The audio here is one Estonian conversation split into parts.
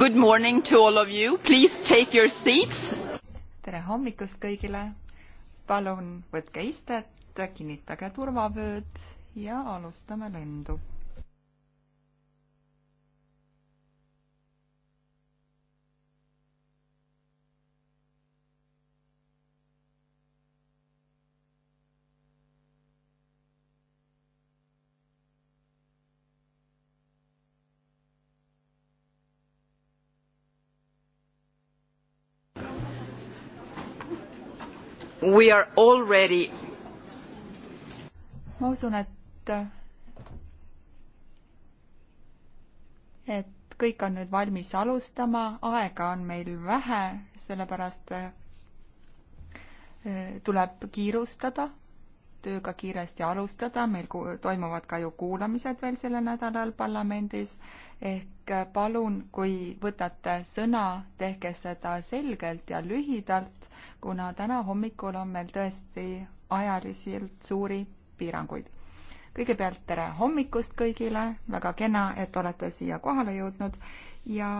Good morning to all of you. Please take your seats. tere hommikust kõigile. palun võtke istet, kinnitage turvavööd ja alustame lendu we are already ma usun, et, et kõik on nüüd valmis alustama, aega on meil vähe, sellepärast eh, tuleb kiirustada tööga kiiresti alustada, meil toimuvad ka ju kuulamised veel sellel nädalal parlamendis, ehk äh, palun, kui võtate sõna, tehke seda selgelt ja lühidalt, kuna täna hommikul on meil tõesti ajaliselt suuri piiranguid. kõigepealt tere hommikust kõigile, väga kena, et olete siia kohale jõudnud ja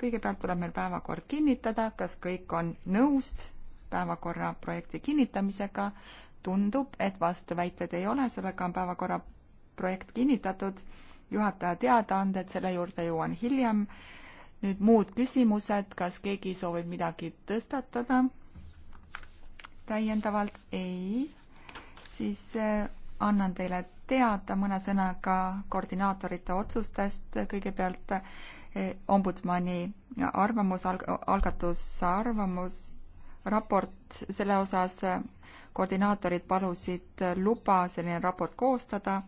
kõigepealt tuleb meil päevakord kinnitada, kas kõik on nõus päevakorra projekti kinnitamisega tundub, et vastuväiteid ei ole, sellega on päevakorra projekt kinnitatud. juhataja teadaanded, selle juurde jõuan hiljem. nüüd muud küsimused, kas keegi soovib midagi tõstatada? täiendavalt ei, siis eh, annan teile teada mõne sõnaga koordinaatorite otsustest. kõigepealt eh, ombudsmani arvamus, algatus, arvamus raport selle osas, äh, koordinaatorid palusid äh, luba selline raport koostada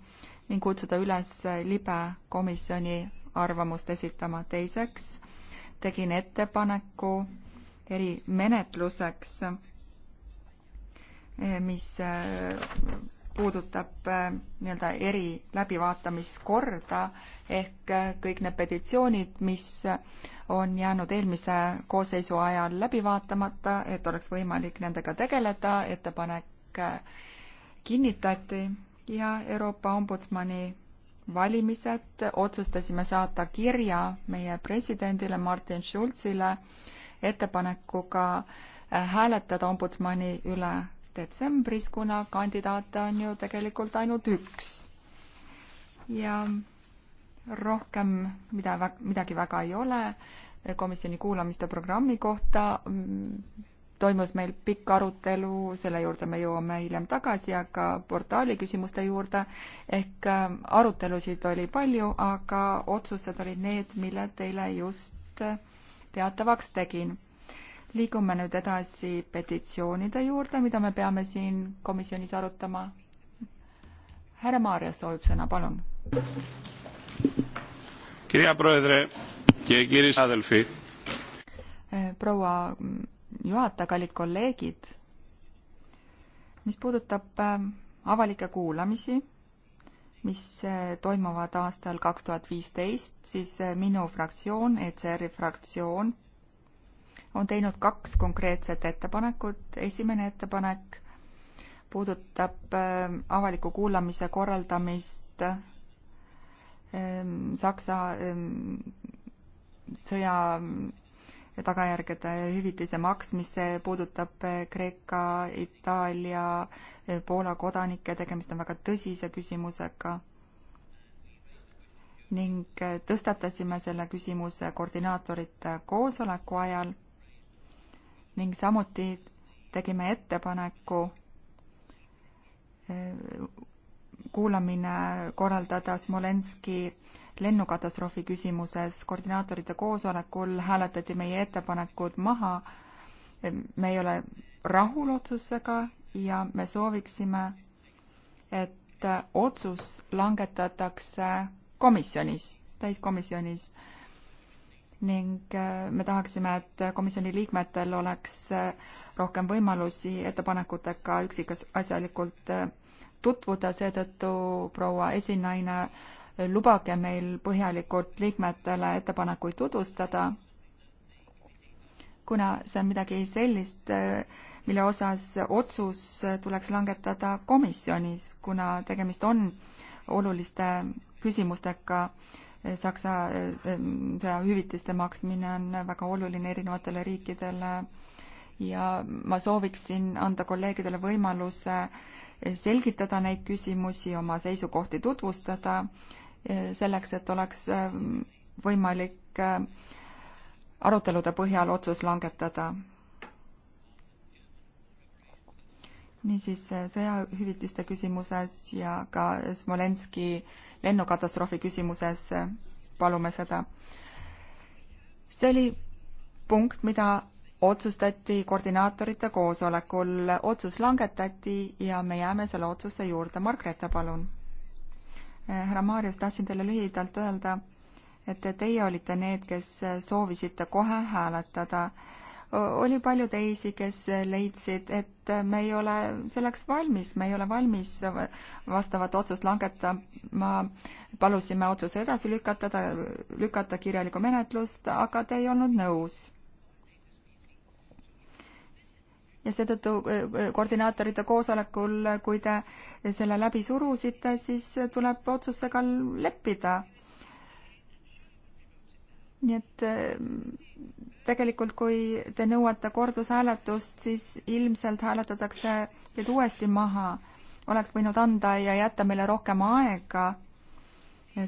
ning kutsuda üles äh, libe komisjoni arvamust esitama. teiseks tegin ettepaneku erimenetluseks, mis puudutab äh, nii-öelda eri läbivaatamiskorda ehk äh, kõik need petitsioonid, mis on jäänud eelmise koosseisu ajal läbi vaatamata, et oleks võimalik nendega tegeleda, ettepanek äh, kinnitati ja Euroopa Ombudsmani valimised otsustasime saata kirja meie presidendile Martin Schulzile ettepanekuga hääletada ombudsmani üle detsembris, kuna kandidaate on ju tegelikult ainult üks. ja rohkem mida, midagi väga ei ole. komisjoni kuulamiste programmi kohta mm, toimus meil pikk arutelu, selle juurde me jõuame hiljem tagasi, aga portaali küsimuste juurde ehk ähm, arutelusid oli palju, aga otsused olid need, mille teile just äh, teatavaks tegin liigume nüüd edasi petitsioonide juurde, mida me peame siin komisjonis arutama. härra Maarja soovib sõna, palun. Eh, proua juhataja, kallid kolleegid. mis puudutab eh, avalikke kuulamisi, mis eh, toimuvad aastal kaks tuhat viisteist, siis minu fraktsioon, ECR-i fraktsioon on teinud kaks konkreetset ettepanekut. esimene ettepanek puudutab ähm, avaliku kuulamise korraldamist ähm, Saksa ähm, sõja tagajärgede hüvitise maksmise, puudutab äh, Kreeka, Itaalia, äh, Poola kodanikke, tegemist on väga tõsise küsimusega. ning äh, tõstatasime selle küsimuse koordinaatorite koosoleku ajal ning samuti tegime ettepaneku eh, kuulamine korraldada Smolenski lennukatastroofi küsimuses koordinaatorite koosolekul hääletati meie ettepanekud maha. me ei ole rahul otsusega ja me sooviksime, et otsus langetatakse komisjonis, täiskomisjonis ning äh, me tahaksime, et komisjoni liikmetel oleks äh, rohkem võimalusi ettepanekutega üksikasjalikult äh, tutvuda, seetõttu proua esinaine, lubage meil põhjalikult liikmetele ettepanekuid tutvustada, kuna see on midagi sellist, mille osas otsus tuleks langetada komisjonis, kuna tegemist on oluliste küsimustega äh, Saksa eh, eh, sõjahüvitiste maksmine on väga oluline erinevatele riikidele ja ma sooviksin anda kolleegidele võimaluse eh, selgitada neid küsimusi, oma seisukohti tutvustada, selleks et oleks võimalik arutelude põhjal otsus langetada niisiis eh, sõjahüvitiste küsimuses ja ka Smolenski lennukatastroofi küsimuses eh, palume seda. see oli punkt, mida otsustati koordinaatorite koosolekul, otsus langetati ja me jääme selle otsuse juurde. Margrethe, palun. Eh, härra Maarjus, tahtsin teile lühidalt öelda, et teie olite need, kes soovisite kohe hääletada äh, oli palju teisi, kes leidsid, et me ei ole selleks valmis, me ei ole valmis vastavat otsust langetama. palusime otsuse edasi lükata, lükata kirjalikku menetlust, aga te ei olnud nõus. ja seetõttu äh, äh, koordinaatorite koosolekul, kui te selle läbi surusite, siis tuleb otsusega leppida. nii et äh, tegelikult, kui te nõuate kordushääletust, siis ilmselt hääletatakse teid uuesti maha. oleks võinud anda ja jätta meile rohkem aega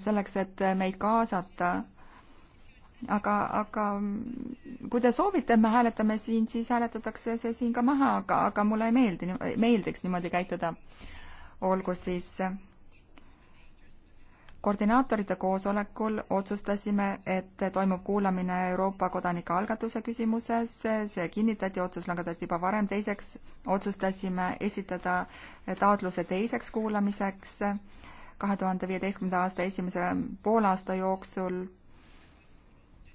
selleks, et meid kaasata. aga, aga kui te soovite, et me hääletame siin, siis hääletatakse see siin ka maha, aga, aga mulle ei meeldi, meeldiks niimoodi käituda. olgu siis koordinaatorite koosolekul otsustasime, et toimub kuulamine Euroopa kodanike algatuse küsimuses, see kinnitati, otsus langetati juba varem, teiseks otsustasime esitada taotluse teiseks kuulamiseks kahe tuhande viieteistkümnenda aasta esimese poolaasta jooksul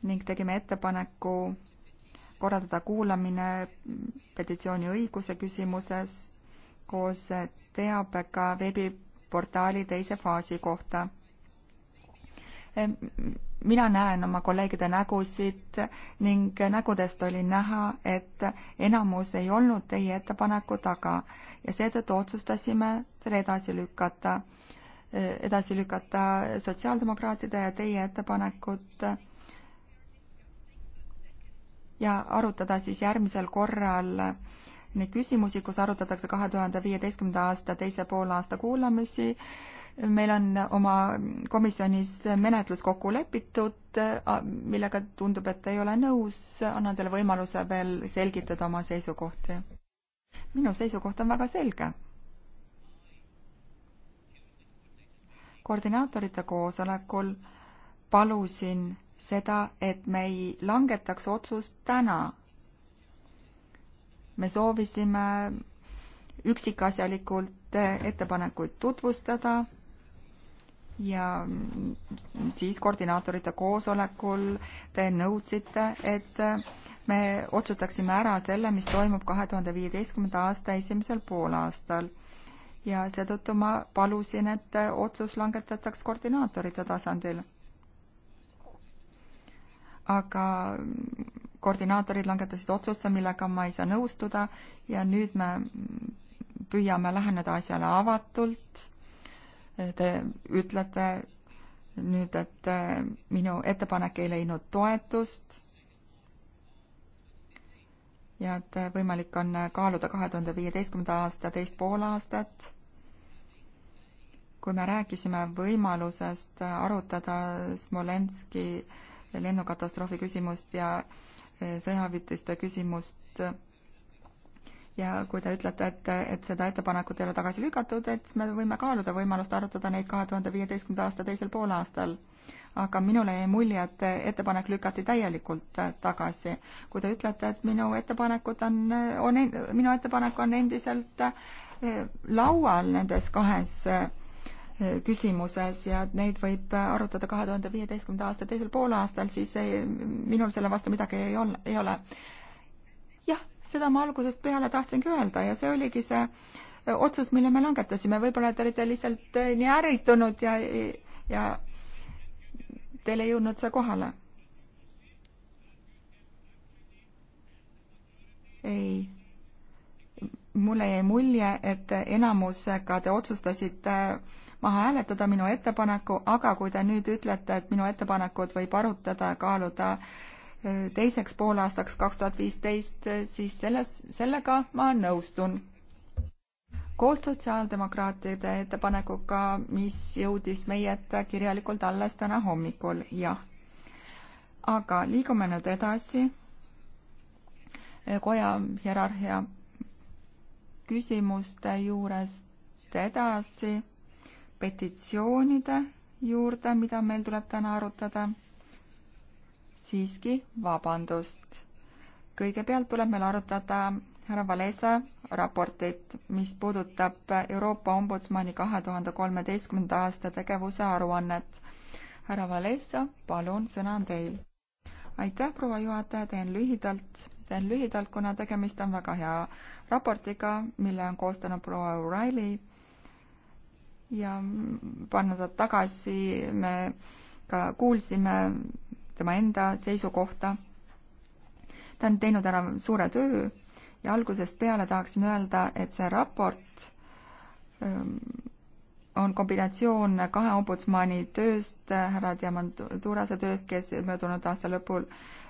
ning tegime ettepaneku korraldada kuulamine petitsiooni õiguse küsimuses koos teabega veebiportaali teise faasi kohta mina näen oma kolleegide nägusid ning nägudest oli näha, et enamus ei olnud teie ettepaneku taga ja seetõttu otsustasime selle edasi lükata, e, edasi lükata sotsiaaldemokraatide ja teie ettepanekut ja arutada siis järgmisel korral neid küsimusi, kus arutatakse kahe tuhande viieteistkümnenda aasta teise poolaasta kuulamisi meil on oma komisjonis menetlus kokku lepitud, millega tundub, et ei ole nõus, annan teile võimaluse veel selgitada oma seisukohti. minu seisukoht on väga selge. koordinaatorite koosolekul palusin seda, et me ei langetaks otsust täna. me soovisime üksikasjalikult ettepanekuid tutvustada ja siis koordinaatorite koosolekul te nõudsite, et me otsustaksime ära selle, mis toimub kahe tuhande viieteistkümnenda aasta esimesel poolaastal. ja seetõttu ma palusin, et otsus langetataks koordinaatorite tasandil. aga koordinaatorid langetasid otsuse, millega ma ei saa nõustuda ja nüüd me püüame läheneda asjale avatult te ütlete nüüd, et äh, minu ettepanek ei leidnud toetust ja et võimalik on kaaluda kahe tuhande viieteistkümnenda aasta teist poolaastat. kui me rääkisime võimalusest arutada Smolenski lennukatastroofi küsimust ja äh, sõjaväetiste küsimust ja kui te ütlete, et, et seda ettepanekut ei ole tagasi lükatud, et siis me võime kaaluda võimalust arutada neid kahe tuhande viieteistkümnenda aasta teisel poolaastal. aga minule jäi mulje, et ettepanek lükati täielikult tagasi. kui te ütlete, et minu ettepanekud on, on, minu ettepanek on endiselt eh, laual nendes kahes eh, küsimuses ja et neid võib arutada kahe tuhande viieteistkümnenda aasta teisel poolaastal, siis ei, minul selle vastu midagi ei ole, ei ole seda ma algusest peale tahtsingi öelda ja see oligi see äh, otsus, mille me langetasime, võib-olla te olite lihtsalt äh, nii ärritunud ja, ja teil ei jõudnud see kohale. ei, mulle jäi mulje, et enamusega te otsustasite äh, maha hääletada minu ettepaneku, aga kui te nüüd ütlete, et minu ettepanekut võib arutada ja kaaluda äh, teiseks poolaastaks kaks tuhat viisteist, siis selles, sellega ma nõustun. koos sotsiaaldemokraatide ettepanekuga, mis jõudis meie ette kirjalikult alles täna hommikul, jah. aga liigume nüüd edasi. koja hierarhia küsimuste juurest edasi petitsioonide juurde, mida meil tuleb täna arutada siiski, vabandust. kõigepealt tuleb meil arutada härra Valesa raportit, mis puudutab Euroopa Ombudsmani kahe tuhande kolmeteistkümnenda aasta tegevuse aruannet. härra Valesa, palun, sõna on teil. aitäh, proua juhataja, teen lühidalt, teen lühidalt, kuna tegemist on väga hea raportiga, mille on koostanud proua O'Reilly ja pannud nad tagasi, me ka kuulsime tema enda seisukohta. ta on teinud ära suure töö ja algusest peale tahaksin öelda, et see raport ähm, on kombinatsioon kahe ombudsmani tööst, härra Diamanturase tööst, kes möödunud aasta lõpul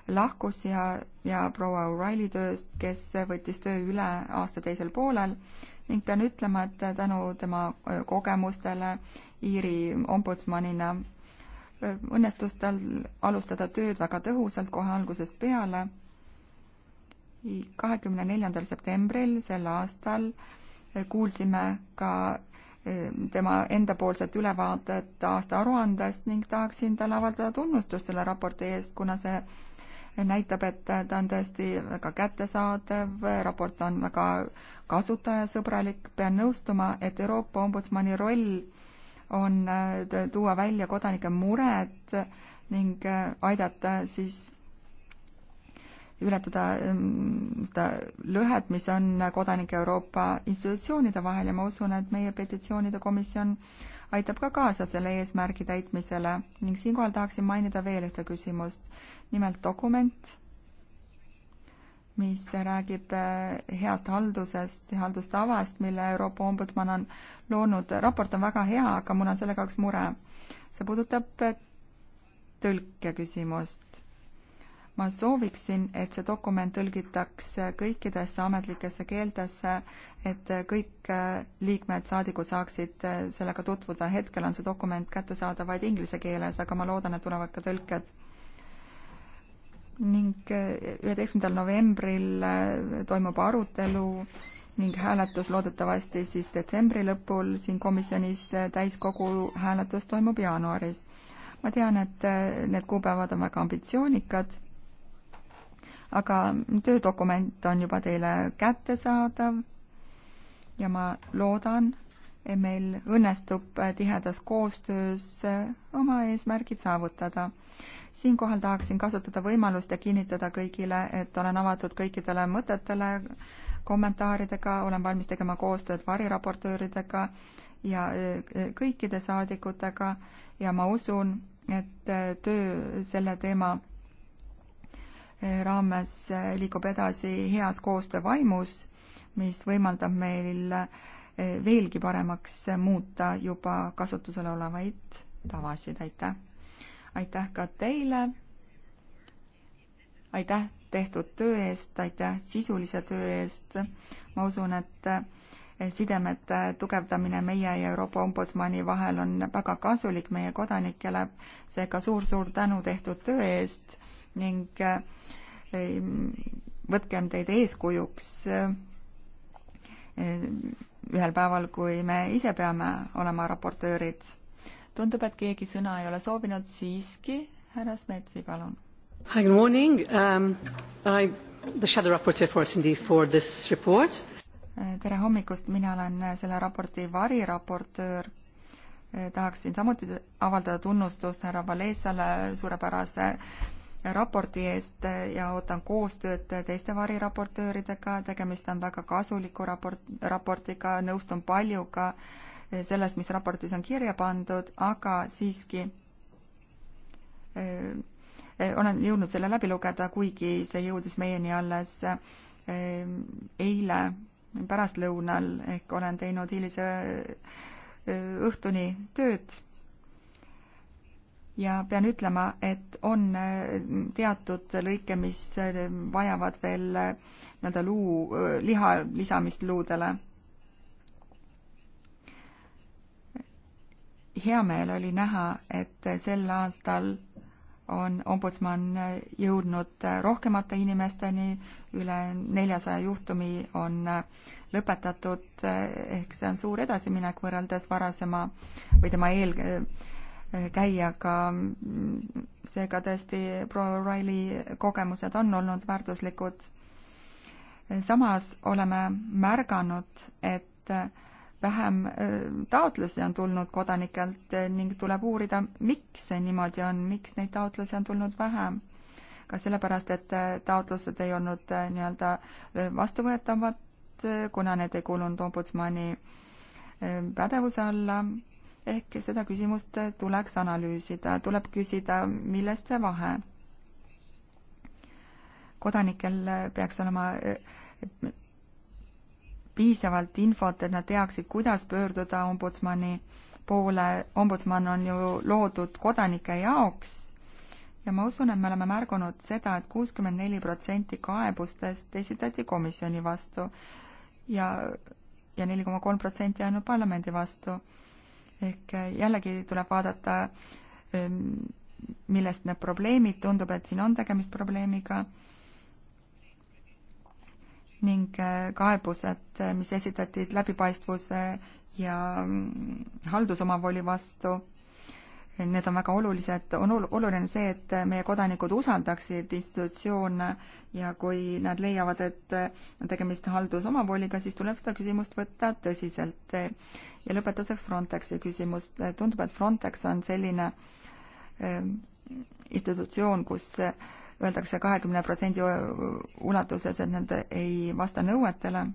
lahkus ja, ja proua O'Reilly tööst, kes võttis töö üle aasta teisel poolel ning pean ütlema, et tänu tema äh, kogemustele Iiri ombudsmanina õnnestus tal alustada tööd väga tõhusalt kohe algusest peale. kahekümne neljandal septembril sel aastal kuulsime ka eh, tema endapoolset ülevaadet aasta aruandest ning tahaksin talle avaldada tunnustust selle raporti eest, kuna see näitab, et ta on tõesti väga kättesaadav, raport on väga kasutajasõbralik. pean nõustuma, et Euroopa Ombudsmani roll on äh, tuua välja kodanike mured ning äh, aidata siis ületada ähm, seda lõhet, mis on kodanike Euroopa institutsioonide vahel ja ma usun, et meie petitsioonide komisjon aitab ka kaasa selle eesmärgi täitmisele ning siinkohal tahaksin mainida veel ühte küsimust, nimelt dokument mis räägib äh, heast haldusest ja haldustavast, mille Euroopa ombudsman on loonud. raport on väga hea, aga mul on sellega üks mure. see puudutab äh, tõlke küsimust. ma sooviksin, et see dokument tõlgitaks kõikidesse ametlikesse keeltesse, et kõik äh, liikmed, saadikud saaksid sellega tutvuda. hetkel on see dokument kättesaadav vaid inglise keeles, aga ma loodan, et tulevad ka tõlked ning eh, üheteistkümnendal novembril eh, toimub arutelu ning hääletus loodetavasti siis detsembri lõpul siin komisjonis eh, täiskogu hääletus toimub jaanuaris. ma tean, et need kuupäevad on väga ambitsioonikad, aga töödokument on juba teile kättesaadav ja ma loodan, meil õnnestub tihedas koostöös oma eesmärgid saavutada. siinkohal tahaksin kasutada võimalust ja kinnitada kõigile, et olen avatud kõikidele mõtetele, kommentaaridega, olen valmis tegema koostööd variraportööridega ja e, e, kõikide saadikutega ja ma usun, et e, töö selle teema raames liigub edasi heas koostöövaimus, mis võimaldab meil Eh, veelgi paremaks muuta juba kasutusel olevaid tavasid, aitäh! aitäh ka teile, aitäh tehtud töö eest, aitäh sisulise töö eest, ma usun, et eh, sidemete tugevdamine meie ja Euroopa Ombudsmani vahel on väga kasulik meie kodanikele, seega suur-suur tänu tehtud töö eest ning eh, võtkem teid eeskujuks ühel päeval, kui me ise peame olema raportöörid. tundub, et keegi sõna ei ole soovinud, siiski härra Smetsi, palun. Hi, good morning um,. I am the shadow raporteur for SMD for this report. tere hommikust, mina olen selle raporti variraportöör. tahaksin samuti avaldada tunnustust härra Valesale suurepärase raporti eest ja ootan koostööd teiste variraportööridega, tegemist on väga kasuliku raport, raportiga, nõustun paljuga sellest, mis raportis on kirja pandud, aga siiski öö, eh, eh, olen jõudnud selle läbi lugeda, kuigi see jõudis meieni alles öö, eh, eile pärastlõunal ehk olen teinud hilise õhtuni tööd ja pean ütlema, et on äh, teatud lõike, mis äh, vajavad veel äh, nii-öelda luu, liha lisamist luudele. hea meel oli näha, et sel aastal on ombudsman jõudnud rohkemate inimesteni, üle neljasaja juhtumi on lõpetatud, ehk see on suur edasiminek võrreldes varasema või tema eel, käijaga. seega tõesti proua O'Reilly kogemused on olnud väärtuslikud. samas oleme märganud, et vähem äh, taotlusi on tulnud kodanikelt ning tuleb uurida, miks see niimoodi on, miks neid taotlusi on tulnud vähem. kas sellepärast, et äh, taotlused ei olnud äh, nii-öelda vastuvõetavad, kuna need ei kuulunud ombudsmani pädevuse alla ehk seda küsimust tuleks analüüsida, tuleb küsida, millest see vahe. kodanikel peaks olema eh, piisavalt infot, et nad teaksid, kuidas pöörduda ombudsmani poole, ombudsman on ju loodud kodanike jaoks ja ma usun, et me oleme märganud seda et, et kuuskümmend neli protsenti kaebustest esitati komisjoni vastu ja, ja neli koma kolm protsenti ainult parlamendi vastu ehk äh, jällegi tuleb vaadata, ähm, millest need probleemid, tundub, et siin on tegemist probleemiga ning äh, kaebused, äh, mis esitati läbipaistvuse ja mm, haldusomavoli vastu Need on väga olulised, on oluline see, et meie kodanikud usaldaksid institutsioone ja kui nad leiavad, et on tegemist haldusomavooliga, siis tuleb seda küsimust võtta tõsiselt. ja lõpetuseks Frontexi küsimus. tundub, et Frontex on selline ehm, institutsioon, kus öeldakse kahekümne protsendi ulatuses, et nad ei vasta nõuetele.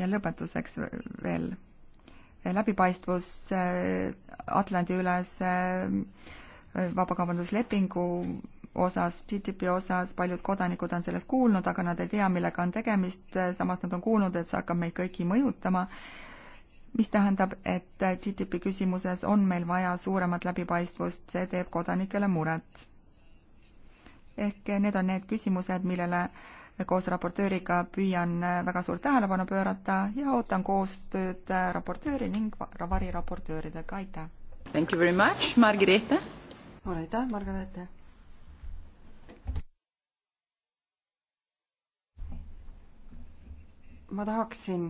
ja lõpetuseks veel läbipaistvus Atlandi-ülese äh, vabakaubanduslepingu osas, TTIP-i osas, paljud kodanikud on sellest kuulnud, aga nad ei tea, millega on tegemist, samas nad on kuulnud, et see hakkab meid kõiki mõjutama, mis tähendab, et TTIP-i küsimuses on meil vaja suuremat läbipaistvust, see teeb kodanikele muret. ehk need on need küsimused, millele äh, koos raportööriga püüan äh, väga suurt tähelepanu pöörata ja ootan koostööd äh, raportööri ning variraportööridega, aitäh! Thank you very much, Margareete! aitäh, Margareete! ma tahaksin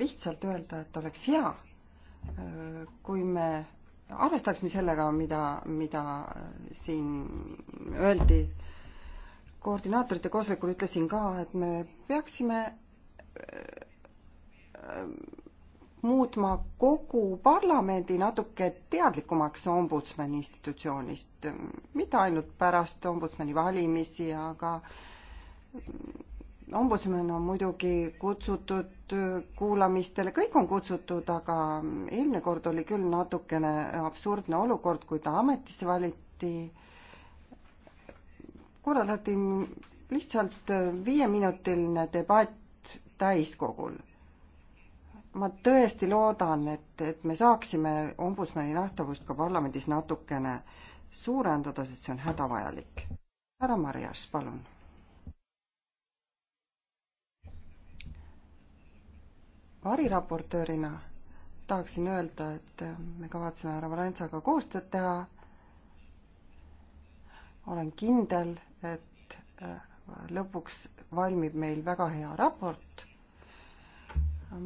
lihtsalt öelda, et oleks hea, äh, kui me arvestaksime sellega, mida, mida siin öeldi koordinaatorite koosolekul ütlesin ka, et me peaksime äh, muutma kogu parlamendi natuke teadlikumaks ombudsmani institutsioonist, mitte ainult pärast ombudsmani valimisi, aga mm, ombudsman on muidugi kutsutud kuulamistele, kõik on kutsutud, aga eelmine kord oli küll natukene absurdne olukord, kui ta ametisse valiti korraldati lihtsalt äh, viieminutiline debatt täiskogul. ma tõesti loodan, et, et me saaksime ombudsmani nähtavust ka parlamendis natukene suurendada, sest see on hädavajalik. härra Marias, palun. variraportöörina tahaksin öelda, et me kavatseme härra Valentsaga koostööd teha olen kindel, et äh, lõpuks valmib meil väga hea raport.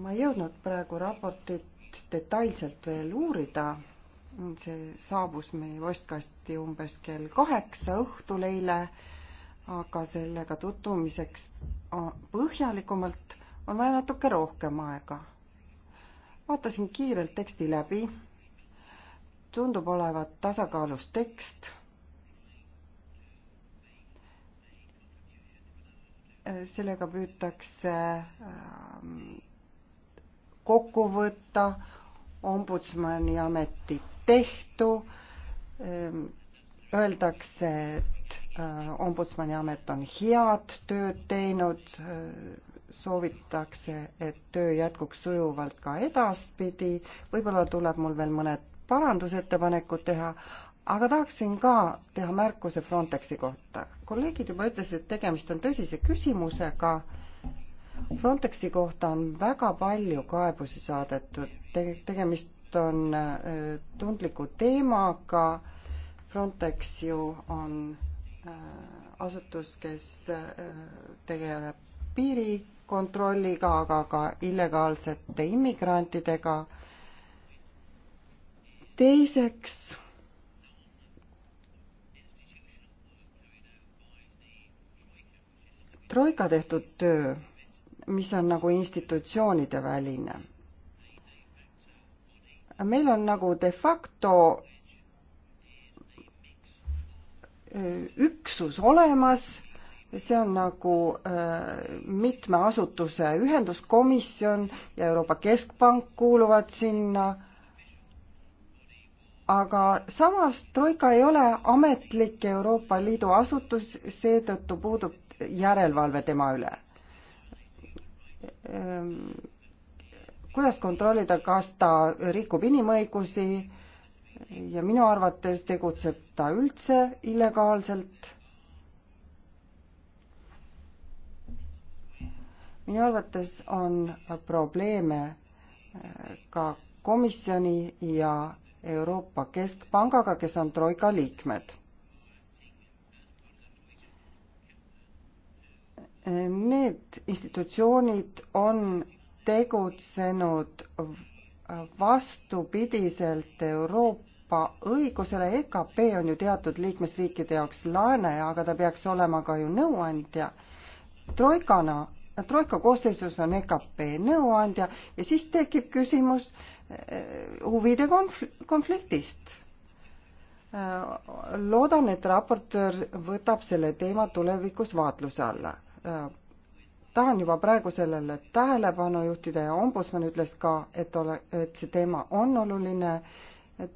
ma ei jõudnud praegu raportit detailselt veel uurida. see saabus meie postkasti umbes kell kaheksa õhtul eile, aga sellega tutvumiseks põhjalikumalt on vaja natuke rohkem aega. vaatasin kiirelt teksti läbi. tundub olevat tasakaalus tekst sellega püütakse ähm, kokku võtta ombudsmani ametit tehtu, ähm, öeldakse, et äh, ombudsmani amet on head tööd teinud, äh, soovitakse, et töö jätkuks sujuvalt ka edaspidi, võib-olla tuleb mul veel mõned parandusettepanekud teha, aga tahaksin ka teha märkuse Frontexi kohta. kolleegid juba ütlesid, et tegemist on tõsise küsimusega. Frontexi kohta on väga palju kaebusi saadetud Teg, tegemist on äh, tundliku teemaga. Frontex ju on äh, asutus, kes äh, tegeleb piirikontrolliga, aga ka illegaalsete immigrantidega. teiseks Troika tehtud töö, mis on nagu institutsioonide väline. meil on nagu de facto äh, üksus olemas, see on nagu äh, mitme asutuse ühenduskomisjon ja Euroopa Keskpank kuuluvad sinna aga samas Troika ei ole ametlik Euroopa Liidu asutus, seetõttu puudub järelevalve tema üle? Ehm, kuidas kontrollida, kas ta rikub inimõigusi ja minu arvates tegutseb ta üldse illegaalselt. minu arvates on probleeme eh, ka komisjoni ja Euroopa Keskpangaga, kes on Troika liikmed need institutsioonid on tegutsenud vastupidiselt Euroopa õigusele, EKP on ju teatud liikmesriikide jaoks laenaja, aga ta peaks olema ka ju nõuandja. troikana, troika koosseisus on EKP nõuandja ja siis tekib küsimus eh, huvide konfl-, konfliktist eh, loodan, et raportöör võtab selle teema tulevikus vaatluse alla. Äh, tahan juba praegu sellele tähelepanu juhtida ja ombudsman ütles ka, et ole, et see teema on oluline.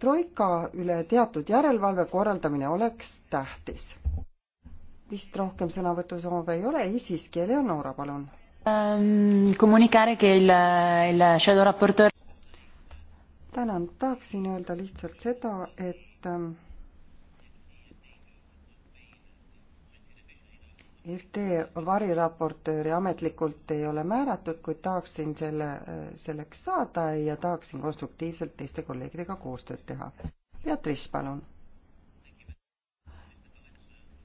troika üle teatud järelevalve korraldamine oleks tähtis. vist rohkem sõnavõtusoove ei ole, ei siiski, Eleonora, palun. Ähm, Comunicare che il, il shadow raportöör tänan, tahaksin öelda lihtsalt seda, et ähm, EFT variraportööri ametlikult ei ole määratud, kuid tahaksin selle, selleks saada ja tahaksin konstruktiivselt teiste kolleegidega koostööd teha. Beatrice, palun.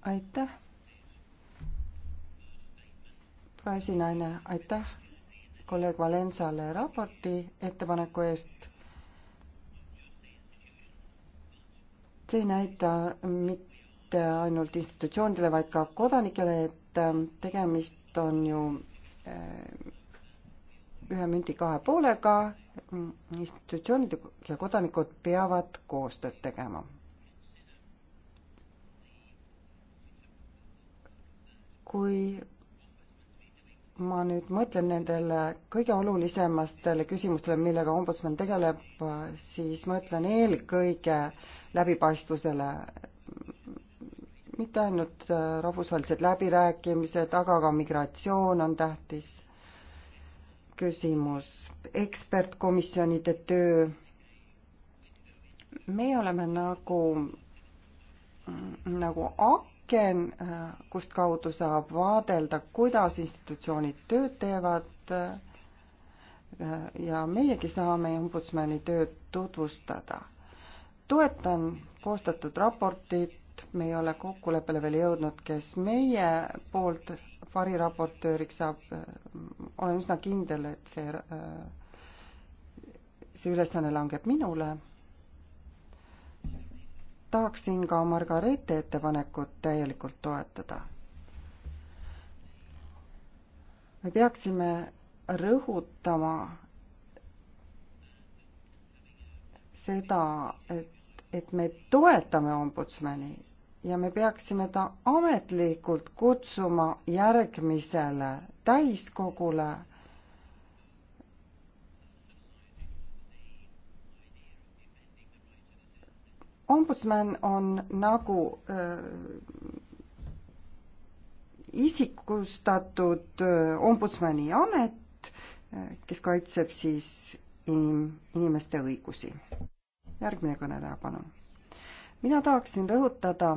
aitäh. praesinaine, aitäh kolleeg Valensale raporti ettepaneku eest. see ei näita mitte mitte ainult institutsioonidele, vaid ka kodanikele, et ähm, tegemist on ju äh, ühe mündi kahe poolega, institutsioonid ja kodanikud peavad koostööd tegema. kui ma nüüd mõtlen nendele kõige olulisemastele küsimustele, millega ombudsman tegeleb, siis ma ütlen eelkõige läbipaistvusele mitte ainult äh, rahvusvahelised läbirääkimised, aga ka migratsioon on tähtis küsimus, ekspertkomisjonide töö. meie oleme nagu, nagu aken, äh, kust kaudu saab vaadelda, kuidas institutsioonid tööd teevad äh, ja meiegi saame ombudsmani tööd tutvustada. toetan koostatud raportit, raport, me ei ole kokkuleppele veel jõudnud, kes meie poolt variraportööriks saab, olen üsna kindel, et see, see ülesanne langeb minule. tahaksin ka Margareete ettepanekut täielikult toetada. me peaksime rõhutama seda, et et me toetame ombudsmani ja me peaksime ta ametlikult kutsuma järgmisele täiskogule. ombudsman on nagu äh, isikustatud äh, ombudsmani amet, äh, kes kaitseb siis inim-, inimeste õigusi järgmine kõneleja, palun. mina tahaksin rõhutada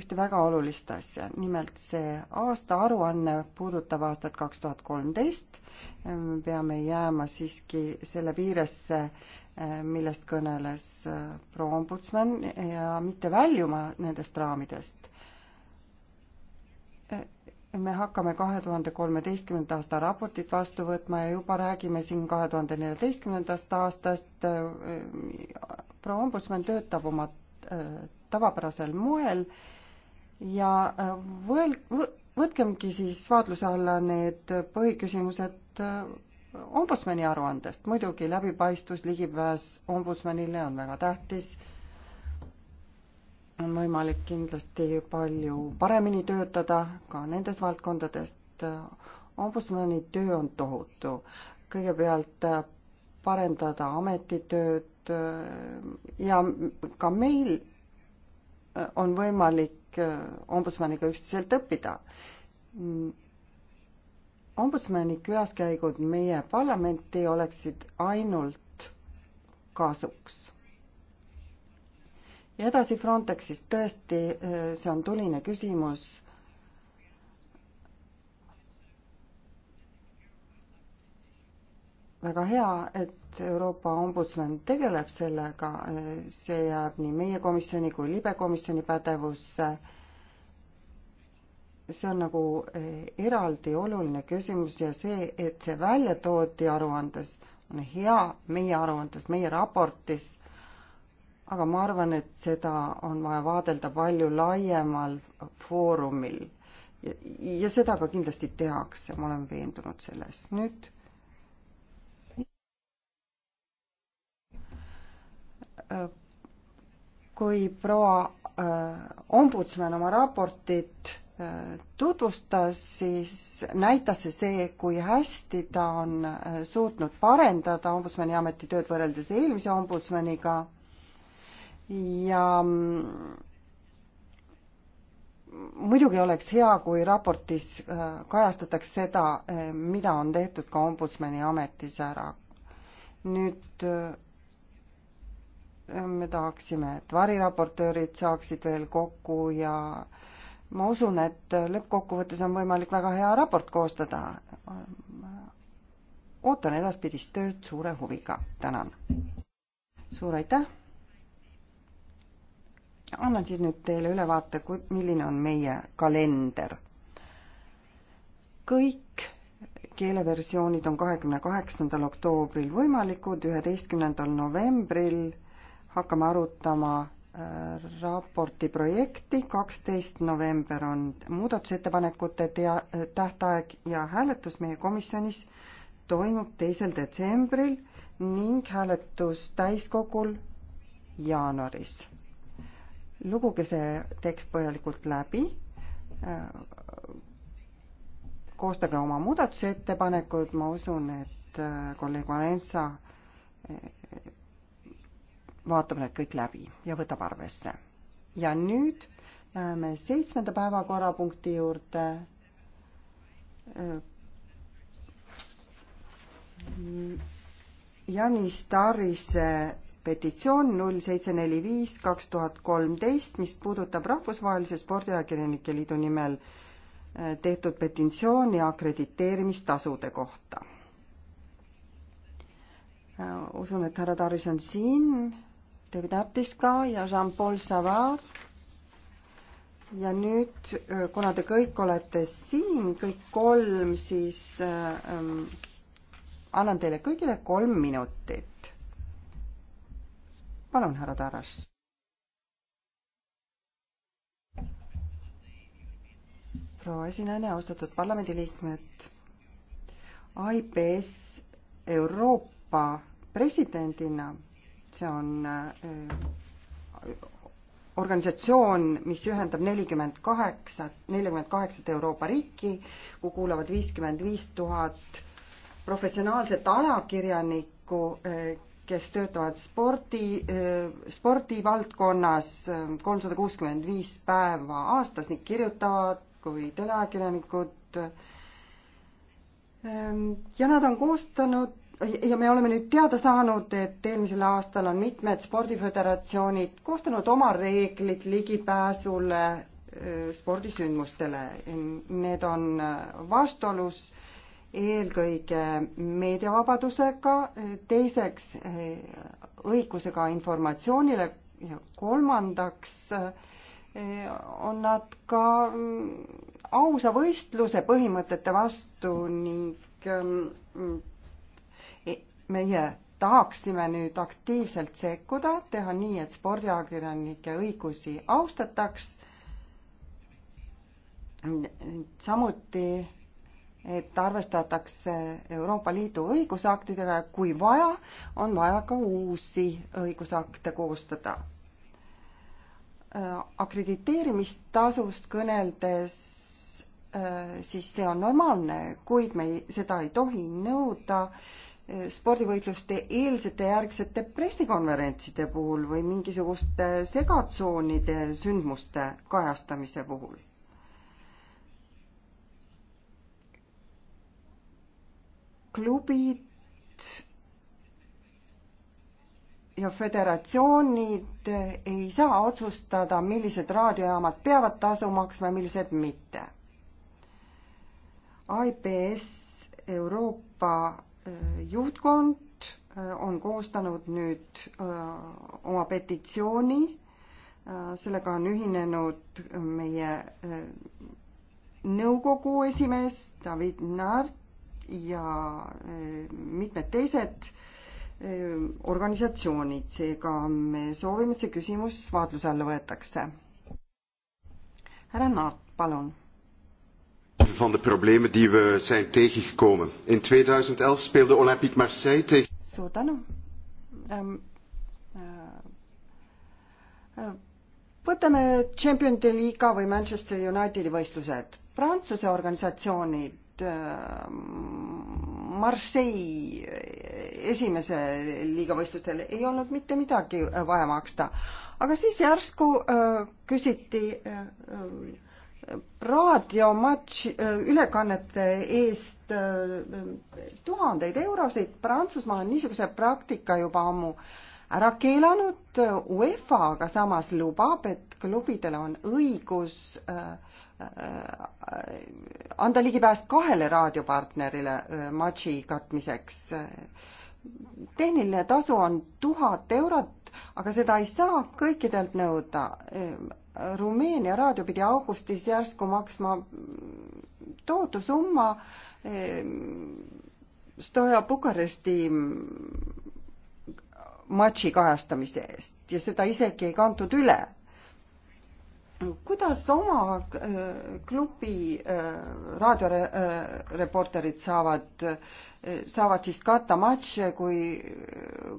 ühte väga olulist asja, nimelt see aastaaruanne puudutab aastat kaks tuhat kolmteist. me peame jääma siiski selle piiresse, millest kõneles äh, proua ombudsman ja mitte väljuma nendest raamidest me hakkame kahe tuhande kolmeteistkümnenda aasta raportit vastu võtma ja juba räägime siin kahe tuhande neljateistkümnendast aastast. proua ombudsman töötab oma äh, tavapärasel moel ja äh, võel-, võtkemgi siis vaatluse alla need põhiküsimused äh, ombudsmani aruandest. muidugi läbipaistvus, ligipääs ombudsmanile on väga tähtis on võimalik kindlasti palju paremini töötada ka nendes valdkondades. ombudsmani töö on tohutu. kõigepealt äh, parendada ametitööd äh, ja ka meil äh, on võimalik ombudsmaniga üksteiselt õppida. ombudsmani külaskäigud meie parlamenti oleksid ainult kasuks ja edasi Frontexist, tõesti, äh, see on tuline küsimus. väga hea, et Euroopa ombudsman tegeleb sellega, äh, see jääb nii meie komisjoni kui libekomisjoni pädevusse. see on nagu äh, eraldi oluline küsimus ja see, et see välja toodi aruandes, on hea meie aruandes, meie raportis aga ma arvan, et seda on vaja vaadelda palju laiemal foorumil. ja seda ka kindlasti tehakse, ma olen veendunud selles. nüüd kui proua äh, ombudsman oma raportit äh, tutvustas, siis näitas see see, kui hästi ta on äh, suutnud parendada ombudsmani ametitööd võrreldes eelmise ombudsmaniga ja mm, muidugi oleks hea, kui raportis äh, kajastataks seda, äh, mida on tehtud ka ombudsmani ametis ära. nüüd äh, me tahaksime, et variraportöörid saaksid veel kokku ja ma usun, et lõppkokkuvõttes on võimalik väga hea raport koostada. ootan edaspidist tööd suure huviga, tänan. suur aitäh annan siis nüüd teile ülevaate, milline on meie kalender. kõik keeleversioonid on kahekümne kaheksandal oktoobril võimalikud, üheteistkümnendal novembril hakkame arutama äh, raporti projekti, kaksteist november on muudatusettepanekute tea-, äh, tähtaeg ja hääletus meie komisjonis toimub teisel detsembril ning hääletus täiskogul jaanuaris luguge see tekst põhjalikult läbi, koostage oma muudatusettepanekud, ma usun, et äh, kolleeg Valensa äh, vaatab need kõik läbi ja võtab arvesse. ja nüüd läheme seitsmenda päevakorrapunkti juurde. Äh, Janis Tarise petitsioon null seitse neli viis kaks tuhat kolmteist, mis puudutab Rahvusvahelise Spordiajakirjanike Liidu nimel äh, tehtud petitsiooni akrediteerimistasude kohta. Äh, usun, et härra Taris on siin, David Artis ka ja Jean-Paul Savard. ja nüüd, äh, kuna te kõik olete siin, kõik kolm, siis ähm, annan teile kõigile kolm minutit palun, härra Taras. proua esinaine, austatud parlamendiliikmed. IBS Euroopa presidendina, see on äh, organisatsioon, mis ühendab nelikümmend kaheksat, neljakümmet kaheksat Euroopa riiki, kuhu kuuluvad viiskümmend viis tuhat professionaalset ajakirjanikku, äh, kes töötavad spordi, spordivaldkonnas ehm, kolmsada kuuskümmend viis päeva aastas ning kirjutavad kui teleajakirjanikud. Ehm, ja nad on koostanud ja me oleme nüüd teada saanud, et eelmisel aastal on mitmed spordiföderatsioonid koostanud oma reeglid ligipääsule ehm, spordisündmustele. Need on äh, vastuolus eelkõige meediavabadusega, teiseks eh, õigusega informatsioonile ja kolmandaks eh, on nad ka mm, ausa võistluse põhimõtete vastu ning mm, meie tahaksime nüüd aktiivselt sekkuda, teha nii, et spordiajakirjanike õigusi austataks. samuti et arvestatakse Euroopa Liidu õigusaktidega ja kui vaja, on vaja ka uusi õigusakte koostada. Äh, akrediteerimistasust kõneldes äh, siis see on normaalne, kuid me ei, seda ei tohi nõuda äh, spordivõitluste eelsete järgsete pressikonverentside puhul või mingisuguste segatsoonide sündmuste kajastamise puhul klubid ja föderatsioonid ei saa otsustada, millised raadiojaamad peavad tasu maksma ja millised mitte. IBS Euroopa äh, juhtkond äh, on koostanud nüüd äh, oma petitsiooni, sellega on ühinenud meie nõukogu esimees David Naart, ja äh, mitmed teised äh, organisatsioonid, seega me soovime, et see küsimus vaatluse alla võetakse. härra Naart, palun. Van de probleeme die we zijn tegengekomen. In 2011 speelde Olympique Marseille tegen. Suur tänu ähm,. Äh, äh võtame Champions League'i või Manchester Unitedi võistlused. Prantsuse organisatsioonid Äh, Marseille esimese liiga võistlustel ei olnud mitte midagi äh, vaja maksta, aga siis järsku äh, küsiti raadiomatši ülekannete eest tuhandeid eurosid. Prantsusmaa on niisuguse praktika juba ammu ära keelanud. UEFA aga samas lubab, et klubidel on õigus äh, Äh, äh, anda ligipääs kahele raadiopartnerile äh, matši katmiseks. tehniline tasu on tuhat eurot, aga seda ei saa kõikidelt nõuda. Rumeenia raadio pidi augustis järsku maksma tohutu summa Stoja Bukaresti matši kajastamise eest ja seda isegi ei kantud üle kuidas oma äh, klubi äh, raadioreporterid saavad, äh, saavad siis katta matše, kui,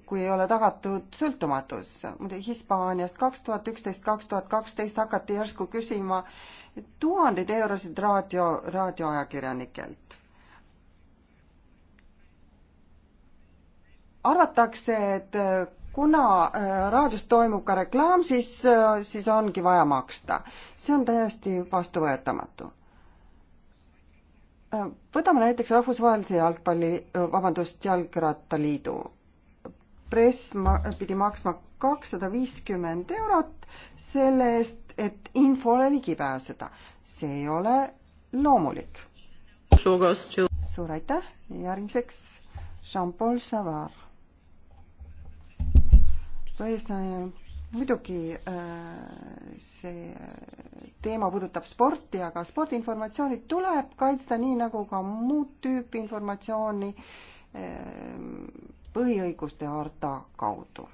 kui ei ole tagatud sõltumatus? muide Hispaaniast kaks tuhat üksteist, kaks tuhat kaksteist hakati järsku küsima tuhandeid eurosid raadio, raadioajakirjanikelt. arvatakse, et kuna äh, raadios toimub ka reklaam, siis, äh, siis ongi vaja maksta. see on täiesti vastuvõetamatu. Äh, võtame näiteks Rahvusvahelise jalgpalli, vabandust, Jalgrattaliidu. press ma, pidi maksma kakssada viiskümmend eurot selle eest, et infole ligi pääseda. see ei ole loomulik. suur aitäh, järgmiseks Jean-Paul Savard muidugi äh, see teema puudutab sporti, aga spordiinformatsiooni tuleb kaitsta nii, nagu ka muud tüüpi informatsiooni äh, põhiõiguste harta kaudu.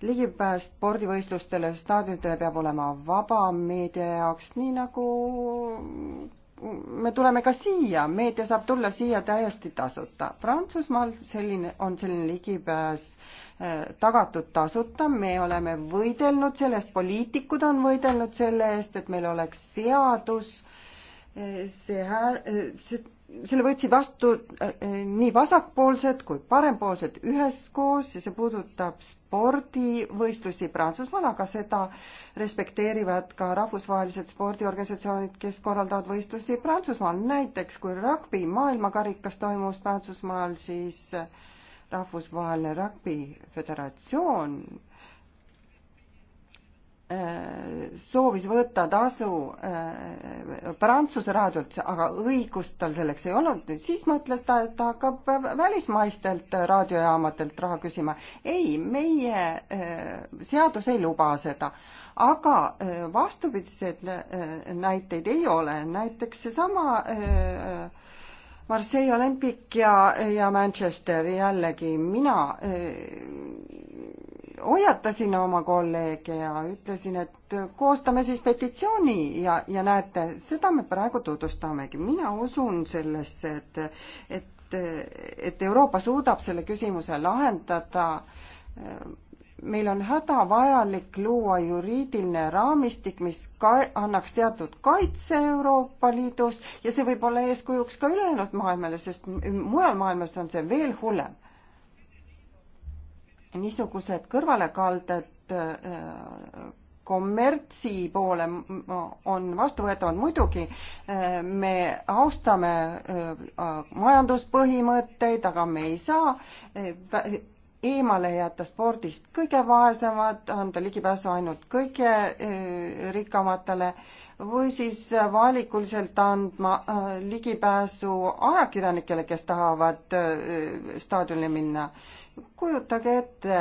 ligipääs spordivõistlustele, staadionitele peab olema vaba meedia jaoks, nii nagu me tuleme ka siia, meedia saab tulla siia täiesti tasuta. Prantsusmaal selline, on selline ligipääs eh, tagatud tasuta, me oleme võidelnud selle eest, poliitikud on võidelnud selle eest, et meil oleks seadus, eh, see hääl, eh, see selle võtsid vastu äh, nii vasakpoolsed kui parempoolsed üheskoos ja see puudutab spordivõistlusi Prantsusmaal, aga seda respekteerivad ka rahvusvahelised spordiorganisatsioonid, kes korraldavad võistlusi Prantsusmaal. näiteks kui rugby maailmakarikas toimus Prantsusmaal, siis rahvusvaheline rugby föderatsioon soovis võtta tasu äh, Prantsuse raadiolt, aga õigust tal selleks ei olnud, siis mõtles ta, et ta hakkab välismaistelt raadiojaamadelt raha küsima. ei, meie äh, seadus ei luba seda. aga äh, vastupidiseid näiteid ei ole, näiteks seesama Marseille Olympic ja, ja Manchester jällegi mina hoiatasin oma kolleege ja ütlesin, et koostame siis petitsiooni ja, ja näete, seda me praegu tutvustamegi. mina usun sellesse, et, et, et Euroopa suudab selle küsimuse lahendada. meil on hädavajalik luua juriidiline raamistik, mis ka annaks teatud kaitse Euroopa Liidus ja see võib olla eeskujuks ka ülejäänud maailmale, sest mujal maailmas on see veel hullem niisugused kõrvalekalded äh, kommertsi poole on vastuvõetavad, muidugi äh, me austame äh, majanduspõhimõtteid, aga me ei saa eemale jätta spordist kõige vaesemad, anda ligipääsu ainult kõige rikkamatele või siis valikuliselt andma ligipääsu ajakirjanikele, kes tahavad staadionile minna kujutage ette,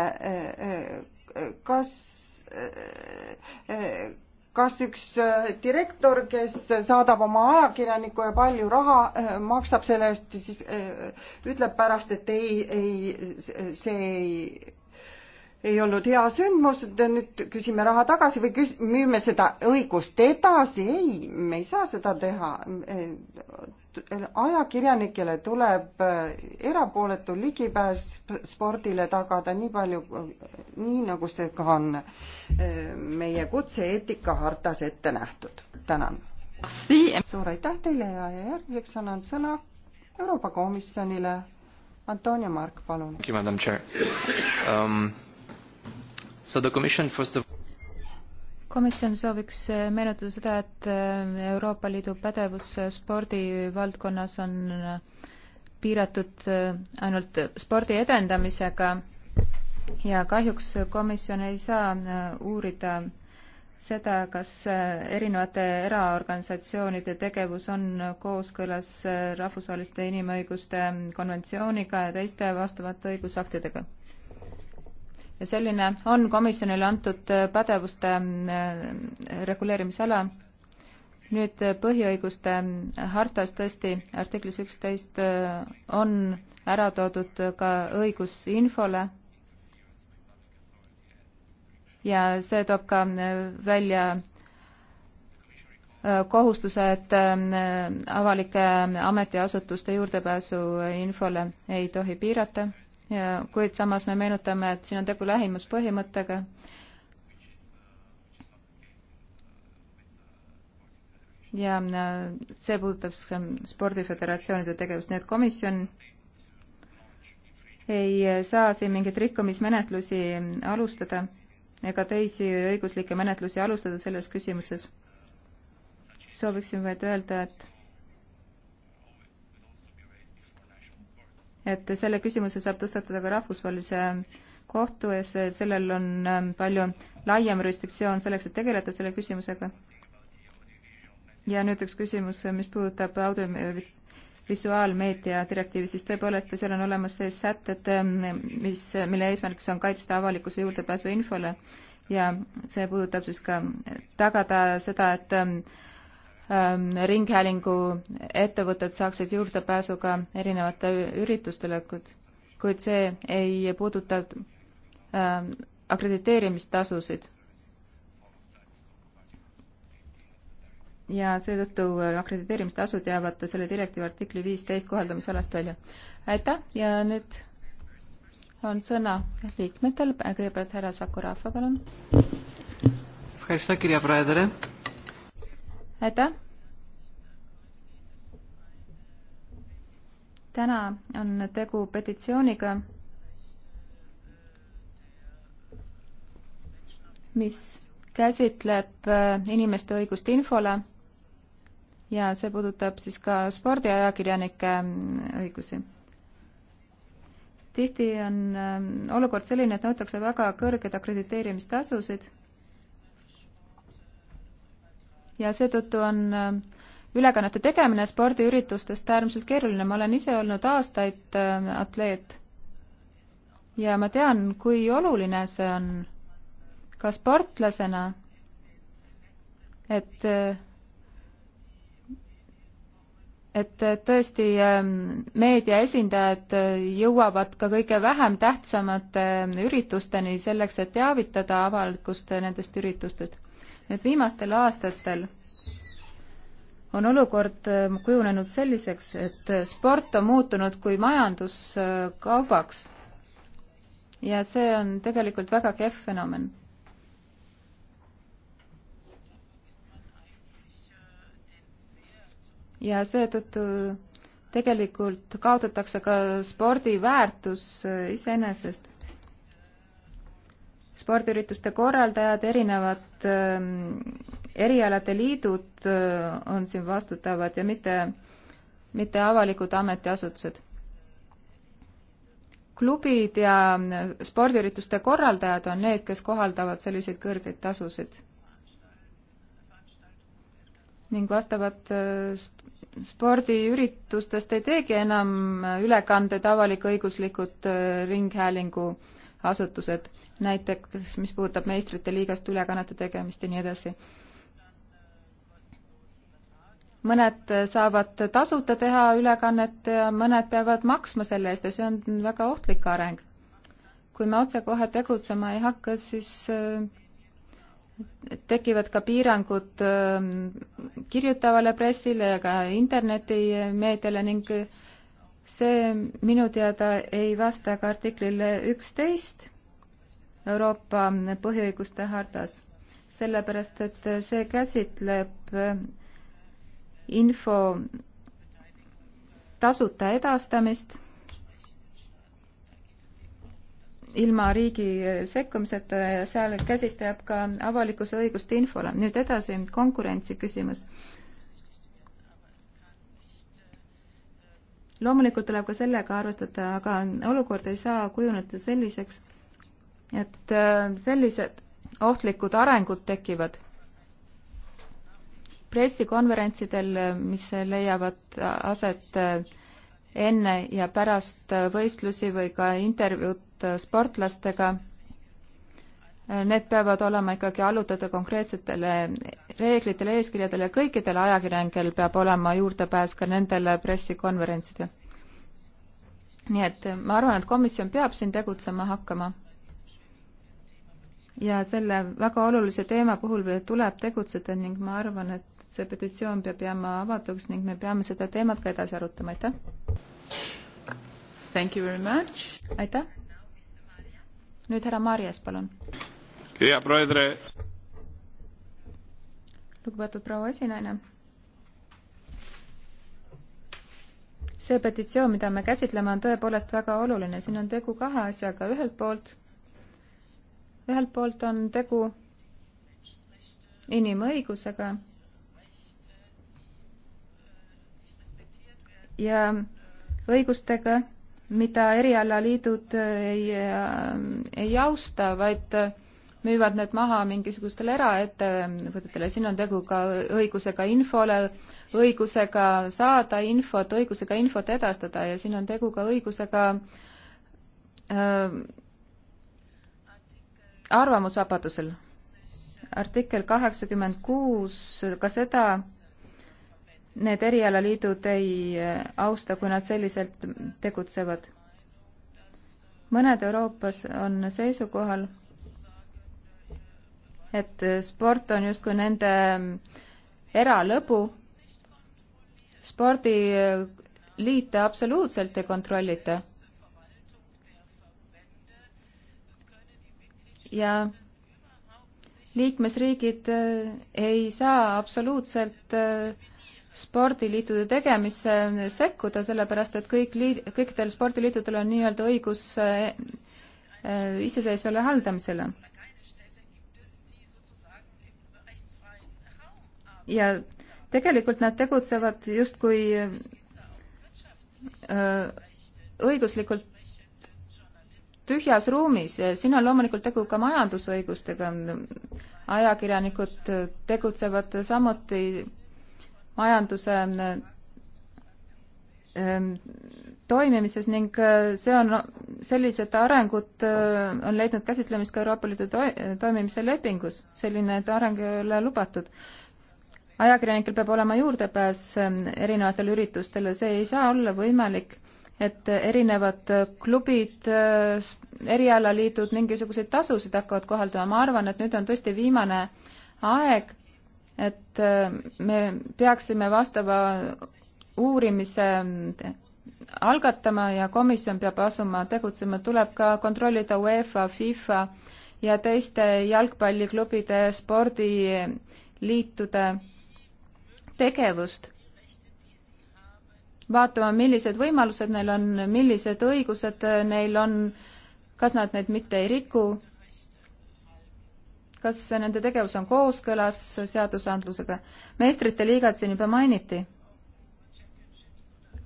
kas, kas üks direktor, kes saadab oma ajakirjaniku ja palju raha maksab selle eest, siis ütleb pärast, et ei, ei, see ei ei olnud hea sündmus, nüüd küsime raha tagasi või küs-, müüme seda õigust edasi, ei, me ei saa seda teha ajakirjanikele tuleb äh, erapooletu ligipääs spordile tagada nii palju, nii nagu see ka on äh, meie kutse-eetika hartas ette nähtud. tänan. suur aitäh teile ja, ja järgmiseks annan sõna Euroopa Komisjonile. Antonia Mark, palun. Um, so the commission first of all komisjon sooviks äh, meenutada seda, et äh, Euroopa Liidu pädevus äh, spordivaldkonnas on piiratud ainult spordi edendamisega ja kahjuks komisjon ei saa uurida seda, kas erinevate eraorganisatsioonide tegevus on kooskõlas rahvusvaheliste inimõiguste konventsiooniga ja teiste vastavate õigusaktidega selline on komisjonile antud äh, pädevuste äh, reguleerimisala. nüüd äh, põhiõiguste hartas tõesti artiklis üksteist on ära toodud ka õigus infole ja see toob ka välja kohustuse, et avalike ametiasutuste juurdepääsu infole ei tohi piirata kuid samas me meenutame, et siin on tegu lähimuspõhimõttega. ja see puudutab spordiföderatsioonide tegevust, nii et komisjon ei saa siin mingeid rikkumismenetlusi alustada ega teisi õiguslikke menetlusi alustada selles küsimuses. sooviksin vaid öelda, et et selle küsimuse saab tõstatada ka rahvusvahelise kohtu ees, sellel on ähm, palju laiem jurisdiktsioon selleks, et tegeleda selle küsimusega. ja nüüd üks küsimus, äh, mis puudutab audiovisuaalmeedia direktiivi, siis tõepoolest seal on olemas sees sätted, ähm, mis, mille eesmärgiks on kaitsta avalikkuse juurdepääsu infole ja see puudutab siis ka tagada seda, et ähm, Ähm, ringhäälingu ettevõtted saaksid juurdepääsu ka erinevate üritustele, kuid, kuid see ei puuduta ähm, akrediteerimistasusid. ja seetõttu äh, akrediteerimistasud jäävad selle direktiivi artikli viisteist kohaldamisalast välja. aitäh ja nüüd on sõna liikmetel, kõigepealt härra Sakurafa, palun. aitäh, kirja praedele aitäh! täna on tegu petitsiooniga, mis käsitleb äh, inimeste õigust infole ja see puudutab siis ka spordiajakirjanike mm, õigusi. tihti on äh, olukord selline, et nõutakse väga kõrgeid akrediteerimistasusid ja seetõttu on äh, ülekannete tegemine spordiüritustest äärmiselt keeruline. ma olen ise olnud aastaid äh, atleet ja ma tean, kui oluline see on ka sportlasena, et äh, et tõesti ähm, meedia esindajad jõuavad ka kõige vähem tähtsamate üritusteni selleks, et teavitada avalikkust nendest üritustest nüüd viimastel aastatel on olukord äh, kujunenud selliseks, et äh, sport on muutunud kui majanduskaubaks. ja see on tegelikult väga kehv fenomen. ja seetõttu tegelikult kaotatakse ka spordi väärtus äh, iseenesest spordiürituste korraldajad, erinevad ähm, erialade liidud äh, on siin vastutavad ja mitte, mitte avalikud ametiasutused. klubid ja äh, spordiürituste korraldajad on need, kes kohaldavad selliseid kõrgeid tasusid. ning vastavad äh, spordiüritustest ei teegi enam ülekandeid avalik-õiguslikud ringhäälingu äh, asutused, näiteks mis puudutab meistrite liigast ülekannete tegemist ja nii edasi. mõned saavad tasuta teha ülekannet ja mõned peavad maksma selle eest ja see on väga ohtlik areng. kui me otsekohe tegutsema ei hakka, siis äh, tekivad ka piirangud äh, kirjutavale pressile ja ka internetimeediale ning äh, see minu teada ei vasta ka artiklile üksteist Euroopa põhiõiguste hartas, sellepärast et see käsitleb info tasuta edastamist ilma riigi sekkumiseta ja seal käsitleb ka avalikkuse õigust infole. nüüd edasi, konkurentsi küsimus. loomulikult tuleb ka sellega arvestada, aga olukord ei saa kujuneda selliseks, et äh, sellised ohtlikud arengud tekivad. pressikonverentsidel, äh, mis leiavad aset äh, enne ja pärast võistlusi või ka intervjuud sportlastega, need peavad olema ikkagi allutatud konkreetsetele reeglitele, eeskirjadele, kõikidel ajakirjanikel peab olema juurdepääs ka nendele pressikonverentsidele. nii et ma arvan, et komisjon peab siin tegutsema hakkama. ja selle väga olulise teema puhul tuleb tegutseda ning ma arvan, et see petitsioon peab jääma avatuks ning me peame seda teemat ka edasi arutama, aitäh! aitäh! nüüd härra Marjas, palun! lugupeetud proua esinaine. see petitsioon, mida me käsitleme, on tõepoolest väga oluline, siin on tegu kahe asjaga, ühelt poolt, ühelt poolt on tegu inimõigusega ja õigustega, mida erialaliidud ei, ei austa, vaid müüvad need maha mingisugustele eraettevõtetele, siin on tegu ka õigusega infole, õigusega saada infot, õigusega infot edastada ja siin on tegu ka õigusega äh, arvamusvabadusel. artikkel kaheksakümmend kuus, ka seda need erialaliidud ei austa, kui nad selliselt tegutsevad. mõned Euroopas on seisukohal et sport on justkui nende eralõbu. spordiliite absoluutselt ei kontrollita. ja liikmesriigid eh, ei saa absoluutselt eh, spordiliitude tegemisse sekkuda, sellepärast et kõik liid-, kõikidel spordiliitudel on nii-öelda õigus eh, iseseisvale haldamisele ja tegelikult nad tegutsevad justkui äh, õiguslikult tühjas ruumis. siin on loomulikult tegu ka majandusõigustega. ajakirjanikud tegutsevad samuti majanduse ähm, toimimises ning äh, see on, sellised arengud äh, on leidnud käsitlemist ka Euroopa Liidu toimimise lepingus. selline areng ei ole lubatud ajakirjanikel peab olema juurdepääs ähm, erinevatele üritustele, see ei saa olla võimalik, et erinevad klubid, äh, erialaliidud mingisuguseid tasusid hakkavad kohaldama, ma arvan, et nüüd on tõesti viimane aeg, et äh, me peaksime vastava uurimise äh, algatama ja komisjon peab asuma tegutsema, tuleb ka kontrollida UEFA, FIFA ja teiste jalgpalliklubide, spordiliitude tegevust, vaatama, millised võimalused neil on, millised õigused neil on, kas nad neid mitte ei riku, kas nende tegevus on kooskõlas seadusandlusega. meistrite liigad siin juba mainiti.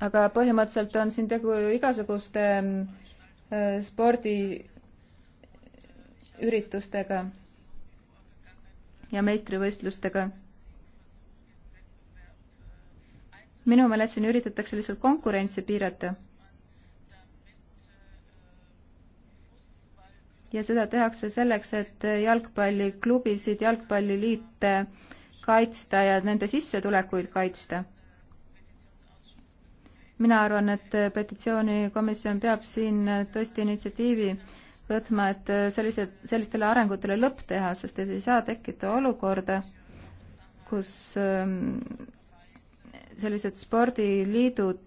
aga põhimõtteliselt on siin tegu igasuguste mm, äh, spordiüritustega ja meistrivõistlustega minu meelest siin üritatakse lihtsalt konkurentsi piirata. ja seda tehakse selleks, et jalgpalliklubisid, jalgpalliliite kaitsta ja nende sissetulekuid kaitsta. mina arvan, et petitsioonikomisjon peab siin tõesti initsiatiivi võtma, et sellised, sellistele arengutele lõpp teha, sest et ei saa tekkida olukorda, kus ähm, sellised spordiliidud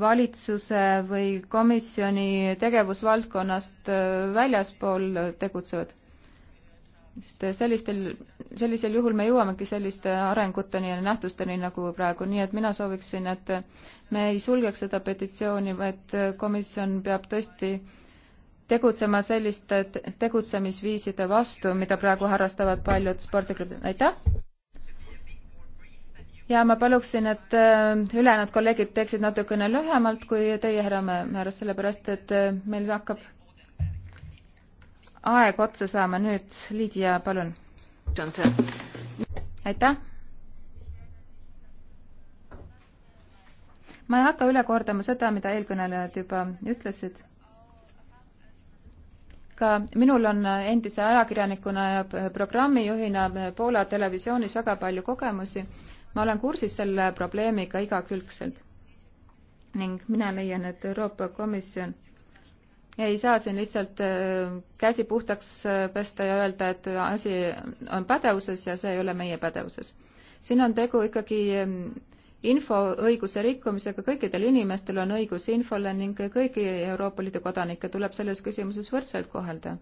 valitsuse või komisjoni tegevusvaldkonnast äh, väljaspool tegutsevad. sest äh, sellistel, sellisel juhul me jõuamegi selliste arenguteni ja nähtusteni nagu praegu, nii et mina sooviksin, et äh, me ei sulgeks seda petitsiooni, vaid komisjon peab tõesti tegutsema selliste tegutsemisviiside vastu, mida praegu harrastavad paljud spordiklubid. aitäh! ja ma paluksin, et äh, ülejäänud kolleegid teeksid natukene lühemalt kui teie, härra Määrus, sellepärast et äh, meil hakkab aeg otsa saama. nüüd Lydia, palun. aitäh. ma ei hakka üle kordama seda, mida eelkõnelejad juba ütlesid. ka minul on endise ajakirjanikuna ja programmijuhina Poola televisioonis väga palju kogemusi ma olen kursis selle probleemiga igakülgselt ning mina leian, et Euroopa Komisjon ei saa siin lihtsalt äh, käsi puhtaks äh, pesta ja öelda, et asi on pädevuses ja see ei ole meie pädevuses. siin on tegu ikkagi äh, infoõiguse rikkumisega, kõikidel inimestel on õigus infole ning kõigi Euroopa Liidu kodanikke tuleb selles küsimuses võrdselt kohelda.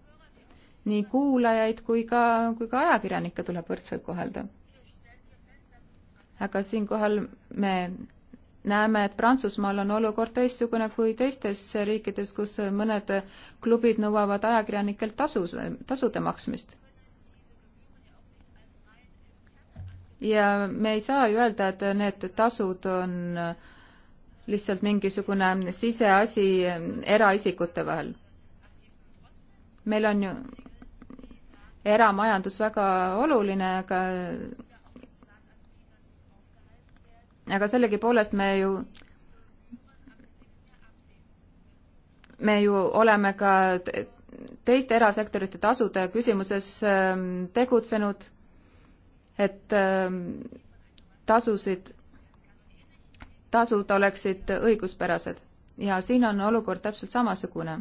nii kuulajaid kui ka, kui ka ajakirjanikke tuleb võrdselt kohelda aga siinkohal me näeme, et Prantsusmaal on olukord teistsugune kui teistes riikides, kus mõned klubid nõuavad ajakirjanikelt tasu, tasude maksmist. ja me ei saa ju öelda, et need tasud on lihtsalt mingisugune siseasi eraisikute vahel. meil on ju eramajandus väga oluline, aga aga sellegipoolest me ju, me ju oleme ka teiste erasektorite tasude küsimuses ähm, tegutsenud, et ähm, tasusid, tasud oleksid õiguspärased ja siin on olukord täpselt samasugune.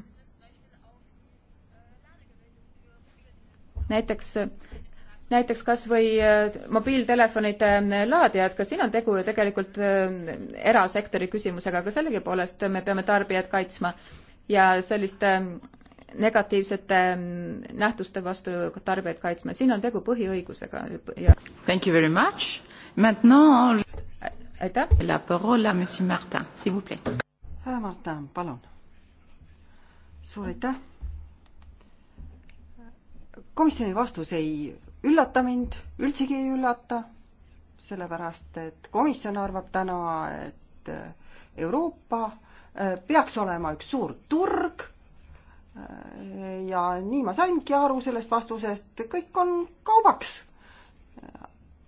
näiteks näiteks kas või äh, mobiiltelefonide äh, laadijad, ka siin on tegu ju tegelikult äh, erasektori küsimusega, aga sellegipoolest me peame tarbijad kaitsma ja selliste negatiivsete nähtuste vastu tarbijaid kaitsma, siin on tegu põhiõigusega ja Thank you very much, maintenant aitäh! La parole à monsieur Martin, s'il vous plaît. härra Martin, palun. suur aitäh! komisjoni vastus ei üllata mind, üldsegi ei üllata, sellepärast et komisjon arvab täna, et äh, Euroopa äh, peaks olema üks suur turg äh, ja nii ma saingi aru sellest vastusest, kõik on kaubaks.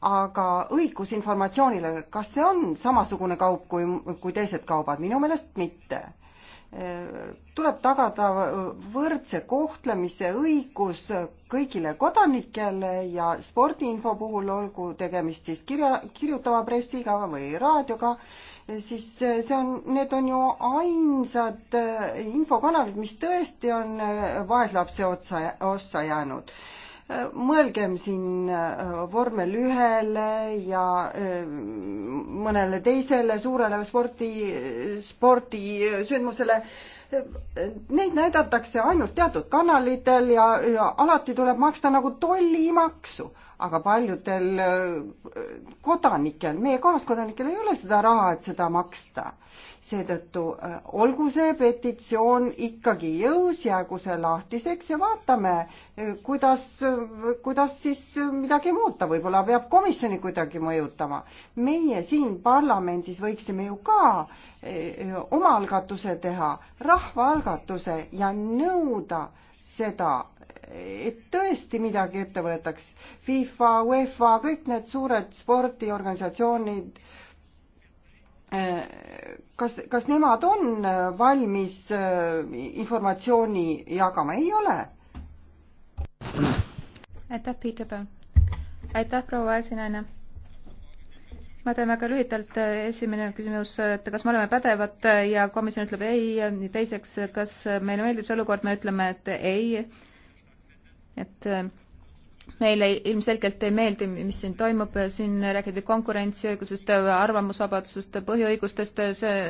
aga õigus informatsioonile, kas see on samasugune kaup kui, kui teised kaubad, minu meelest mitte tuleb tagada võrdse kohtlemise õigus kõigile kodanikele ja spordiinfo puhul, olgu tegemist siis kirja, kirjutava pressiga või raadioga, siis see on, need on ju ainsad infokanalid, mis tõesti on vaeslapse otsa, ossa jäänud mõelgem siin äh, vormel ühele ja äh, mõnele teisele suurele spordi, spordisündmusele. Äh, Neid näidatakse ainult teatud kanalitel ja, ja alati tuleb maksta nagu tollimaksu, aga paljudel äh, kodanikel, meie kaaskodanikel ei ole seda raha, et seda maksta. seetõttu äh, olgu see petitsioon ikkagi jõus, jäägu see lahtiseks ja vaatame, äh, kuidas, kuidas siis midagi muuta, võib-olla peab komisjoni kuidagi mõjutama. meie siin parlamendis võiksime ju ka omaalgatuse teha, rahvaalgatuse ja nõuda seda, et tõesti midagi ette võetaks. FIFA, UEFA, kõik need suured spordiorganisatsioonid, kas, kas nemad on valmis äh, informatsiooni jagama? ei ole. aitäh, Peter Pau. aitäh, proua esinaine ma teen väga lühidalt, esimene küsimus, et kas me oleme pädevad ja komisjon ütleb ei, teiseks, kas meile meeldib see olukord, me ütleme, et ei et äh, meile ilmselgelt ei meeldi, mis siin toimub, siin räägiti konkurentsiõigusest, arvamusvabadusest, põhiõigustest, see,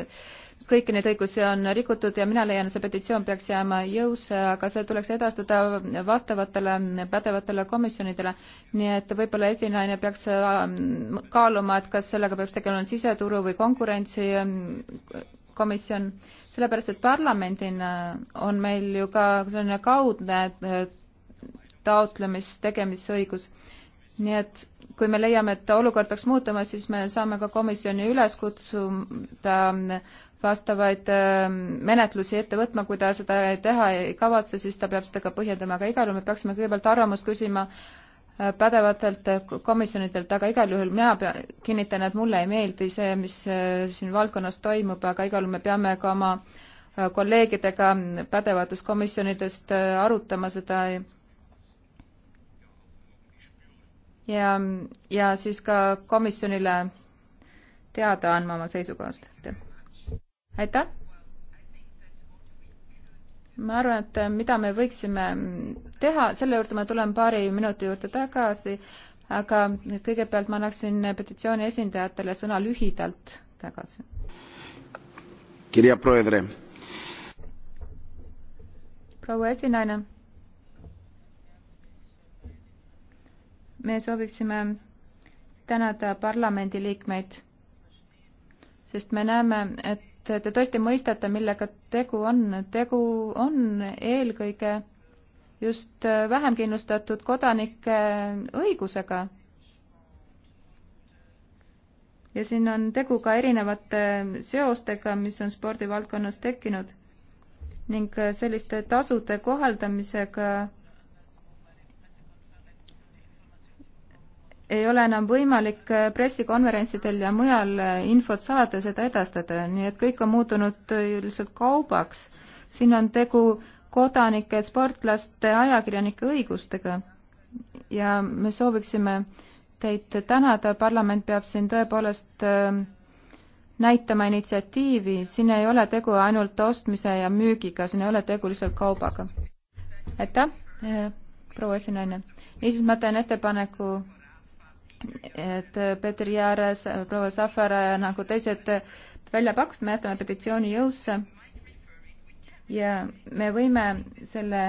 kõiki neid õigusi on rikutud ja mina leian, see petitsioon peaks jääma jõusse, aga see tuleks edastada vastavatele pädevatele komisjonidele. nii et võib-olla esinaine peaks ähm, kaaluma, et kas sellega peaks tegelema siseturu või konkurentsikomisjon, ähm, sellepärast et parlamendina on meil ju ka selline kaudne taotlemistegemisõigus. nii et kui me leiame, et olukord peaks muutuma, siis me saame ka komisjoni üles kutsuda vastavaid ähm, menetlusi ette võtma, kui ta seda teha ei kavatse, siis ta peab seda ka põhjendama, aga igal juhul me peaksime kõigepealt arvamust küsima äh, pädevatelt komisjonidelt, aga igal juhul mina pea-, kinnitan, et mulle ei meeldi see, mis äh, siin valdkonnas toimub, aga igal juhul me peame ka oma äh, kolleegidega pädevatest komisjonidest arutama seda ja, ja siis ka komisjonile teada andma oma seisukohast, et aitäh! ma arvan, et mida me võiksime teha, selle juurde ma tulen paari minuti juurde tagasi, aga kõigepealt ma annaksin petitsiooni esindajatele sõna lühidalt tagasi. kirja proedre. proua esinaine me sooviksime tänada parlamendiliikmeid, sest me näeme, et te tõesti mõistate, millega tegu on. tegu on eelkõige just vähem kindlustatud kodanike õigusega. ja siin on tegu ka erinevate seostega, mis on spordivaldkonnas tekkinud ning selliste tasude kohaldamisega ei ole enam võimalik äh, pressikonverentsidel ja mujal äh, infot saada, seda edastada, nii et kõik on muutunud äh, lihtsalt kaubaks. siin on tegu kodanike, sportlaste, ajakirjanike õigustega. ja me sooviksime teid tänada, parlament peab siin tõepoolest näitama initsiatiivi, siin ei ole tegu ainult ostmise ja müügiga, siin ei ole tegu lihtsalt kaubaga. aitäh, proua esinaine. niisiis ma teen ettepaneku et Petri Jaares, proua Safar nagu teised välja pakkusid, me jätame petitsiooni jõusse ja me võime selle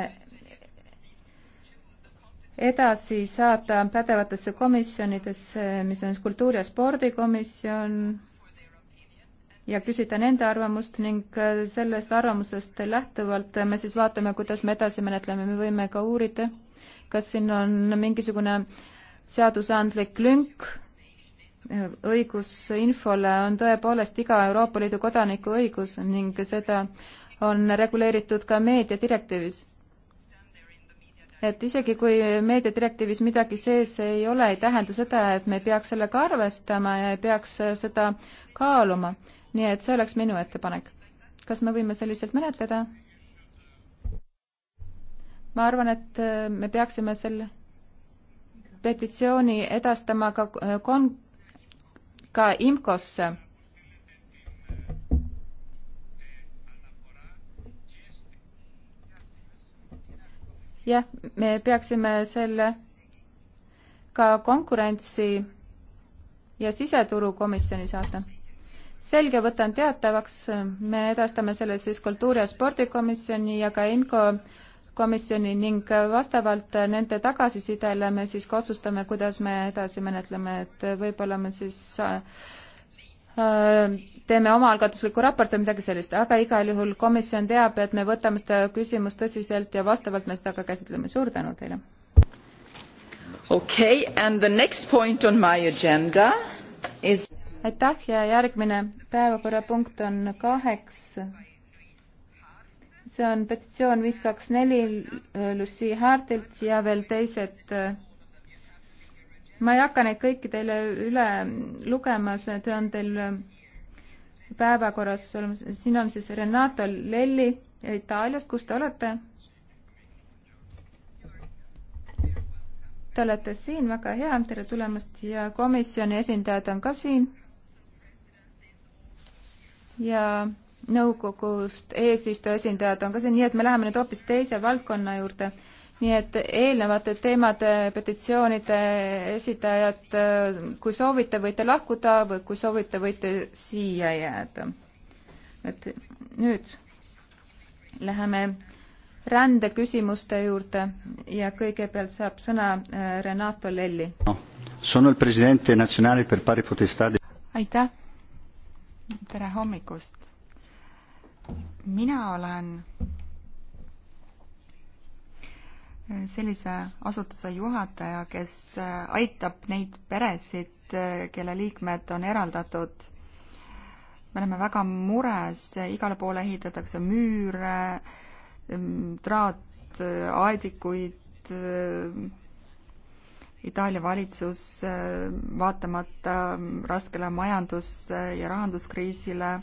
edasi saata pädevatesse komisjonidesse, mis on siis kultuuri- ja spordikomisjon, ja küsida nende arvamust ning sellest arvamusest lähtuvalt me siis vaatame, kuidas me edasi menetleme, me võime ka uurida, kas siin on mingisugune äh, seadusandlik lünk õigus infole on tõepoolest iga Euroopa Liidu kodaniku õigus ning seda on reguleeritud ka meediadirektiivis. et isegi, kui meediadirektiivis midagi sees ei ole, ei tähenda seda, et me ei peaks sellega arvestama ja ei peaks seda kaaluma. nii et see oleks minu ettepanek. kas me võime selliselt menetleda? ma arvan, et me peaksime selle petitsiooni edastama ka äh, kon-, ka IMCO-sse. jah, me peaksime selle ka konkurentsi ja siseturu komisjoni saata. selge, võtan teatavaks, me edastame selle siis kultuuri- ja spordikomisjoni ja ka IMCO komisjoni ning vastavalt nende tagasisidele me siis ka otsustame, kuidas me edasi menetleme, et võib-olla me siis äh, teeme omaalgatusliku raporti või midagi sellist, aga igal juhul komisjon teab, et me võtame seda küsimust tõsiselt ja vastavalt me seda ka käsitleme. suur tänu teile. okei okay,, and the next point on my agenda is aitäh ja järgmine päevakorrapunkt on kaheksa see on petitsioon viis kaks neli Lucy Hartilt ja veel teised. ma ei hakka neid kõiki teile üle lugema, see on teil päevakorras olemas, siin on siis Renato Lelli Itaaliast, kus te olete? Te olete siin, väga hea, tere tulemast ja komisjoni esindajad on ka siin. ja nõukogust eesistuja esindajad on ka siin, nii et me läheme nüüd hoopis teise valdkonna juurde. nii et eelnevate teemade, petitsioonide esitajad, kui soovite, võite lahkuda või kui soovite, võite siia jääda. et nüüd läheme rändeküsimuste juurde ja kõigepealt saab sõna äh, Renato Lelli no,. aitäh, tere hommikust mina olen sellise asutuse juhataja, kes äh, aitab neid peresid, äh, kelle liikmed on eraldatud. me oleme väga mures, igale poole ehitatakse müüre, mm, traat, äh, aedikuid. Itaalia valitsus vaatamata raskele majandus- ja rahanduskriisile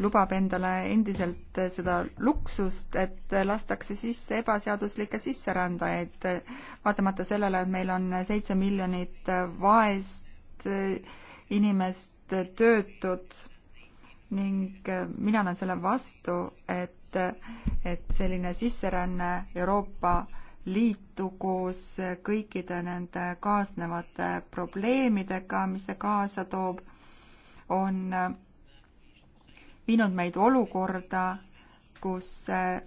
lubab endale endiselt seda luksust, et lastakse sisse ebaseaduslikke sisserändajaid, vaatamata sellele, et meil on seitse miljonit vaest inimest töötud ning mina olen selle vastu, et, et selline sisseränne Euroopa Liitu koos kõikide nende kaasnevate probleemidega, mis see kaasa toob, on viinud meid olukorda, kus eh,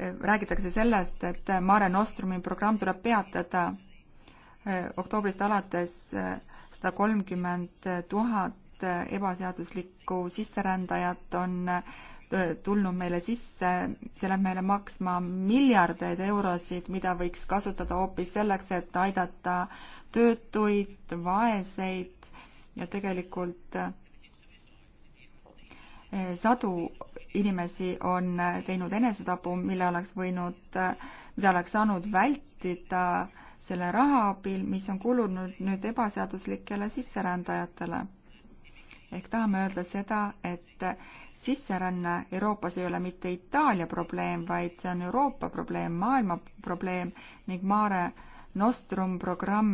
räägitakse sellest, et Mare Nostrumi programm tuleb peatada. Eh, oktoobrist alates eh, sada kolmkümmend tuhat ebaseaduslikku sisserändajat on tulnud meile sisse, see läheb meile maksma miljardeid eurosid, mida võiks kasutada hoopis selleks, et aidata töötuid, vaeseid ja tegelikult äh, Eh, sadu inimesi on eh, teinud enesetapu, mille oleks võinud, eh, mida oleks saanud vältida selle raha abil, mis on kulunud nüüd ebaseaduslikele sisserändajatele. ehk tahame öelda seda, et sisseränne Euroopas ei ole mitte Itaalia probleem, vaid see on Euroopa probleem, maailma probleem ning Mare Nostrum programm,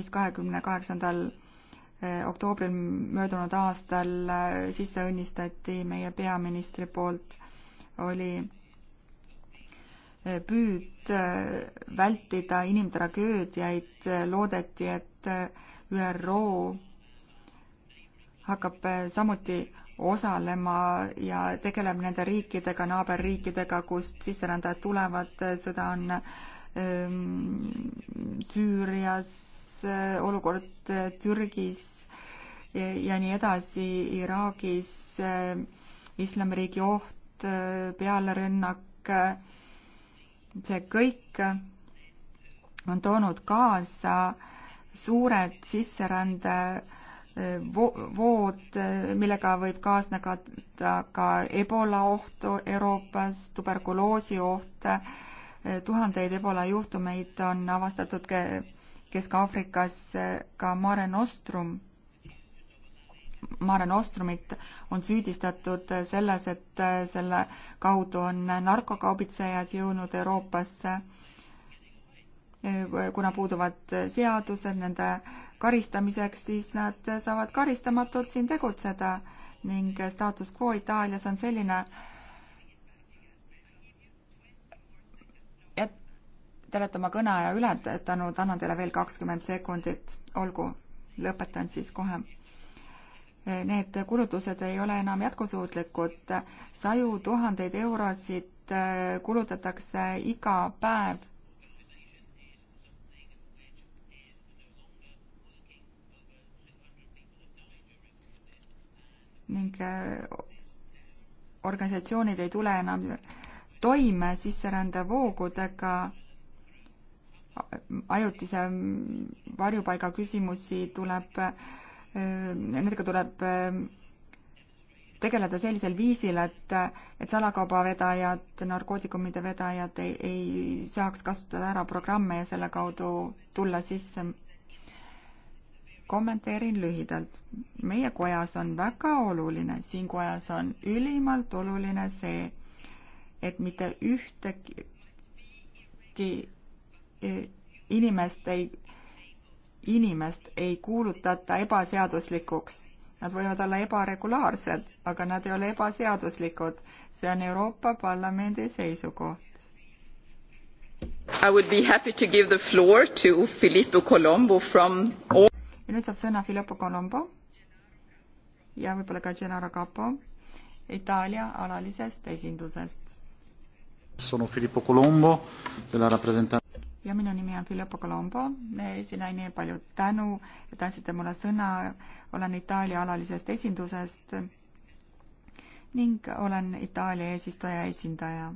mis kahekümne kaheksandal Eh, oktoobril möödunud aastal eh, sisse õnnistati meie peaministri poolt, oli eh, püüd vältida inimtragöödiaid, loodeti, et ÜRO hakkab samuti osalema ja tegeleb nende riikidega, naaberriikidega, kust sisserändajad tulevad, sõda on Süürias, olukord äh, Türgis ja nii edasi, Iraagis äh, islamiriigi oht, äh, pealerünnak, see kõik on toonud kaasa suured sisserände vood, millega võib kaasneda ka ebola oht Euroopas, tuberkuloosi oht, tuhandeid ebola juhtumeid on avastatud Kesk-Aafrikas ka Mare Nostrum, Mare Nostrumit on süüdistatud selles, et selle kaudu on narkokaubitsejad jõudnud Euroopasse, kuna puuduvad seadused nende karistamiseks, siis nad saavad karistamatult siin tegutseda ning staatus quo Itaalias on selline, Te olete oma kõneaja ületanud, annan teile veel kakskümmend sekundit, olgu, lõpetan siis kohe. Need kulutused ei ole enam jätkusuutlikud, saju tuhandeid eurosid äh, kulutatakse iga päev ning äh, organisatsioonid ei tule enam toime sisserändevoogudega ajutise varjupaiga küsimusi tuleb, nendega tuleb tegeleda sellisel viisil, et, et salakaubavedajad, narkootikumide vedajad ei, ei saaks kasutada ära programme ja selle kaudu tulla sisse. kommenteerin lühidalt. meie kojas on väga oluline, siin kojas on ülimalt oluline see, et mitte ühtegi inimest ei, inimest ei kuulutata ebaseaduslikuks. Nad võivad olla ebaregulaarsed, aga nad ei ole ebaseaduslikud. see on Euroopa Parlamendi seisukoht. I would be happy to give the floor to Filippo Colombo from ja nüüd saab sõna Filippo Colombo ja võib-olla ka Gennaro Capo Itaalia alalisest esindusest. Sono Filippo Colombo della rappresentante ja minu nimi on Filippo Colombo, esinaine, palju tänu, et andsite mulle sõna. olen Itaalia alalisest esindusest ning olen Itaalia eesistuja esindaja.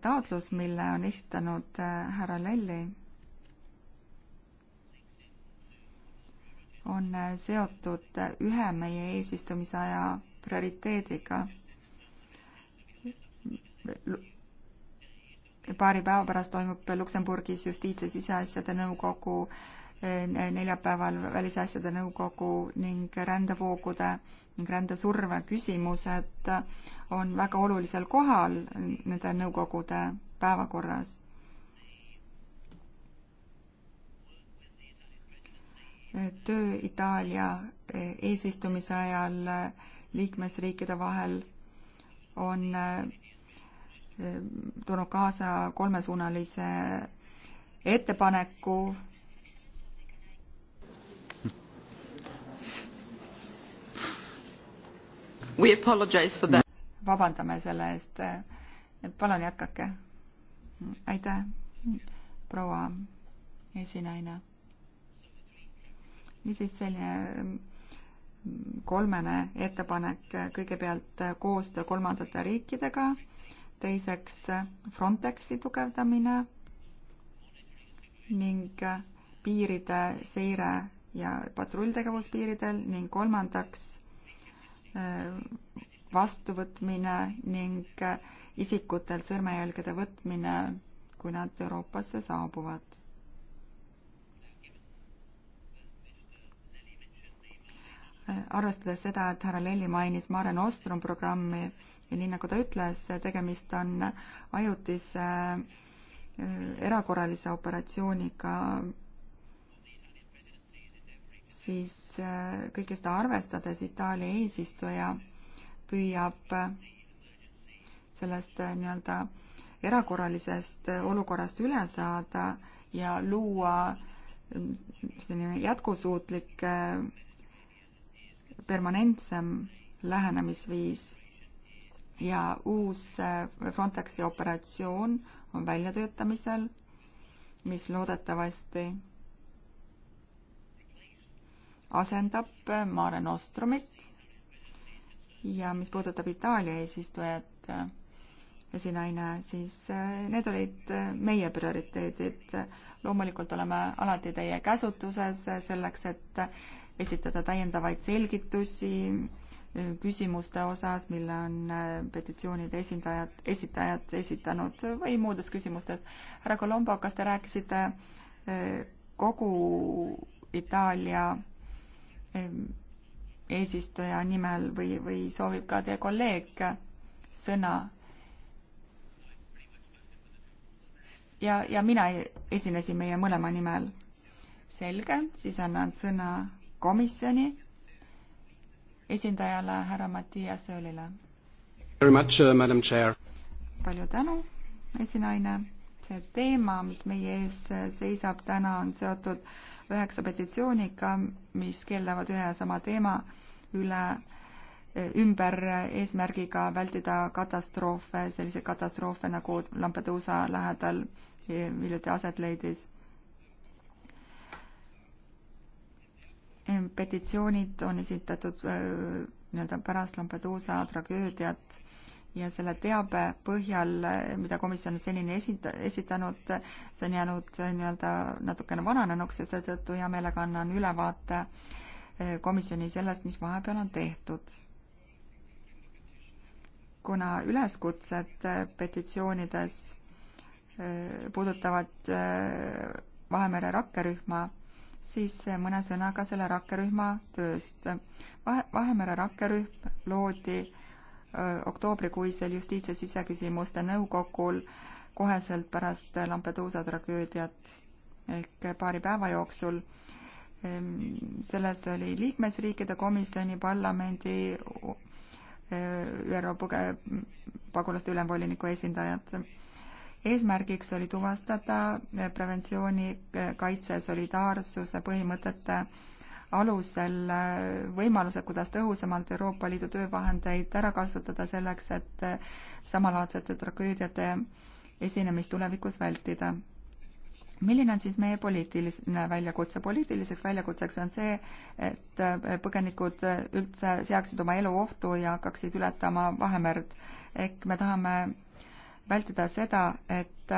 taotlus, mille on esitanud äh, härra Lelli, on äh, seotud äh, ühe meie eesistumise aja prioriteediga paari päeva pärast toimub Luksemburgis justiits- ja siseasjade nõukogu, eh, neljapäeval välisasjade nõukogu ning rändevoogude ning rändesurve küsimused on väga olulisel kohal nende nõukogude päevakorras. töö Itaalia eh, eesistumise ajal eh, liikmesriikide vahel on toonud kaasa kolmesuunalise ettepaneku. vabandame selle eest. palun jätkake. aitäh, proua esinaine. niisiis selline mm, kolmene ettepanek, kõigepealt koostöö kolmandate riikidega teiseks Frontexi tugevdamine ning piiride seire ja patrulltegevus piiridel ning kolmandaks vastuvõtmine ning isikutelt sõrmejälgede võtmine, kui nad Euroopasse saabuvad. arvestades seda, et härra Lelli mainis Mare Nostrum programmi, ja nii nagu ta ütles, tegemist on ajutise äh, erakorralise operatsiooniga, siis äh, kõike seda arvestades Itaalia eesistuja püüab äh, sellest nii-öelda erakorralisest olukorrast üle saada ja luua selline jätkusuutlik permanentsem lähenemisviis ja uus äh, Frontexi operatsioon on väljatöötamisel, mis loodetavasti asendab äh, Mare Nostrumit ja mis puudutab Itaalia eesistujat, äh, esinaine, siis need olid meie prioriteedid. loomulikult oleme alati teie käsutuses selleks, et esitada täiendavaid selgitusi küsimuste osas, mille on äh, petitsioonide esindajad, esitajad esitanud või muudes küsimustes. härra Colombo, kas te rääkisite äh, kogu Itaalia ähm, eesistuja nimel või, või soovib ka teie kolleeg sõna? ja, ja mina esinesin meie mõlema nimel. selge, siis annan sõna komisjoni esindajale härra Mattias Öölile. Uh, palju tänu, esinaine. see teema, mis meie ees seisab täna, on seotud üheksa petitsiooniga, mis keelavad ühe ja sama teema üle eh, ümber eesmärgiga vältida katastroofe, selliseid katastroofe nagu Lampeduusa lähedal eh, hiljuti aset leidis petitsioonid on esitatud äh, nii-öelda pärast Lampeduusa tragöödiat ja selle teabe põhjal, äh, mida komisjon on senini esita-, esitanud, see on jäänud äh, nii-öelda natukene vananenuks ja seetõttu hea meelega annan ülevaate komisjoni sellest, mis vahepeal on tehtud. kuna üleskutsed petitsioonides puudutavad Vahemere rakkerühma siis mõne sõnaga selle rakkerühma tööst. Vahe, Vahemere rakkerühm loodi oktoobrikuisel justiits- ja siseküsimuste nõukogul koheselt pärast Lampeduusa tragöödiat ehk paari päeva jooksul. Ehm, selles oli liikmesriikide komisjoni, parlamendi, ÜRO pagulaste ülemvoliniku esindajad eesmärgiks oli tuvastada eh, preventsiooni, eh, kaitse, solidaarsuse põhimõtete alusel eh, võimalused, kuidas tõhusamalt Euroopa Liidu töövahendeid ära kasutada selleks, et samalaadsete tragöödiate esinemist tulevikus vältida. milline on siis meie poliitiline väljakutse? poliitiliseks väljakutseks on see, et põgenikud üldse seaksid oma elu ohtu ja hakkaksid ületama Vahemerd. ehk me tahame vältida seda, et,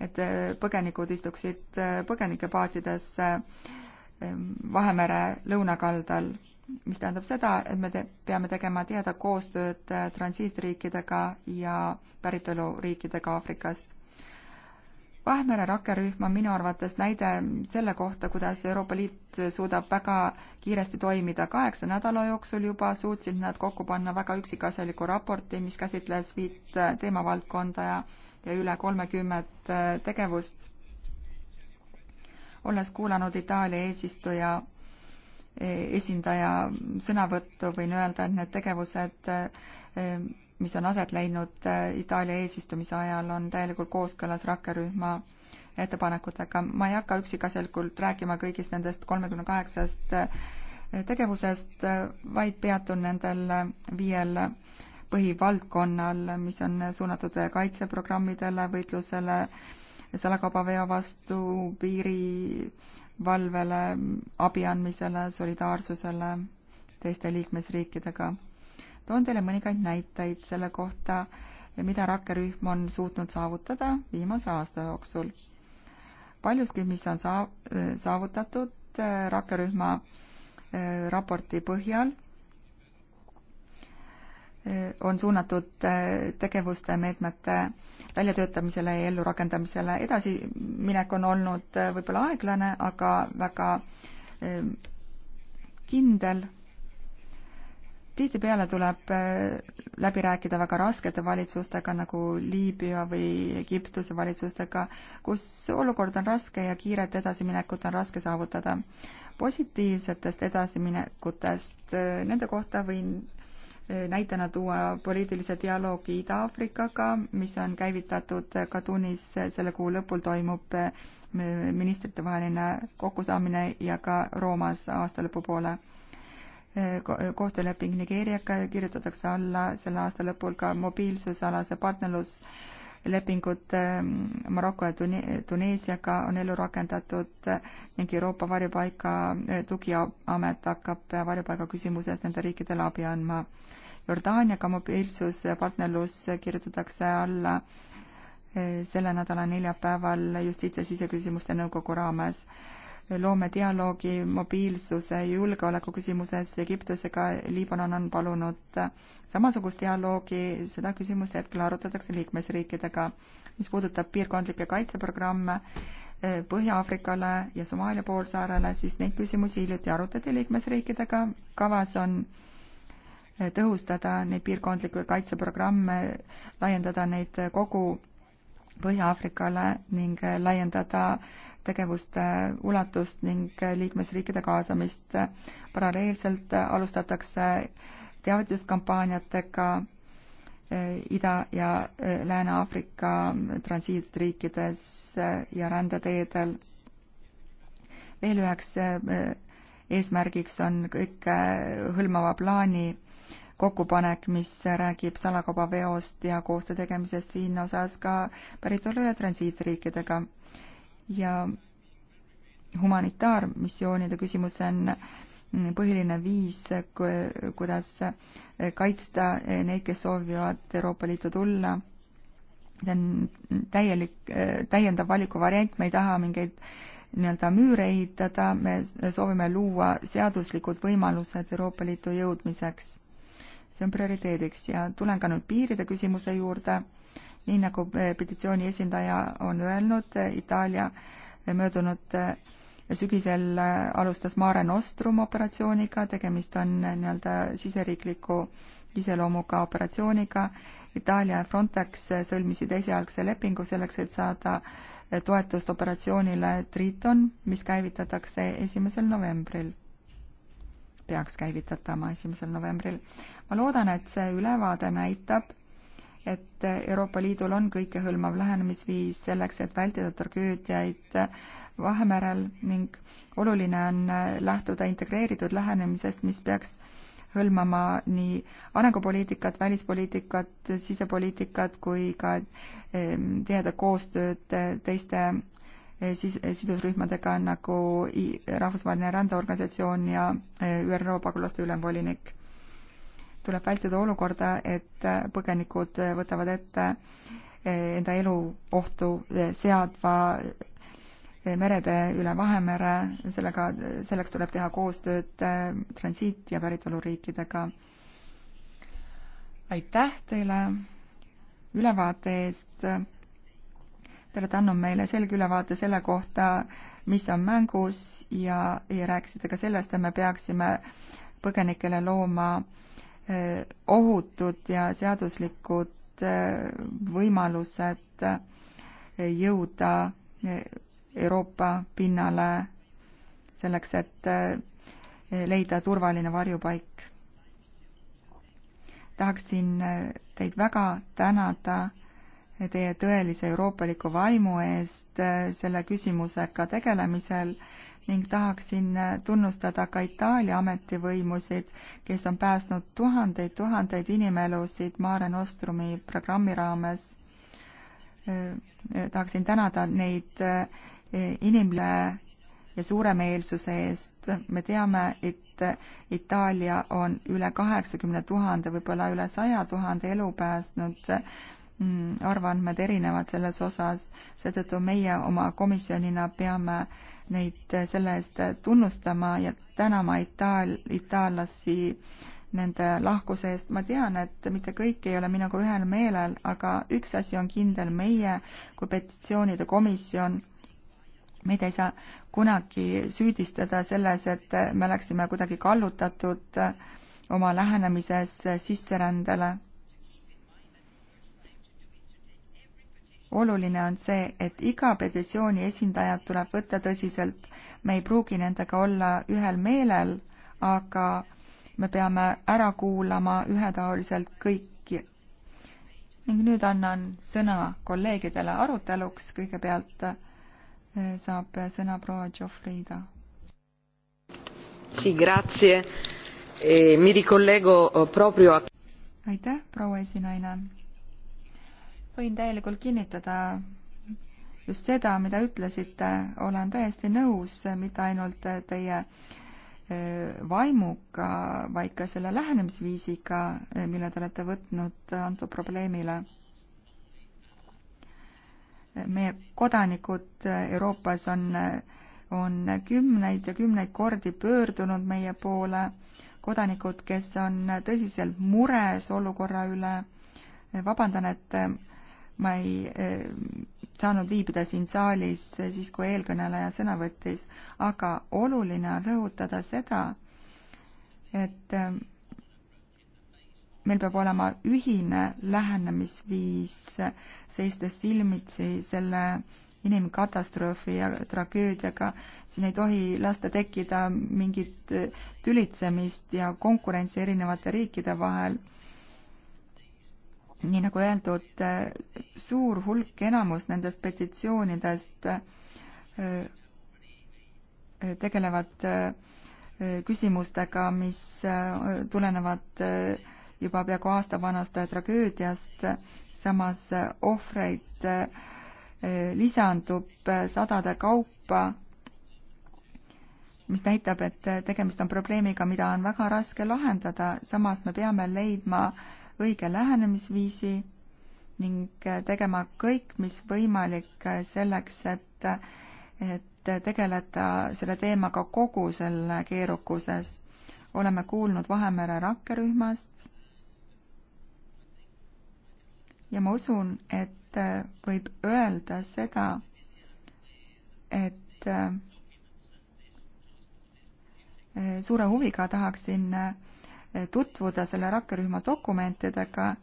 et põgenikud istuksid põgenikepaatides ehm, Vahemere lõunakaldal, mis tähendab seda, et me te peame tegema tihedat koostööd transiitriikidega ja päritoluriikidega Aafrikast. Vahemere rakkerühm on minu arvates näide selle kohta, kuidas Euroopa Liit suudab väga kiiresti toimida. kaheksa nädala jooksul juba suutsid nad kokku panna väga üksikasjaliku raporti, mis käsitles viit teemavaldkonda ja, ja üle kolmekümmet äh, tegevust. olles kuulanud Itaalia eesistuja e, esindaja sõnavõttu, võin öelda, et need tegevused äh, mis on aset leidnud äh, Itaalia eesistumise ajal, on täielikult kooskõlas rakkerühma ettepanekutega. ma ei hakka üksikasjalikult rääkima kõigist nendest kolmekümne kaheksast äh, tegevusest, äh, vaid peatun nendel viiel põhivaldkonnal, mis on suunatud kaitseprogrammidele, võitlusele, salakaubaveo vastu, piirivalvele, abi andmisele, solidaarsusele teiste liikmesriikidega toon teile mõningaid näiteid selle kohta, mida rakkerühm on suutnud saavutada viimase aasta jooksul. paljuski, mis on saa-, saavutatud äh, rakkerühma äh, raporti põhjal, äh, on suunatud tegevuste, meetmete väljatöötamisele ja ellurakendamisele. edasiminek on olnud võib-olla aeglane, aga väga kindel tihtipeale tuleb äh, läbi rääkida väga raskete valitsustega nagu Liibüa või Egiptuse valitsustega, kus olukord on raske ja kiiret edasiminekut on raske saavutada. positiivsetest edasiminekutest, äh, nende kohta võin äh, näitena tuua poliitilise dialoogi Ida-Aafrikaga, mis on käivitatud Kadunis, selle kuu lõpul toimub ministritevaheline kokkusaamine ja ka Roomas aasta lõpu poole koostööleping Nigeeriaga kirjutatakse alla selle aasta lõpul ka mobiilsusalase partnerluslepingud ähm, Maroko ja Tuneesiaga on ellu rakendatud ning Euroopa varjupaika äh, tugiamet hakkab varjupaiga küsimuses nendele riikidele abi andma. Jordaaniaga mobiilsuspartnerlus kirjutatakse alla äh, selle nädala neljapäeval Justiits- ja Siseküsimuste Nõukogu raames loome dialoogi mobiilsuse ja julgeoleku küsimuses Egiptusega. Liibanon on palunud samasugust dialoogi, seda küsimust hetkel arutatakse liikmesriikidega. mis puudutab piirkondlikke kaitseprogramme eh, Põhja-Aafrikale ja Somaalia poolsaarele, siis neid küsimusi hiljuti arutati liikmesriikidega. kavas on eh, tõhustada neid piirkondlikke kaitseprogramme, laiendada neid kogu Põhja-Aafrikale ning eh, laiendada äh, tegevuste ulatust ning liikmesriikide kaasamist. paralleelselt alustatakse teavituskampaaniatega eh, Ida- ja eh, Lääne-Aafrika transiitriikides eh, ja rändeteedel. veel üheks eesmärgiks on kõike hõlmava plaani kokkupanek, mis räägib salakaubaveost ja koostöö tegemisest siin osas ka päritolu- ja transiitriikidega ja humanitaarmissioonide küsimus on põhiline viis, kuidas kaitsta neid, kes soovivad Euroopa Liitu tulla. see on täielik, täiendav valikuvariant, me ei taha mingeid nii-öelda müüre ehitada, me soovime luua seaduslikud võimalused Euroopa Liitu jõudmiseks. see on prioriteediks ja tulen ka nüüd piiride küsimuse juurde nii nagu eh, petitsiooni esindaja on öelnud, eh, Itaalia eh, möödunud sügisel alustas Mare Nostrum operatsiooniga, tegemist on nii-öelda siseriikliku iseloomuga operatsiooniga. Itaalia ja Frontex sõlmisid esialgse lepingu selleks, et saada toetust operatsioonile Triton, mis käivitatakse esimesel novembril. peaks käivitatama esimesel novembril. ma loodan, et see ülevaade näitab, et Euroopa Liidul on kõikehõlmav lähenemisviis selleks, et vältida tragöödiaid Vahemerel ning oluline on lähtuda integreeritud lähenemisest, mis peaks hõlmama nii arengupoliitikat, välispoliitikat, sisepoliitikat kui ka ehm, tihedat koostööd teiste eh, siis eh, sidusrühmadega nagu Rahvusvaheline Rändeorganisatsioon ja eh, ÜRO pagulaste ülemvolinik tuleb vältida olukorda, et põgenikud võtavad ette eh, enda elu ohtu eh, seadva eh, merede üle Vahemere, sellega, selleks tuleb teha koostööd transiit- ja päritoluriikidega. aitäh teile ülevaate eest. Te olete andnud meile selge ülevaate selle kohta, mis on mängus ja, ja rääkisite ka sellest, et me peaksime põgenikele looma äh, Eh, ohutud ja seaduslikud eh, võimalused eh, jõuda Euroopa pinnale selleks, et leida turvaline varjupaik. tahaksin teid väga tänada teie tõelise euroopaliku vaimu eest selle küsimusega tegelemisel ning tahaksin äh, tunnustada ka Itaalia ametivõimusid, kes on päästnud tuhandeid-tuhandeid inimelusid Mare Nostrumi programmi raames. Äh, äh, tahaksin tänada neid inimle- ja suuremeelsuse eest. me teame, et Itaalia on üle kaheksakümne tuhande, võib-olla üle saja tuhande elu päästnud mm, arvandmed erinevad selles osas, seetõttu meie oma komisjonina peame äh, neid äh, selle eest äh, tunnustama ja tänama itaal-, itaallasi nende lahkuse eest. ma tean, et mitte kõik ei ole minuga ühel meelel, aga üks asi on kindel, meie kui petitsioonide komisjon, meid ei saa kunagi süüdistada selles, et me oleksime kuidagi kallutatud äh, oma lähenemises sisserändele oluline on see, et iga petitsiooni esindajat tuleb võtta tõsiselt. me ei pruugi nendega olla ühel meelel, aga me peame ära kuulama ühetaoliselt kõiki. ning nüüd annan sõna kolleegidele aruteluks, kõigepealt eh, saab sõna proua Tšofrida. Eh, eh, aitäh, proua esinaine võin täielikult kinnitada just seda, mida ütlesite, olen täiesti nõus, mitte ainult teie e, vaimuga, vaid ka selle lähenemisviisiga, e, mille te olete võtnud antud probleemile. E, meie kodanikud Euroopas on, on kümneid ja kümneid kordi pöördunud meie poole, kodanikud, kes on tõsiselt mures olukorra üle, vabandan, et ma ei eh, saanud viibida siin saalis eh, siis, kui eelkõneleja sõna võttis, aga oluline on rõhutada seda, et eh, meil peab olema ühine lähenemisviis, seistes silmitsi selle inimkatastroofi ja tragöödiaga, siin ei tohi lasta tekkida mingit tülitsemist ja konkurentsi erinevate riikide vahel nii nagu öeldud, eh, suur hulk, enamus nendest petitsioonidest eh, tegelevad eh, küsimustega, mis tulenevad juba peaaegu aastavanast tragöödiast, samas ohvreid lisandub sadade kaupa, mis näitab, et tegemist on probleemiga, mida on väga raske lahendada, samas me peame leidma äh, õige lähenemisviisi ning äh, tegema kõik, mis võimalik äh, selleks, et, et tegeleda selle teemaga kogu selle keerukuses. oleme kuulnud Vahemere rakkerühmast ja ma usun, et äh, võib öelda seda, et suure huviga tahaksin tutvuda selle rakkerühma dokumentidega.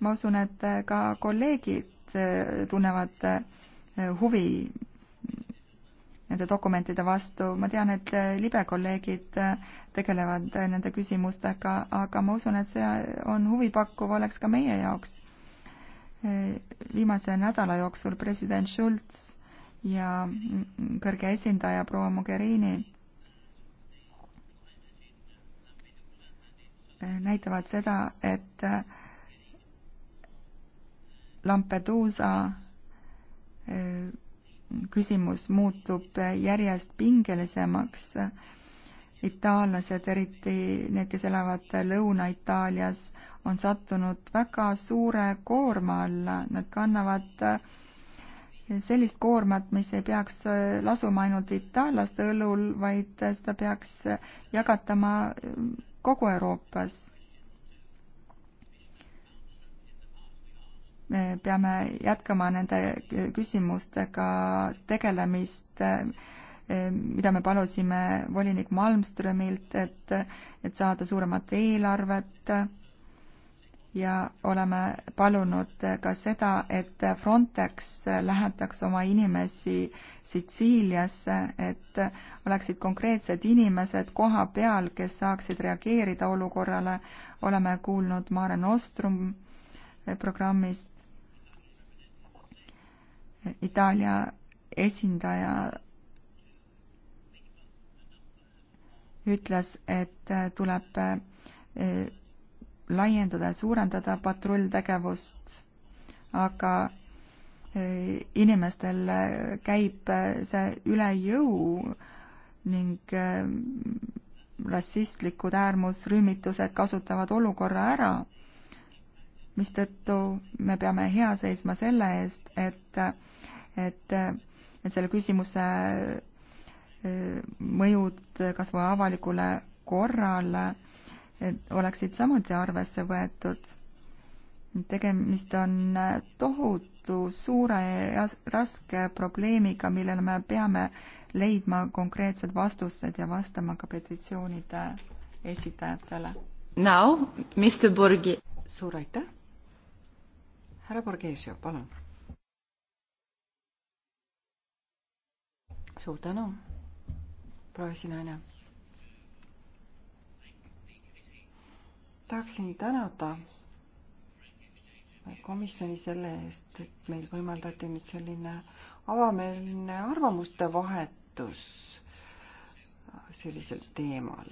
ma usun, et ka kolleegid eh, tunnevad eh, huvi nende dokumentide vastu. ma tean, et eh, libe kolleegid tegelevad nende küsimustega, aga ma usun, et see on huvipakkuv, oleks ka meie jaoks. viimase nädala jooksul president Schulz ja mm, mm, kõrge esindaja proua Mogherini Äh, näitavad seda, et äh, Lampeduusa äh, küsimus muutub järjest pingelisemaks. itaallased, eriti need, kes elavad Lõuna-Itaalias, on sattunud väga suure koorma alla, nad kannavad sellist koormat, mis ei peaks lasuma ainult itaallaste õlul, vaid seda peaks jagatama kogu Euroopas. me peame jätkama nende küsimustega tegelemist, mida me palusime volinik Malmströmilt, et, et saada suuremat eelarvet ja oleme palunud ka seda, et Frontex lähetaks oma inimesi Sitsiiliasse, et oleksid konkreetsed inimesed koha peal, kes saaksid reageerida olukorrale. oleme kuulnud Mare Nostrum programmist. Itaalia esindaja ütles, et tuleb eh, laiendada ja suurendada patrulltegevust, aga e, inimestel käib e, see üle jõu ning e, rassistlikud äärmusrühmitused kasutavad olukorra ära, mistõttu me peame hea seisma selle eest, et, et, et selle küsimuse mõjud kas või avalikule korrale äh, oleksid samuti arvesse võetud. tegemist on tohutu suure ja raske probleemiga, millele me peame leidma konkreetsed vastused ja vastama ka petitsioonide esitajatele. Now, Mr Borgi. suur aitäh. härra Borgesio, palun. suur tänu, proua esinaine tahaksin tänada komisjoni selle eest, et meil võimaldati nüüd selline avameelne arvamuste vahetus sellisel teemal.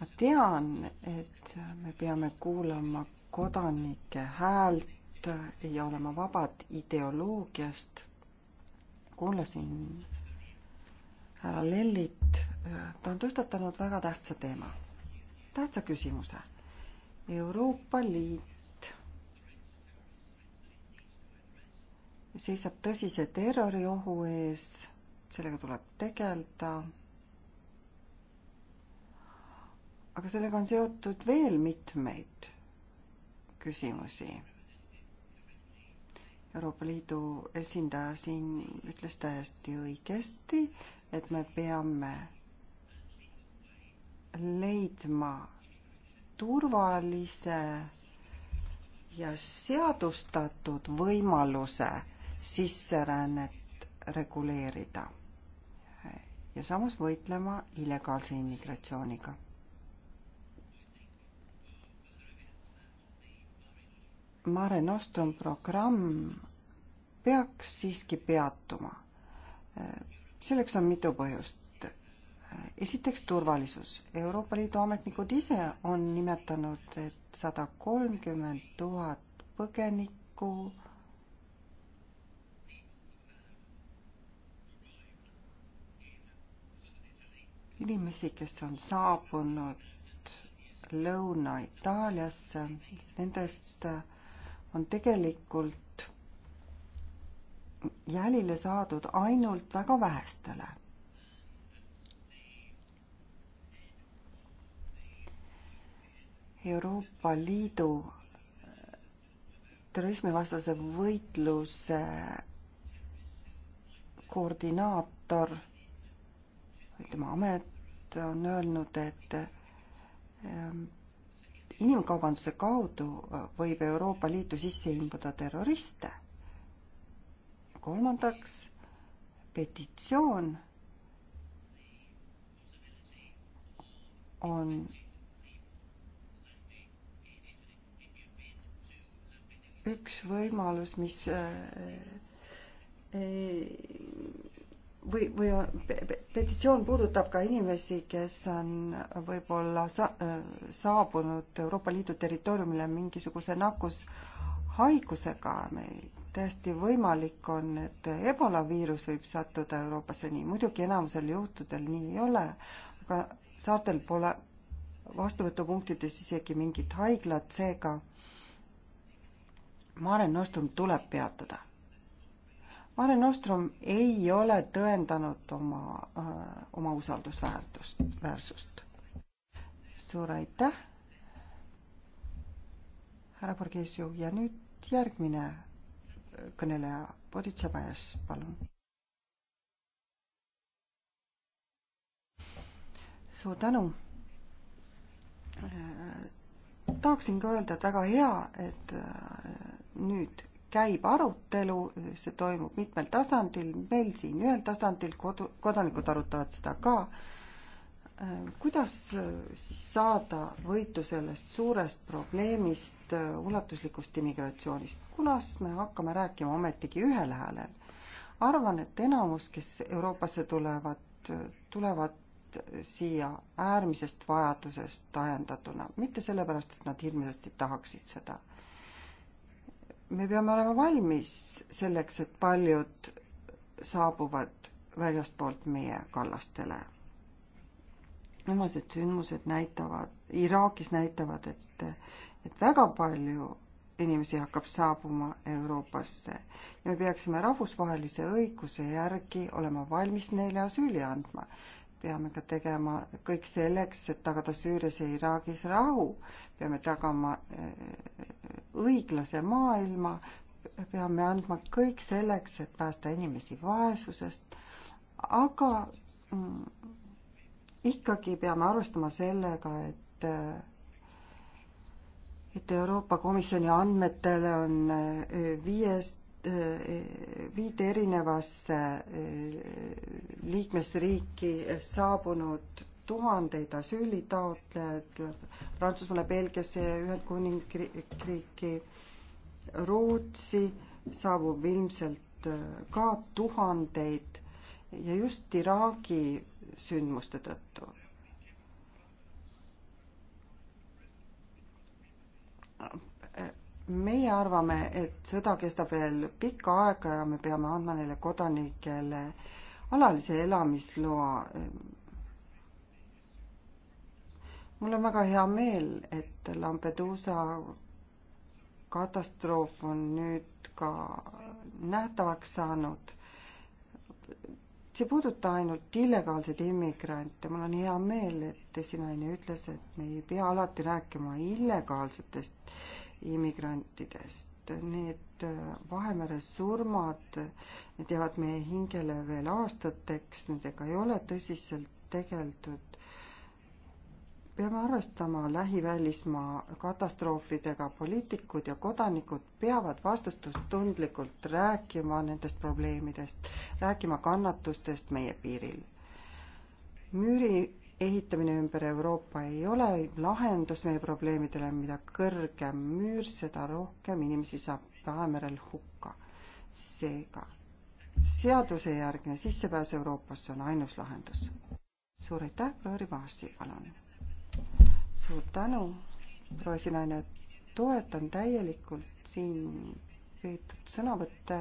ma tean, et me peame kuulama kodanike häält ja olema vabad ideoloogiast. kuulasin härra Lellit, ta on tõstatanud väga tähtsa teema tähtsa küsimuse. Euroopa Liit seisab tõsise terroriohu ees, sellega tuleb tegeleda. aga sellega on seotud veel mitmeid küsimusi. Euroopa Liidu esindaja siin ütles täiesti õigesti, et me peame leidma turvalise ja seadustatud võimaluse sisserännet reguleerida ja samas võitlema illegaalse immigratsiooniga. Mare Nostrum programm peaks siiski peatuma. selleks on mitu põhjust esiteks turvalisus. Euroopa Liidu ametnikud ise on nimetanud, et sada kolmkümmend tuhat põgenikku inimesi, kes on saabunud Lõuna-Itaaliasse, nendest on tegelikult jälile saadud ainult väga vähestele Euroopa Liidu terrorismivastase võitluse koordinaator, tema amet on öelnud, et ehm, inimkaubanduse kaudu äh, võib Euroopa Liitu sisse imbuda terroriste. kolmandaks, petitsioon on üks võimalus, mis äh, äh, või, või petitsioon puudutab ka inimesi, kes on võib-olla sa, äh, saabunud Euroopa Liidu territooriumile mingisuguse nakkushaigusega. meil täiesti võimalik on, et ebola viirus võib sattuda Euroopasse nii, muidugi enamusel juhtudel nii ei ole, aga saartel pole vastuvõtupunktides isegi mingit haiglat, seega Mare Nostrum tuleb peatada. Mare Nostrum ei ole tõendanud oma, äh, oma usaldusväärtust, väärsust. suur aitäh, härra Borgesio ja nüüd järgmine kõneleja, Boditša Pajas, palun. suur tänu äh, tahaksin ka öelda, et väga hea, et äh, nüüd käib arutelu, see toimub mitmel tasandil, meil siin ühel tasandil, kodu, kodanikud arutavad seda ka. kuidas siis saada võitu sellest suurest probleemist, ulatuslikust immigratsioonist, kunas me hakkame rääkima ometigi ühel häälel? arvan, et enamus, kes Euroopasse tulevad, tulevad siia äärmisest vajadusest ajendatuna, mitte sellepärast, et nad hirmsasti tahaksid seda me peame olema valmis selleks, et paljud saabuvad väljastpoolt meie kallastele. viimased sündmused näitavad, Iraagis näitavad, et, et väga palju inimesi hakkab saabuma Euroopasse ja me peaksime rahvusvahelise õiguse järgi olema valmis neile asüüli andma peame ka tegema kõik selleks, et tagada Süürias ja Iraagis rahu. peame tagama äh, õiglase maailma, peame andma kõik selleks, et päästa inimesi vaesusest, aga mm, ikkagi peame arvestama sellega, et äh, et Euroopa Komisjoni andmetele on äh, viiest Äh, viite erinevasse äh, liikmesriiki saabunud tuhandeid asüülitaotlejaid Prantsusmaale, Belgiasse, Ühendkuningriiki, Rootsi saabub ilmselt äh, ka tuhandeid ja just Iraagi sündmuste tõttu meie arvame, et sõda kestab veel pikka aega ja me peame andma neile kodanikele alalise elamisloa. mul on väga hea meel, et Lampeduusa katastroof on nüüd ka nähtavaks saanud. see ei puuduta ainult illegaalseid immigrante, mul on hea meel, et esinaine ütles, et me ei pea alati rääkima illegaalsetest immigrantidest. Need äh, Vahemere surmad jäävad meie hingele veel aastateks, nendega ei ole tõsiselt tegeldud. peame arvestama lähivälismaa katastroofidega, poliitikud ja kodanikud peavad vastutustundlikult rääkima nendest probleemidest, rääkima kannatustest meie piiril. müüri ehitamine ümber Euroopa ei ole lahendus meie probleemidele, mida kõrgem müür, seda rohkem inimesi saab Vahemerel hukka. seega seadusejärgne sissepääs Euroopasse on ainus lahendus. suur aitäh, proua Rivasi, palun. suur tänu, proua esinaine, toetan täielikult siin registreeritud sõnavõtte.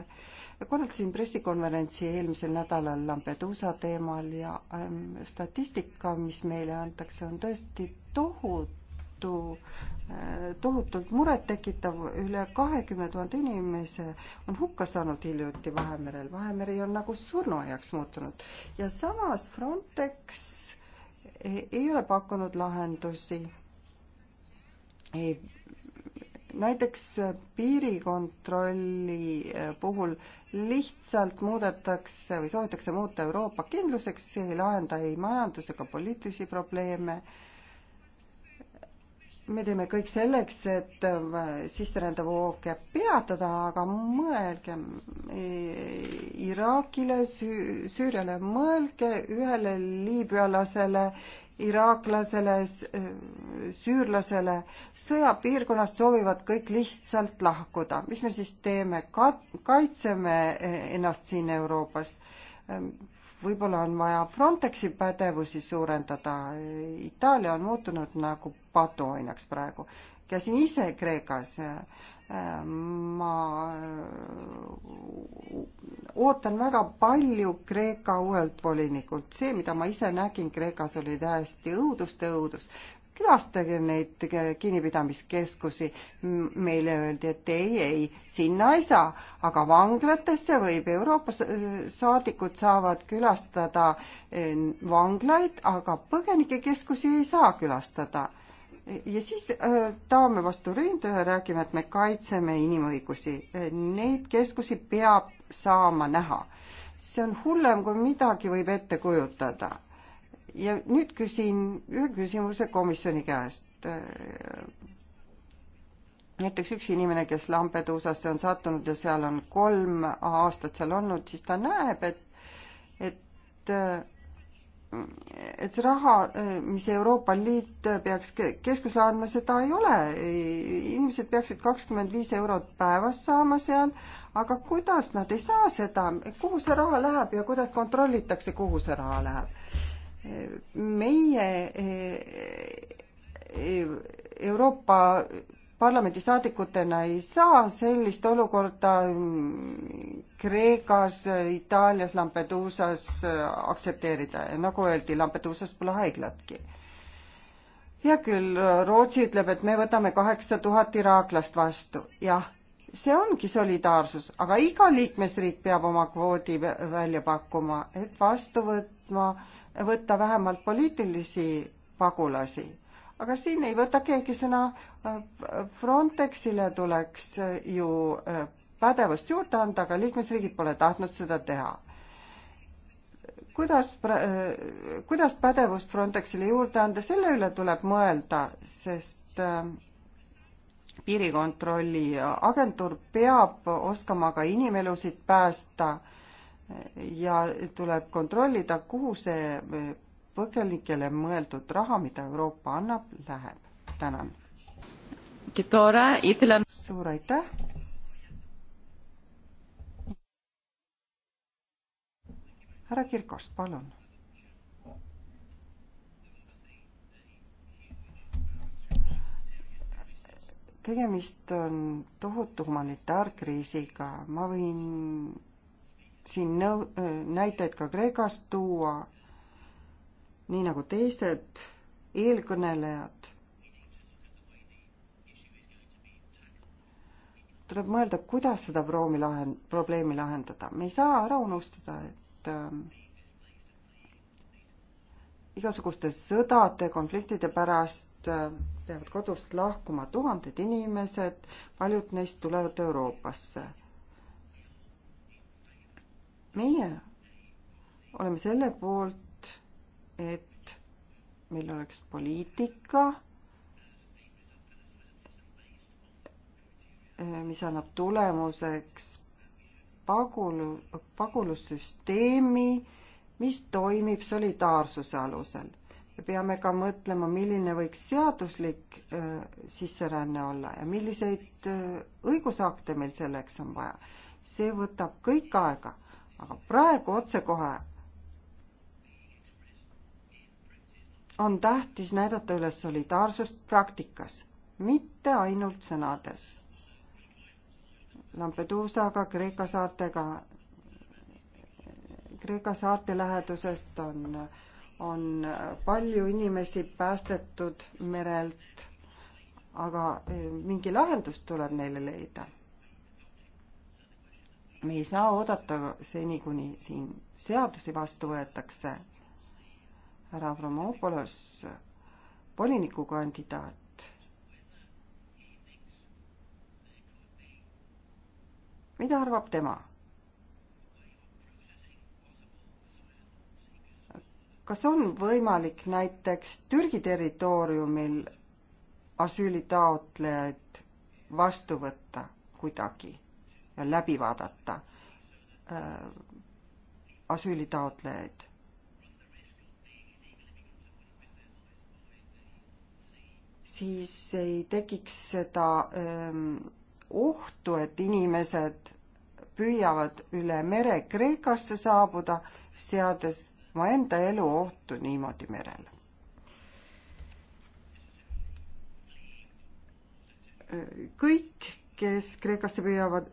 korraldasin pressikonverentsi eelmisel nädalal Lampedusa teemal ja ähm, statistika, mis meile antakse, on tõesti tohutu äh, tohutult murettekitav, üle kahekümne tuhande inimese on hukka saanud hiljuti Vahemerel, Vahemeri on nagu surnuaiaks muutunud ja samas Frontex ei ole pakkunud lahendusi, ei näiteks piirikontrolli eh, puhul lihtsalt muudetakse või soovitakse muuta Euroopa kindluseks, see ei lahenda ei majandus- ega poliitilisi probleeme. me teeme kõik selleks, et eh, sisserändevoog peatada, aga mõelgem eh, Iraagile, Süüriale, mõelge ühele liibüalasele iraaklasele, süürlasele sõjapiirkonnast soovivad kõik lihtsalt lahkuda. mis me siis teeme? kaitseme ennast siin Euroopas. võib-olla on vaja Frontexi pädevusi suurendada. Itaalia on muutunud nagu patuoinaks praegu käisin ise Kreekas. ma äh, ootan väga palju Kreeka uuelt volinikult. see, mida ma ise nägin Kreekas, oli täiesti õudust ja õudust külastage neid kinnipidamiskeskusi. meile öeldi, et ei, ei, sinna ei saa, aga vanglatesse võib Euroopa äh, saadikud saavad külastada äh, vanglaid, aga põgenikekeskusi ei saa külastada ja siis äh, taome vastu ründu ja räägime, et me kaitseme inimõigusi. Äh, neid keskusi peab saama näha. see on hullem, kui midagi võib ette kujutada. ja nüüd küsin ühe küsimuse komisjoni käest. Äh, näiteks üks inimene, kes Lampedusasse on sattunud ja seal on kolm aastat seal olnud, siis ta näeb, et, et et see raha, mis Euroopa Liit peaks keskusele andma, seda ei ole. inimesed peaksid kakskümmend viis eurot päevas saama seal, aga kuidas nad ei saa seda, kuhu see raha läheb ja kuidas kontrollitakse, kuhu see raha läheb? meie e-, e-, Euroopa parlamendisaadikutena ei saa sellist olukorda mm, Kreekas, Itaalias, Lampeduusas äh, aktsepteerida ja nagu öeldi, Lampeduusas pole haiglatki. hea küll, äh, Rootsi ütleb, et me võtame kaheksa tuhat iraaklast vastu, jah, see ongi solidaarsus, aga iga liikmesriik peab oma kvoodi välja pakkuma, et vastu võtma, võtta vähemalt poliitilisi pagulasi aga siin ei võta keegi sõna. Frontexile tuleks ju äh, pädevust juurde anda, aga liikmesriigid pole tahtnud seda teha. kuidas, äh, kuidas pädevust Frontexile juurde anda, selle üle tuleb mõelda, sest äh, piirikontrolli agentuur peab oskama ka inimelusid päästa ja tuleb kontrollida, kuhu see põgenikele mõeldud raha, mida Euroopa annab, läheb. tänan. suur aitäh. härra Kirkost, palun. tegemist on tohutu humanitaarkriisiga, ma võin siin nõu-, äh, näiteid ka Kreekast tuua nii nagu teised eelkõnelejad, tuleb mõelda, kuidas seda proomi lahen-, probleemi lahendada. me ei saa ära unustada, et äh, igasuguste sõdade, konfliktide pärast äh, peavad kodust lahkuma tuhanded inimesed, paljud neist tulevad Euroopasse. meie oleme selle poolt, et meil oleks poliitika, eh, mis annab tulemuseks pagulu, pagulussüsteemi, mis toimib solidaarsuse alusel. me peame ka mõtlema, milline võiks seaduslik eh, sisseränne olla ja milliseid eh, õigusakte meil selleks on vaja. see võtab kõik aega, aga praegu otsekohe on tähtis näidata üles solidaarsust praktikas, mitte ainult sõnades. Lampeduusaga, Kreeka saartega, Kreeka saarte lähedusest on, on palju inimesi päästetud merelt, aga eh, mingi lahendus tuleb neile leida. me ei saa oodata seni, kuni siin seadusi vastu võetakse härra Avramopolos volinikukandidaat. mida arvab tema? kas on võimalik näiteks Türgi territooriumil asüülitaotlejaid vastu võtta kuidagi ja läbi vaadata äh, asüülitaotlejaid? siis ei tekiks seda ähm, ohtu, et inimesed püüavad üle mere Kreekasse saabuda, seades omaenda elu ohtu niimoodi merel. kõik, kes Kreekasse püüavad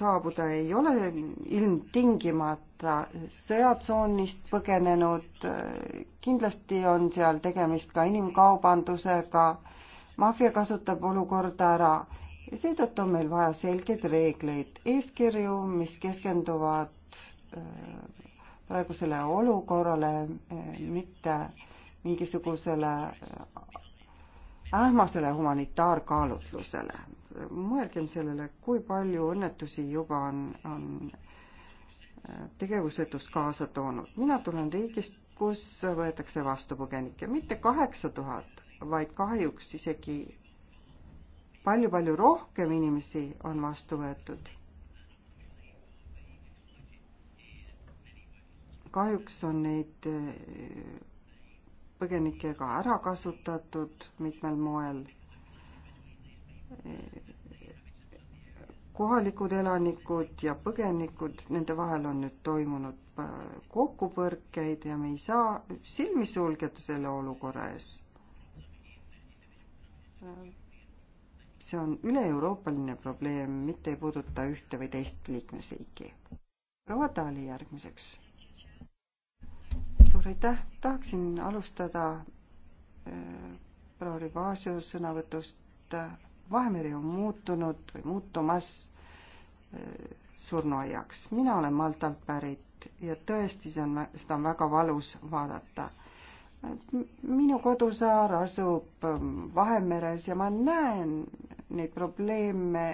saabuda, ei ole ilmtingimata sõjatsoonist põgenenud. kindlasti on seal tegemist ka inimkaubandusega maffia kasutab olukorda ära ja seetõttu on meil vaja selgeid reegleid, eeskirju, mis keskenduvad äh, praegusele olukorrale, äh, mitte mingisugusele äh, ähmasele humanitaarkaalutlusele. mõelgem sellele, kui palju õnnetusi juba on, on tegevusetus kaasa toonud. mina tulen riigist, kus võetakse vastu põgenikke, mitte kaheksa tuhat, vaid kahjuks isegi palju-palju rohkem inimesi on vastu võetud. kahjuks on neid äh, põgenikke ka ära kasutatud mitmel moel kohalikud elanikud ja põgenikud, nende vahel on nüüd toimunud äh, kokkupõrkeid ja me ei saa silmi sulgeda selle olukorra ees see on üle-euroopaline probleem, mitte ei puuduta ühte või teist liikmesriiki. proua Taali järgmiseks. suur aitäh, tahaksin alustada äh, proua Rivasio sõnavõtust. Vahemeri on muutunud või muutumas äh, surnuaiaks. mina olen Maltalt pärit ja tõesti, see on, seda on väga valus vaadata minu kodusaar asub ähm, Vahemeres ja ma näen neid probleeme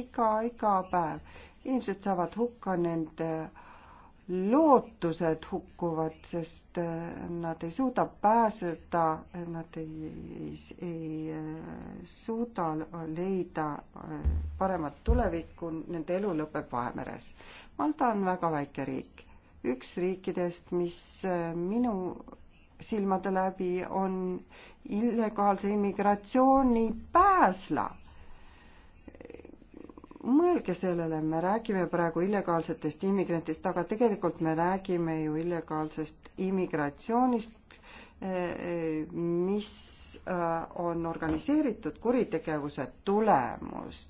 iga, iga päev. inimesed saavad hukka, nende lootused hukkuvad, sest äh, nad ei suuda pääseda, nad ei, ei, ei suuda leida äh, paremat tulevikku, nende elu lõpeb Vahemeres. Malta on väga väike riik, üks riikidest, mis äh, minu silmade läbi on illegaalse immigratsiooni pääsla. mõelge sellele, me räägime praegu illegaalsetest immigrantidest, aga tegelikult me räägime ju illegaalsest immigratsioonist, mis äh, on organiseeritud kuritegevuse tulemus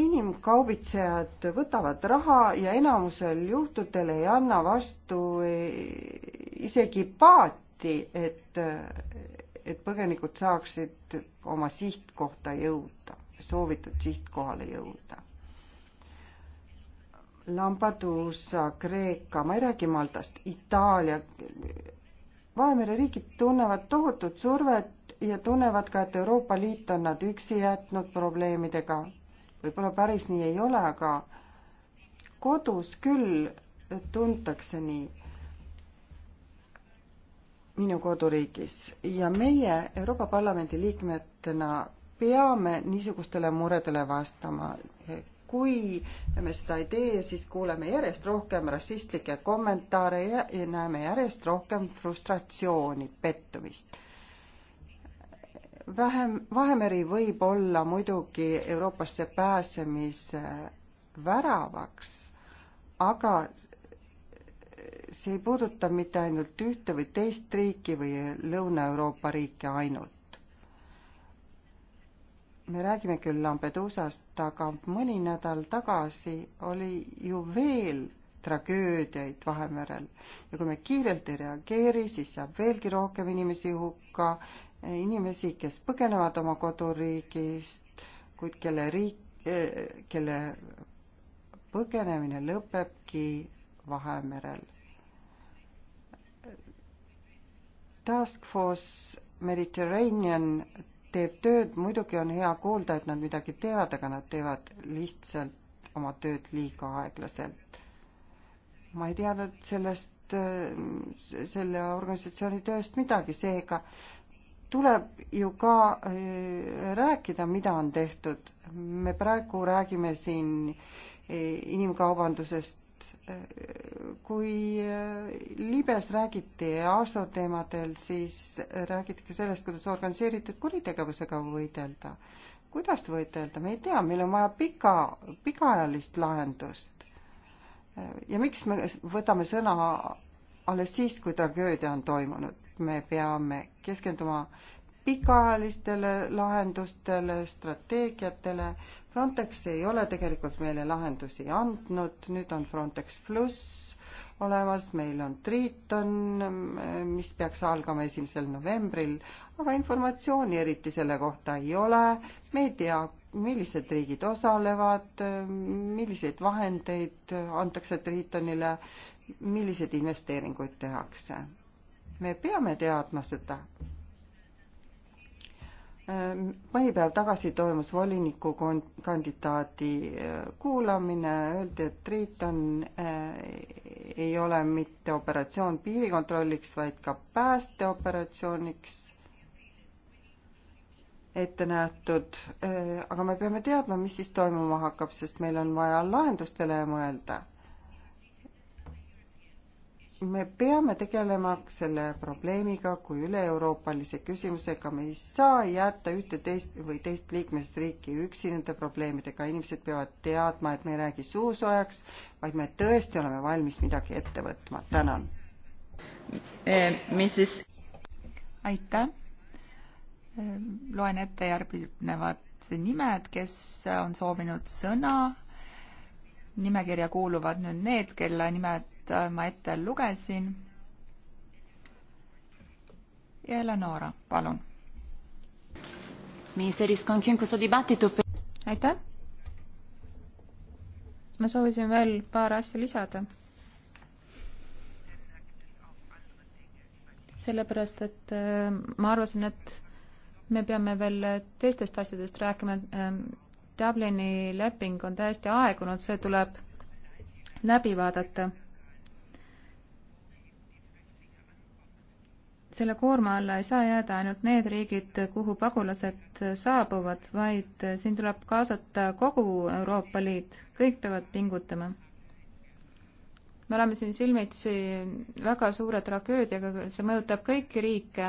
inimkaubitsejad võtavad raha ja enamusel juhtudel ei anna vastu e, isegi paati, et, et põgenikud saaksid oma sihtkohta jõuda, soovitud sihtkohale jõuda. Lampedusa, Kreeka, ma ei räägi Maltast, Itaalia, Vahemere riigid tunnevad tohutut survet ja tunnevad ka, et Euroopa Liit on nad üksi jätnud probleemidega võib-olla päris nii ei ole, aga kodus küll tuntakse nii minu koduriigis ja meie Euroopa Parlamendi liikmetena peame niisugustele muredele vastama. kui me seda ei tee, siis kuuleme järjest rohkem rassistlikke kommentaare ja näeme järjest rohkem frustratsiooni, pettumist vähem, Vahemeri võib olla muidugi Euroopasse pääsemise väravaks, aga see ei puuduta mitte ainult ühte või teist riiki või Lõuna-Euroopa riike ainult. me räägime küll Lampeduusast, aga mõni nädal tagasi oli ju veel tragöödiaid Vahemerel ja kui me kiirelt ei reageeri, siis jääb veelgi rohkem inimesi hukka inimesi, kes põgenevad oma koduriigist, kuid kelle riik, kelle põgenemine lõpebki Vahemerel. Task Force Mediterranean teeb tööd, muidugi on hea kuulda, et nad midagi teevad, aga nad teevad lihtsalt oma tööd liiga aeglaselt. ma ei teadnud sellest, selle organisatsiooni tööst midagi, seega tuleb ju ka äh, rääkida, mida on tehtud. me praegu räägime siin äh, inimkaubandusest, äh, kui Libes räägiti Aastor teemadel, siis räägiti ka sellest, kuidas organiseeritud kuritegevusega võidelda. kuidas võidelda, me ei tea, meil on vaja pika, pikaajalist lahendust. ja miks me võtame sõna alles siis, kui tragöödia on toimunud. me peame keskenduma pikaajalistele lahendustele, strateegiatele. Frontex ei ole tegelikult meile lahendusi andnud, nüüd on Frontex pluss olemas, meil on Triiton, mis peaks algama esimesel novembril, aga informatsiooni eriti selle kohta ei ole, me ei tea, millised riigid osalevad, milliseid vahendeid antakse Tritonile, milliseid investeeringuid tehakse. me peame teadma seda. mõni päev tagasi toimus voliniku kandidaadi äh, kuulamine, öeldi, et Triton äh, ei ole mitte operatsioon piirikontrolliks, vaid ka päästeoperatsiooniks ette nähtud, äh, aga me peame teadma, mis siis toimuma hakkab, sest meil on vaja lahendustele mõelda. me peame tegelema selle probleemiga kui üle-euroopalise küsimusega, me ei saa jätta ühte, teist või teist liikmesriiki üksi nende probleemidega, inimesed peavad teadma, et me ei räägi suusoojaks, vaid me tõesti oleme valmis midagi ette võtma, tänan. Eh, mis siis? aitäh loen ette järgnevad nimed, kes on soovinud sõna. nimekirja kuuluvad nüüd need, kelle nimed ma ette lugesin. Eleonora, palun. aitäh. ma soovisin veel paar asja lisada sellepärast, et äh, ma arvasin, et me peame veel teistest asjadest rääkima. Ähm, Dublini leping on täiesti aegunud, see tuleb läbi vaadata. selle koorma alla ei saa jääda ainult need riigid, kuhu pagulased saabuvad, vaid siin tuleb kaasata kogu Euroopa Liit, kõik peavad pingutama. me oleme siin silmitsi väga suure tragöödiaga, see mõjutab kõiki riike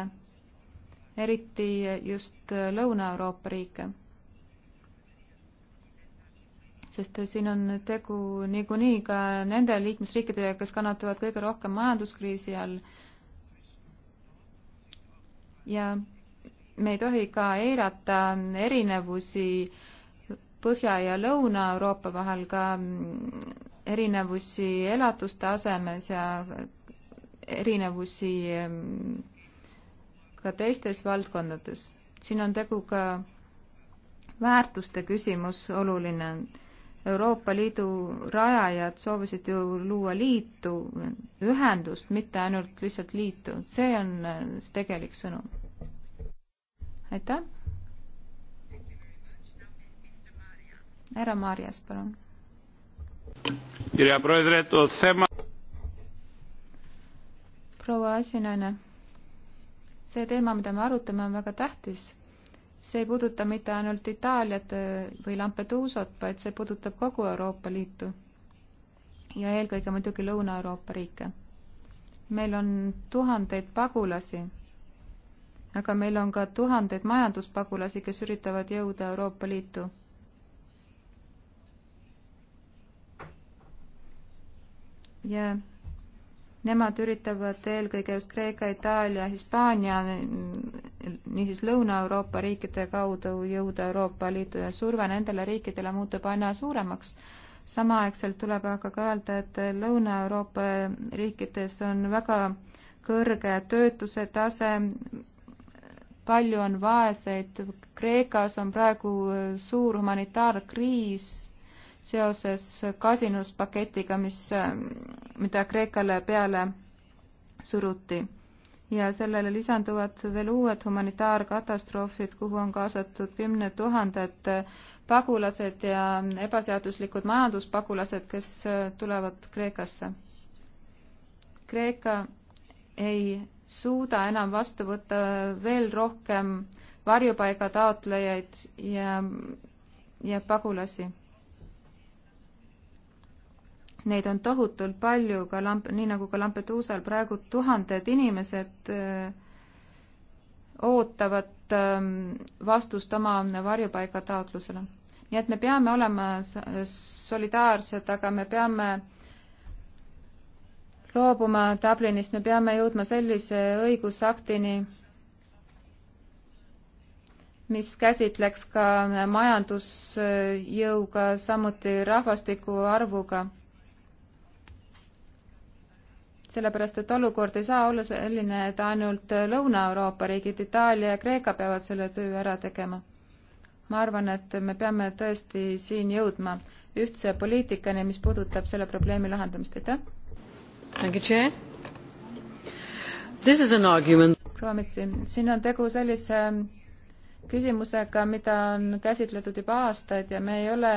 eriti just Lõuna-Euroopa riike. sest siin on tegu niikuinii ka nende liikmesriikidega, kes kannatavad kõige rohkem majanduskriisi all. ja me ei tohi ka eirata erinevusi Põhja- ja Lõuna-Euroopa vahel, ka erinevusi elatustasemes ja erinevusi ka teistes valdkondades. siin on tegu ka väärtuste küsimus oluline. Euroopa Liidu rajajad soovisid ju luua liitu, ühendust, mitte ainult lihtsalt liitu. see on äh, see tegelik sõnum. aitäh. härra Marjas, palun. proua esinaine see teema, mida me arutame, on väga tähtis. see ei puuduta mitte ainult Itaaliat äh, või Lampeduusot, vaid see puudutab kogu Euroopa Liitu ja eelkõige muidugi Lõuna-Euroopa riike. meil on tuhandeid pagulasi, aga meil on ka tuhandeid majanduspagulasi, kes üritavad jõuda Euroopa Liitu. ja yeah Nemad üritavad eelkõige just Kreeka, Itaalia, Hispaania, niisiis Lõuna-Euroopa riikide kaudu jõuda Euroopa Liitu ja surve nendele riikidele muutub aina suuremaks. samaaegselt tuleb aga ka öelda, et Lõuna-Euroopa riikides on väga kõrge töötuse tase, palju on vaeseid, Kreekas on praegu suur humanitaarkriis seoses kasinuspaketiga, mis, ähm, mida Kreekale peale suruti. ja sellele lisanduvad veel uued humanitaarkatastroofid, kuhu on kaasatud kümned tuhanded äh, pagulased ja ebaseaduslikud majanduspagulased, kes äh, tulevad Kreekasse. Kreeka ei suuda enam vastu võtta veel rohkem varjupaiga taotlejaid ja, ja pagulasi neid on tohutult palju, ka lamp-, nii nagu ka Lampeduusal praegu tuhanded inimesed äh, ootavad ähm, vastust oma varjupaigataotlusele. nii et me peame olema solidaarsed, aga me peame loobuma Dublinist, me peame jõudma sellise õigusaktini, mis käsitleks ka majandusjõuga, samuti rahvastiku arvuga sellepärast et olukord ei saa olla selline, et ainult Lõuna-Euroopa riigid, Itaalia ja Kreeka peavad selle töö ära tegema. ma arvan, et me peame tõesti siin jõudma ühtse poliitikani, mis puudutab selle probleemi lahendamist, aitäh! proua Mitsi, siin on tegu sellise küsimusega, mida on käsitletud juba aastaid ja me ei ole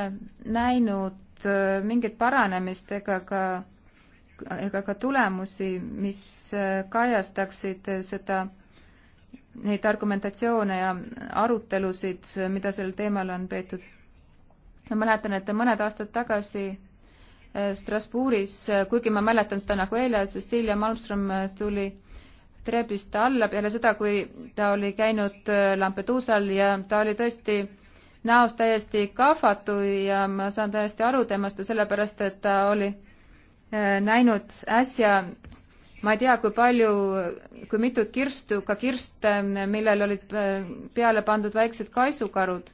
näinud mingit paranemist ega ka ega ka tulemusi, mis äh, kajastaksid äh, seda, neid argumentatsioone ja arutelusid, äh, mida sel teemal on peetud. ma mäletan, et mõned aastad tagasi Strasbourgis, kuigi ma mäletan seda nagu eile, Cecilia Malmström tuli Trebist alla peale seda, kui ta oli käinud Lampeduusal ja ta oli tõesti näost täiesti kahvatu ja ma saan täiesti aru temast ja sellepärast, et ta oli näinud äsja ma ei tea, kui palju, kui mitut kirstu, ka kirste, millel olid äh, peale pandud väiksed kaisukarud.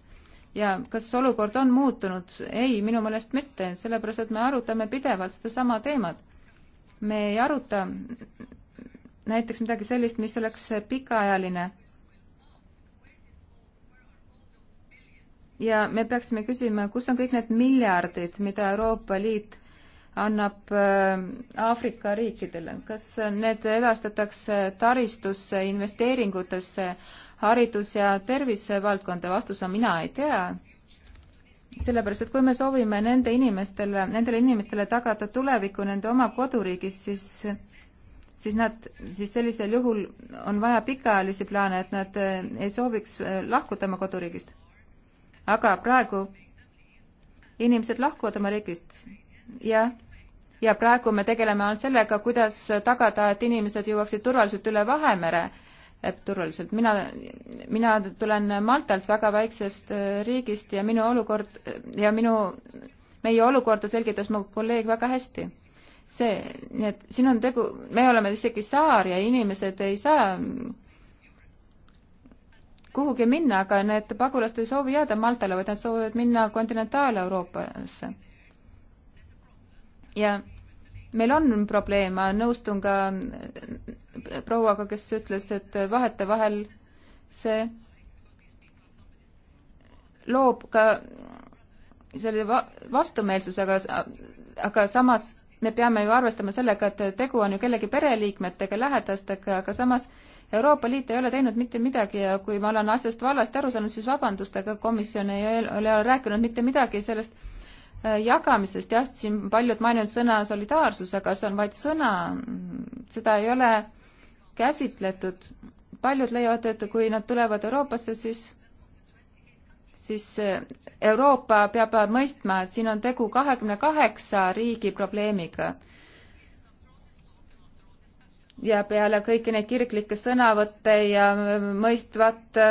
ja kas olukord on muutunud? ei, minu meelest mitte, sellepärast et me arutame pidevalt sedasama teemat. me ei aruta näiteks midagi sellist, mis oleks pikaajaline. ja me peaksime küsima, kus on kõik need miljardid, mida Euroopa Liit annab äh, Aafrika riikidele, kas need edastatakse taristusse, investeeringutesse, haridus- ja tervisevaldkonda, vastus on mina ei tea sellepärast, et kui me soovime nende inimestele, nendele inimestele tagada tulevikku nende oma koduriigis, siis, siis nad, siis sellisel juhul on vaja pikaajalisi plaane, et nad äh, ei sooviks äh, lahkuda oma koduriigist. aga praegu inimesed lahkuvad oma riigist ja ja praegu me tegeleme ainult sellega, kuidas tagada, et inimesed jõuaksid turvaliselt üle Vahemere, et turvaliselt. mina, mina tulen Maltalt, väga väiksest äh, riigist ja minu olukord ja minu, meie olukorda selgitas mu kolleeg väga hästi. see, nii et siin on tegu, me oleme isegi saar ja inimesed ei saa kuhugi minna, aga need pagulased ei soovi jääda Maltale, vaid nad soovivad minna kontinentaal-Euroopasse ja meil on probleem, ma nõustun ka äh, prouaga, kes ütles, et vahetevahel see loob ka selle va vastumeelsuse, aga, aga samas me peame ju arvestama sellega, et tegu on ju kellegi pereliikmetega, lähedastega, aga samas Euroopa Liit ei ole teinud mitte midagi ja kui ma olen asjast valesti aru saanud, siis vabandust, aga komisjon ei ole rääkinud mitte midagi sellest Äh, jagamisest, jah, siin paljud maininud sõna solidaarsus, aga see on vaid sõna, seda ei ole käsitletud. paljud leiavad, et kui nad tulevad Euroopasse, siis, siis äh, Euroopa peab mõistma, et siin on tegu kahekümne kaheksa riigi probleemiga ja peale kõiki neid kirglikke sõnavõtte ja äh, mõistvat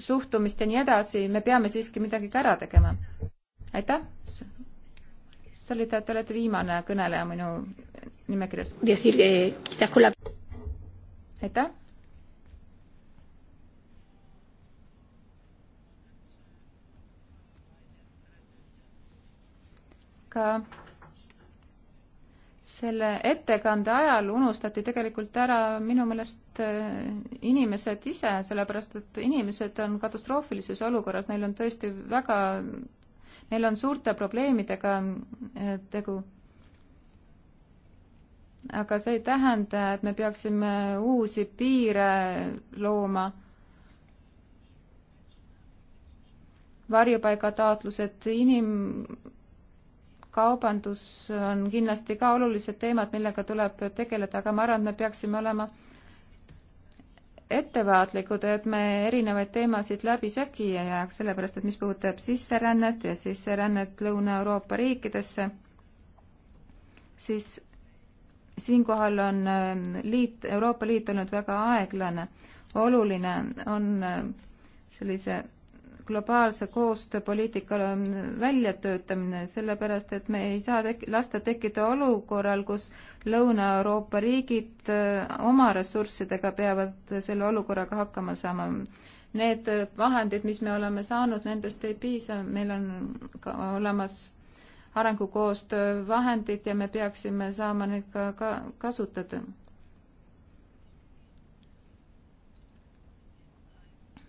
suhtumist ja nii edasi, me peame siiski midagi ka ära tegema. aitäh! Solita, te olete viimane kõneleja minu nimekirjas. aitäh! ka selle ettekande ajal unustati tegelikult ära minu meelest äh, inimesed ise, sellepärast et inimesed on katastroofilises olukorras, neil on tõesti väga, neil on suurte probleemidega äh, tegu. aga see ei tähenda, et me peaksime uusi piire looma. varjupaigataotlused, inim-, kaubandus on kindlasti ka olulised teemad, millega tuleb tegeleda, aga ma arvan, et me peaksime olema ettevaatlikud, et me erinevaid teemasid läbi segi ei ajaks, sellepärast et mis puudutab sisserännet ja sisserännet Lõuna-Euroopa riikidesse, siis siinkohal on ähm, liit, Euroopa Liit olnud väga aeglane. oluline on äh, sellise globaalse koostööpoliitika väljatöötamine, sellepärast et me ei saa tek-, lasta tekkida olukorral, kus Lõuna-Euroopa riigid äh, oma ressurssidega peavad selle olukorraga hakkama saama. Need äh, vahendid, mis me oleme saanud, nendest ei piisa, meil on ka olemas arengukoostöö vahendid ja me peaksime saama neid ka, ka kasutada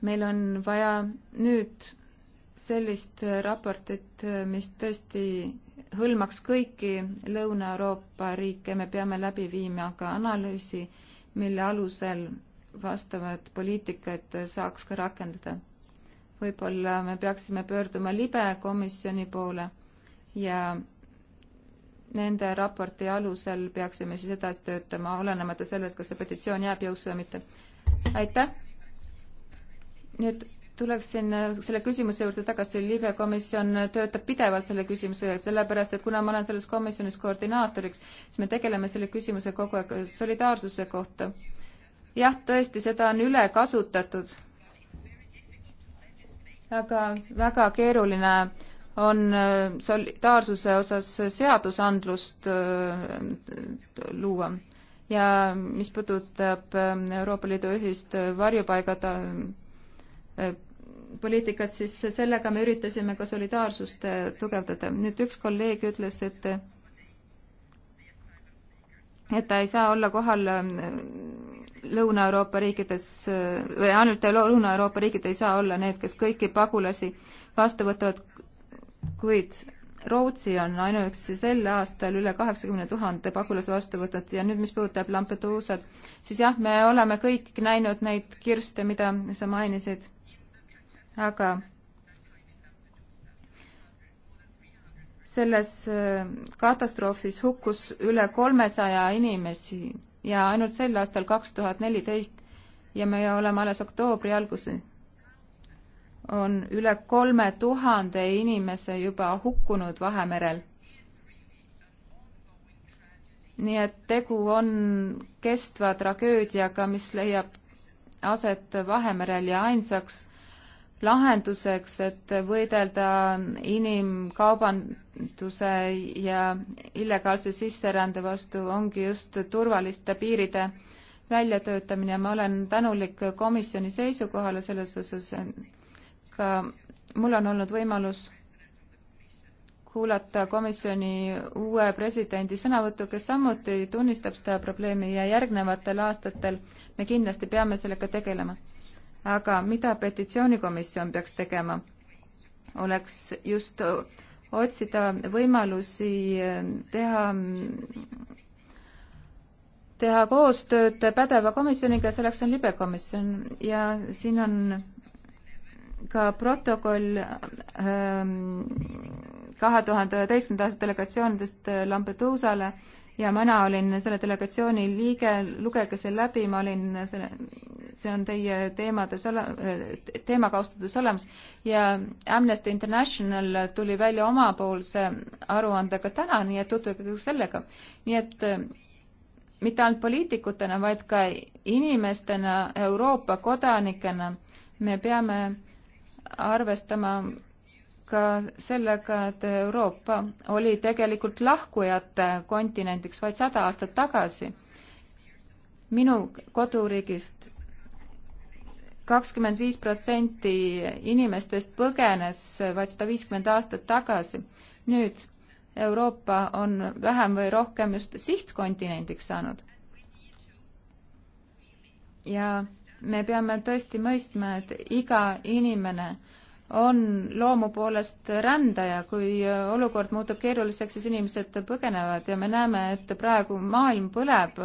meil on vaja nüüd sellist raportit, mis tõesti hõlmaks kõiki Lõuna-Euroopa riike, me peame läbi viima ka analüüsi, mille alusel vastavad poliitikad saaks ka rakendada. võib-olla me peaksime pöörduma libe komisjoni poole ja nende raporti alusel peaksime siis edasi töötama, olenemata sellest, kas see petitsioon jääb jõusse või mitte. aitäh! nüüd tuleksin äh, selle küsimuse juurde tagasi, Liibe komisjon töötab pidevalt selle küsimusega, sellepärast et kuna ma olen selles komisjonis koordinaatoriks, siis me tegeleme selle küsimuse kogu aeg solidaarsuse kohta. jah, tõesti, seda on üle kasutatud. aga väga keeruline on äh, solidaarsuse osas seadusandlust äh, luua ja mis puudutab Euroopa Liidu ühist varjupaiga poliitikat, siis sellega me üritasime ka solidaarsust äh, tugevdada. nüüd üks kolleeg ütles, et et ta ei saa olla kohal äh, Lõuna-Euroopa riikides äh, või ainult Lõuna-Euroopa riigid ei saa olla need, kes kõiki pagulasi vastu võtavad, kuid Rootsi on ainuüksi sel aastal üle kaheksakümne tuhande pagulase vastu võtnud ja nüüd, mis puudutab Lampeduusat, siis jah, me oleme kõik näinud neid kirste, mida sa mainisid aga selles äh, katastroofis hukkus üle kolmesaja inimesi ja ainult sel aastal kaks tuhat neliteist ja me oleme alles oktoobri alguses, on üle kolme tuhande inimese juba hukkunud Vahemerel. nii et tegu on kestva tragöödiaga, mis leiab aset Vahemerel ja ainsaks lahenduseks, et võidelda inimkaubanduse ja illegaalse sisserände vastu, ongi just turvaliste piiride väljatöötamine. ma olen tänulik komisjoni seisukohale selles osas. ka mul on olnud võimalus kuulata komisjoni uue presidendi sõnavõttu, kes samuti tunnistab seda probleemi ja järgnevatel aastatel me kindlasti peame sellega tegelema aga mida petitsioonikomisjon peaks tegema, oleks just otsida võimalusi teha teha koostööd pädeva komisjoniga, selleks on libekomisjon ja siin on ka protokoll ähm, kahe tuhande üheteistkümnenda aasta delegatsioonidest Lampeduusale ja mina olin selle delegatsiooni liige, lugege see läbi, ma olin selle, see on teie teemades ole-, teemaga austades olemas ja Amnesty International tuli välja omapoolse aruandega täna, nii et tutvuge ka sellega. nii et äh, mitte ainult poliitikutena, vaid ka inimestena, Euroopa kodanikena me peame arvestama ka sellega, et Euroopa oli tegelikult lahkujate kontinendiks vaid sada aastat tagasi. minu koduriigist kakskümmend viis protsenti inimestest põgenes vaid sada viiskümmend aastat tagasi. nüüd Euroopa on vähem või rohkem just sihtkontinendiks saanud. ja me peame tõesti mõistma, et iga inimene on loomu poolest rändaja, kui olukord muutub keeruliseks, siis inimesed põgenevad ja me näeme, et praegu maailm põleb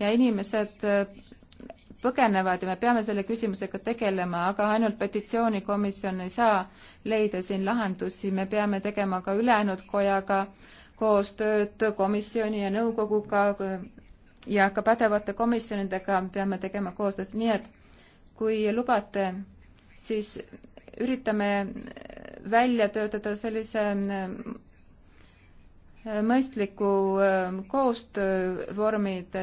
ja inimesed põgenevad ja me peame selle küsimusega tegelema, aga ainult petitsioonikomisjon ei saa leida siin lahendusi, me peame tegema ka ülejäänud kojaga koostööd komisjoni ja nõukoguga ja ka pädevate komisjonidega peame tegema koostööd, nii et kui lubate, siis üritame välja töötada sellise äh, mõistliku äh, koostöövormid,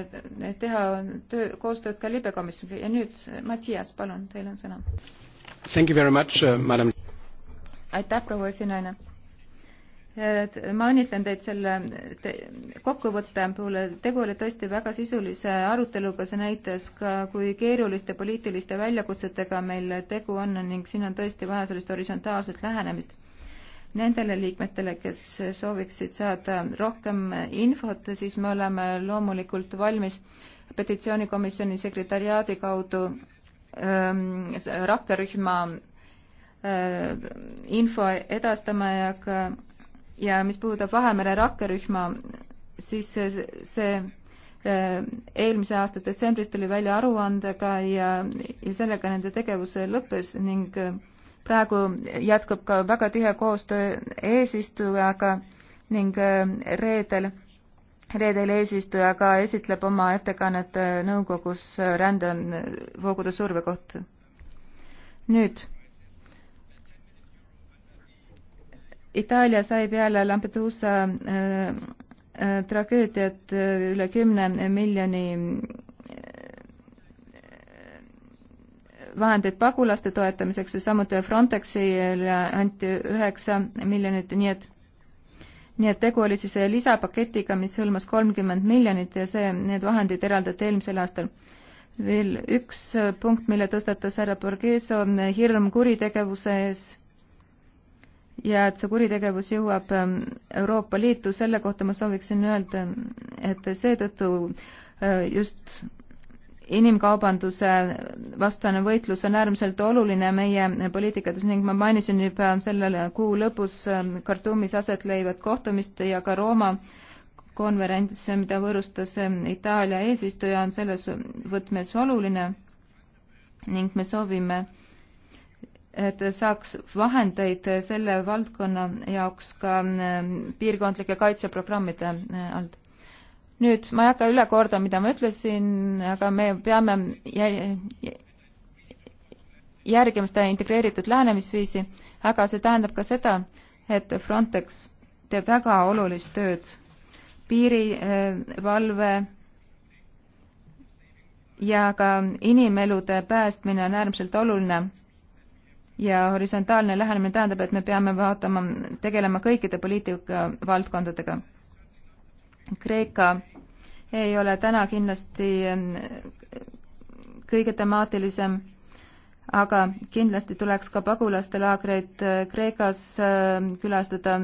teha töö, koostööd ka libekomisjoniga ja nüüd Mattias, palun, teil on sõna. Äh, aitäh, proua esinaine ma õnnitlen teid selle te kokkuvõtte puhul, tegu oli tõesti väga sisulise aruteluga, see näitas ka, kui keeruliste poliitiliste väljakutsetega meil tegu on ning siin on tõesti vaja sellist horisontaalset lähenemist. Nendele liikmetele, kes sooviksid saada rohkem infot, siis me oleme loomulikult valmis petitsioonikomisjoni sekretariaadi kaudu ähm, rakkerühma äh, info edastama ja ka äh, ja mis puudutab Vahemere rakkerühma, siis see, see äh, eelmise aasta detsembris tuli välja aruandega ja, ja sellega nende tegevus lõppes ning äh, praegu jätkub ka väga tihe koostöö eesistujaga ning äh, reedel, reedel eesistuja ka esitleb oma ettekannet nõukogus rändevoogude surve kohta. nüüd Itaalia sai peale Lampedusa äh, äh, tragöödiat äh, üle kümne miljoni vahendeid pagulaste toetamiseks ja samuti Frontexile anti üheksa miljonit, nii et nii et tegu oli siis lisapaketiga, mis hõlmas kolmkümmend miljonit ja see, need vahendid eraldati eelmisel aastal. veel üks punkt, mille tõstatas härra Borghese, hirm kuritegevuse ees ja et see kuritegevus jõuab ähm, Euroopa Liitu, selle kohta ma sooviksin öelda, et seetõttu äh, just inimkaubanduse vastane võitlus on äärmiselt oluline meie poliitikates ning ma mainisin juba selle kuu lõpus ähm, Khartoumis aset leivat kohtumist ja ka Rooma konverents, mida võõrustas ähm, Itaalia eesistuja, on selles võtmes oluline ning me soovime et saaks vahendeid selle valdkonna jaoks ka mm, piirkondlike kaitseprogrammide mm, alt. nüüd ma ei hakka üle korda, mida ma ütlesin, aga me peame järgima seda integreeritud lähenemisviisi, aga see tähendab ka seda, et Frontex teeb väga olulist tööd piirivalve eh, ja ka inimelude päästmine on äärmiselt oluline ja horisontaalne lähenemine tähendab, et me peame vaatama, tegelema kõikide poliitikavaldkondadega. Kreeka ei ole täna kindlasti kõige temaatilisem, aga kindlasti tuleks ka pagulastelaagreid eh, Kreekas eh, külastada,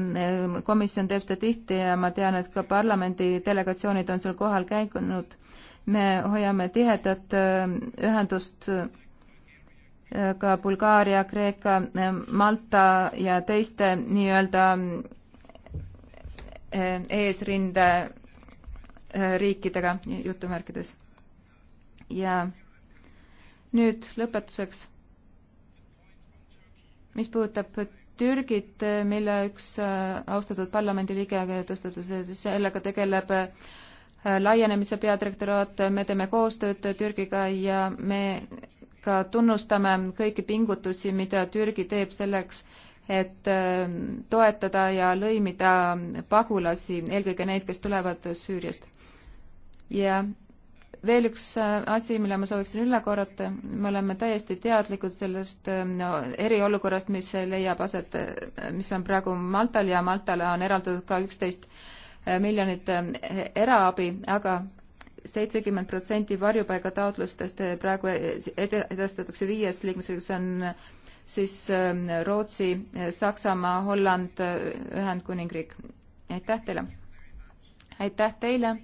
komisjon teeb seda tihti ja ma tean, et ka parlamendi delegatsioonid on seal kohal käinud. me hoiame tihedat eh, ühendust ka Bulgaaria, Kreeka, Malta ja teiste nii-öelda eh, eesrinde eh, riikidega jutumärkides. ja nüüd lõpetuseks, mis puudutab Türgit, mille üks eh, austatud parlamendiliige tõstatas, sellega tegeleb laienemise peadirektoraat, me teeme koostööd Türgiga ja me ka tunnustame kõiki pingutusi, mida Türgi teeb selleks, et ähm, toetada ja lõimida pagulasi, eelkõige neid, kes tulevad Süüriast. ja veel üks äh, asi, mille ma sooviksin üle korrata, me oleme täiesti teadlikud sellest ähm, no, eriolukorrast, mis leiab aset, äh, mis on praegu Maltal ja Maltale on eraldatud ka üksteist äh, miljonit eraabi, aga seitsekümmend protsenti varjupaigataotlustest eh, praegu edastatakse viies liikmesriigis, on eh, siis eh, Rootsi, Saksamaa, Holland, Ühendkuningriik. aitäh teile! aitäh teile!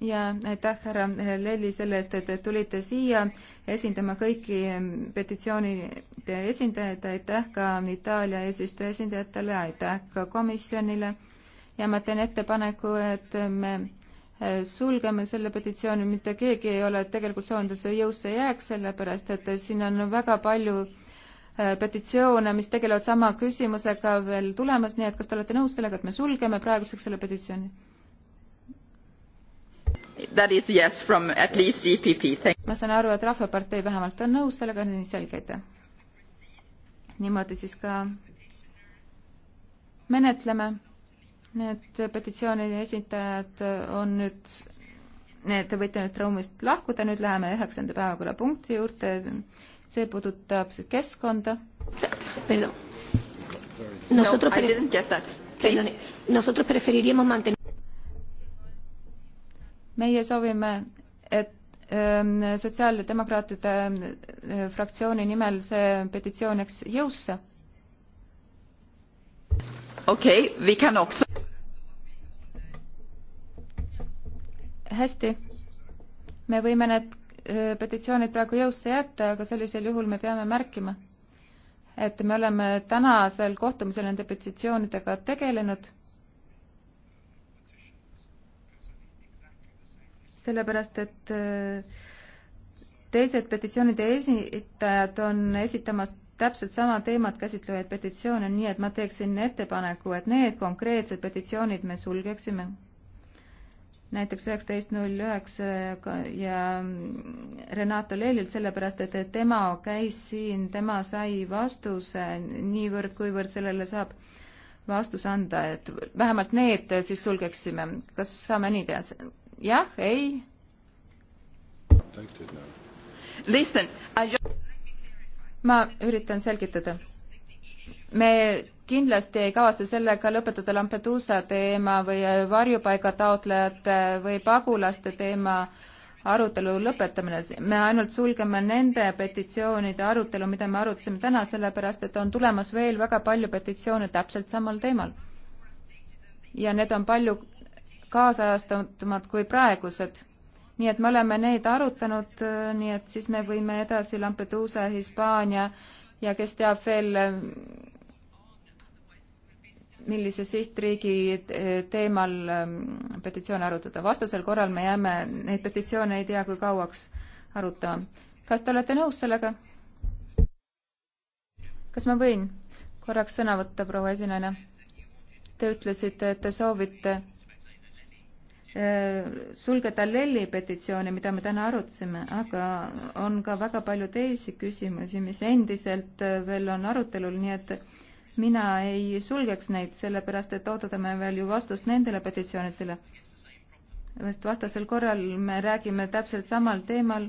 ja aitäh, härra Lelli, selle eest, et tulite siia esindama kõiki petitsioonide esindajaid, aitäh ka Itaalia eesistuja esindajatele, aitäh ka komisjonile ja ma teen ettepaneku, et me äh, sulgeme selle petitsiooni, mitte keegi ei ole tegelikult soovinud, et see jõusse jääks, sellepärast et siin on väga palju äh, petitsioone, mis tegelevad sama küsimusega veel tulemas, nii et kas te olete nõus sellega, et me sulgeme praeguseks selle petitsiooni? That is yes from at least EPP. ma saan aru, et Rahvapartei vähemalt on nõus sellega, nii selge, aitäh. niimoodi siis ka menetleme Need petitsioonide esitajad on nüüd, need, te võite nüüd ruumist lahkuda, nüüd läheme üheksanda päevakorrapunkti juurde. see puudutab keskkonda. Nosotros, no, I didn't get that. Please. Nosotros preferiríamos mantener meie soovime, et ähm, sotsiaaldemokraatide äh, fraktsiooni nimel see petitsioon jääks jõusse. okei okay,, we can also hästi, me võime need äh, petitsioonid praegu jõusse jätta, aga sellisel juhul me peame märkima, et me oleme tänasel kohtumisel nende petitsioonidega tegelenud. sellepärast, et äh, teised petitsioonide esitajad on esitamas täpselt sama teemat käsitlevaid petitsioone, nii et ma teeksin ettepaneku, et need konkreetsed petitsioonid me sulgeksime näiteks üheksateist null üheksa ja Renato Lelilt, sellepärast et tema käis siin, tema sai vastuse niivõrd, kuivõrd sellele saab vastus anda, et vähemalt need siis sulgeksime. kas saame nii teha? jah, ei? ma üritan selgitada. me kindlasti ei kavatse sellega lõpetada Lampedusa teema või varjupaiga taotlejate või pagulaste teema arutelu lõpetamine. me ainult sulgeme nende petitsioonide arutelu, mida me arutasime täna, sellepärast et on tulemas veel väga palju petitsioone täpselt samal teemal. ja need on palju kaasajastatumad kui praegused. nii et me oleme neid arutanud, nii et siis me võime edasi Lampedusa, Hispaania ja kes teab veel millise sihtriigi teemal ähm, petitsioone arutada. vastasel korral me jääme neid petitsioone ei tea kui kauaks arutama. kas te olete nõus sellega? kas ma võin korraks sõna võtta, proua esinaine? Te ütlesite, et te soovite äh, sulgeda Lelli petitsiooni, mida me täna arutasime, aga on ka väga palju teisi küsimusi, mis endiselt äh, veel on arutelul, nii et mina ei sulgeks neid, sellepärast et ootame veel ju vastust nendele petitsioonidele. sest vastasel korral me räägime täpselt samal teemal,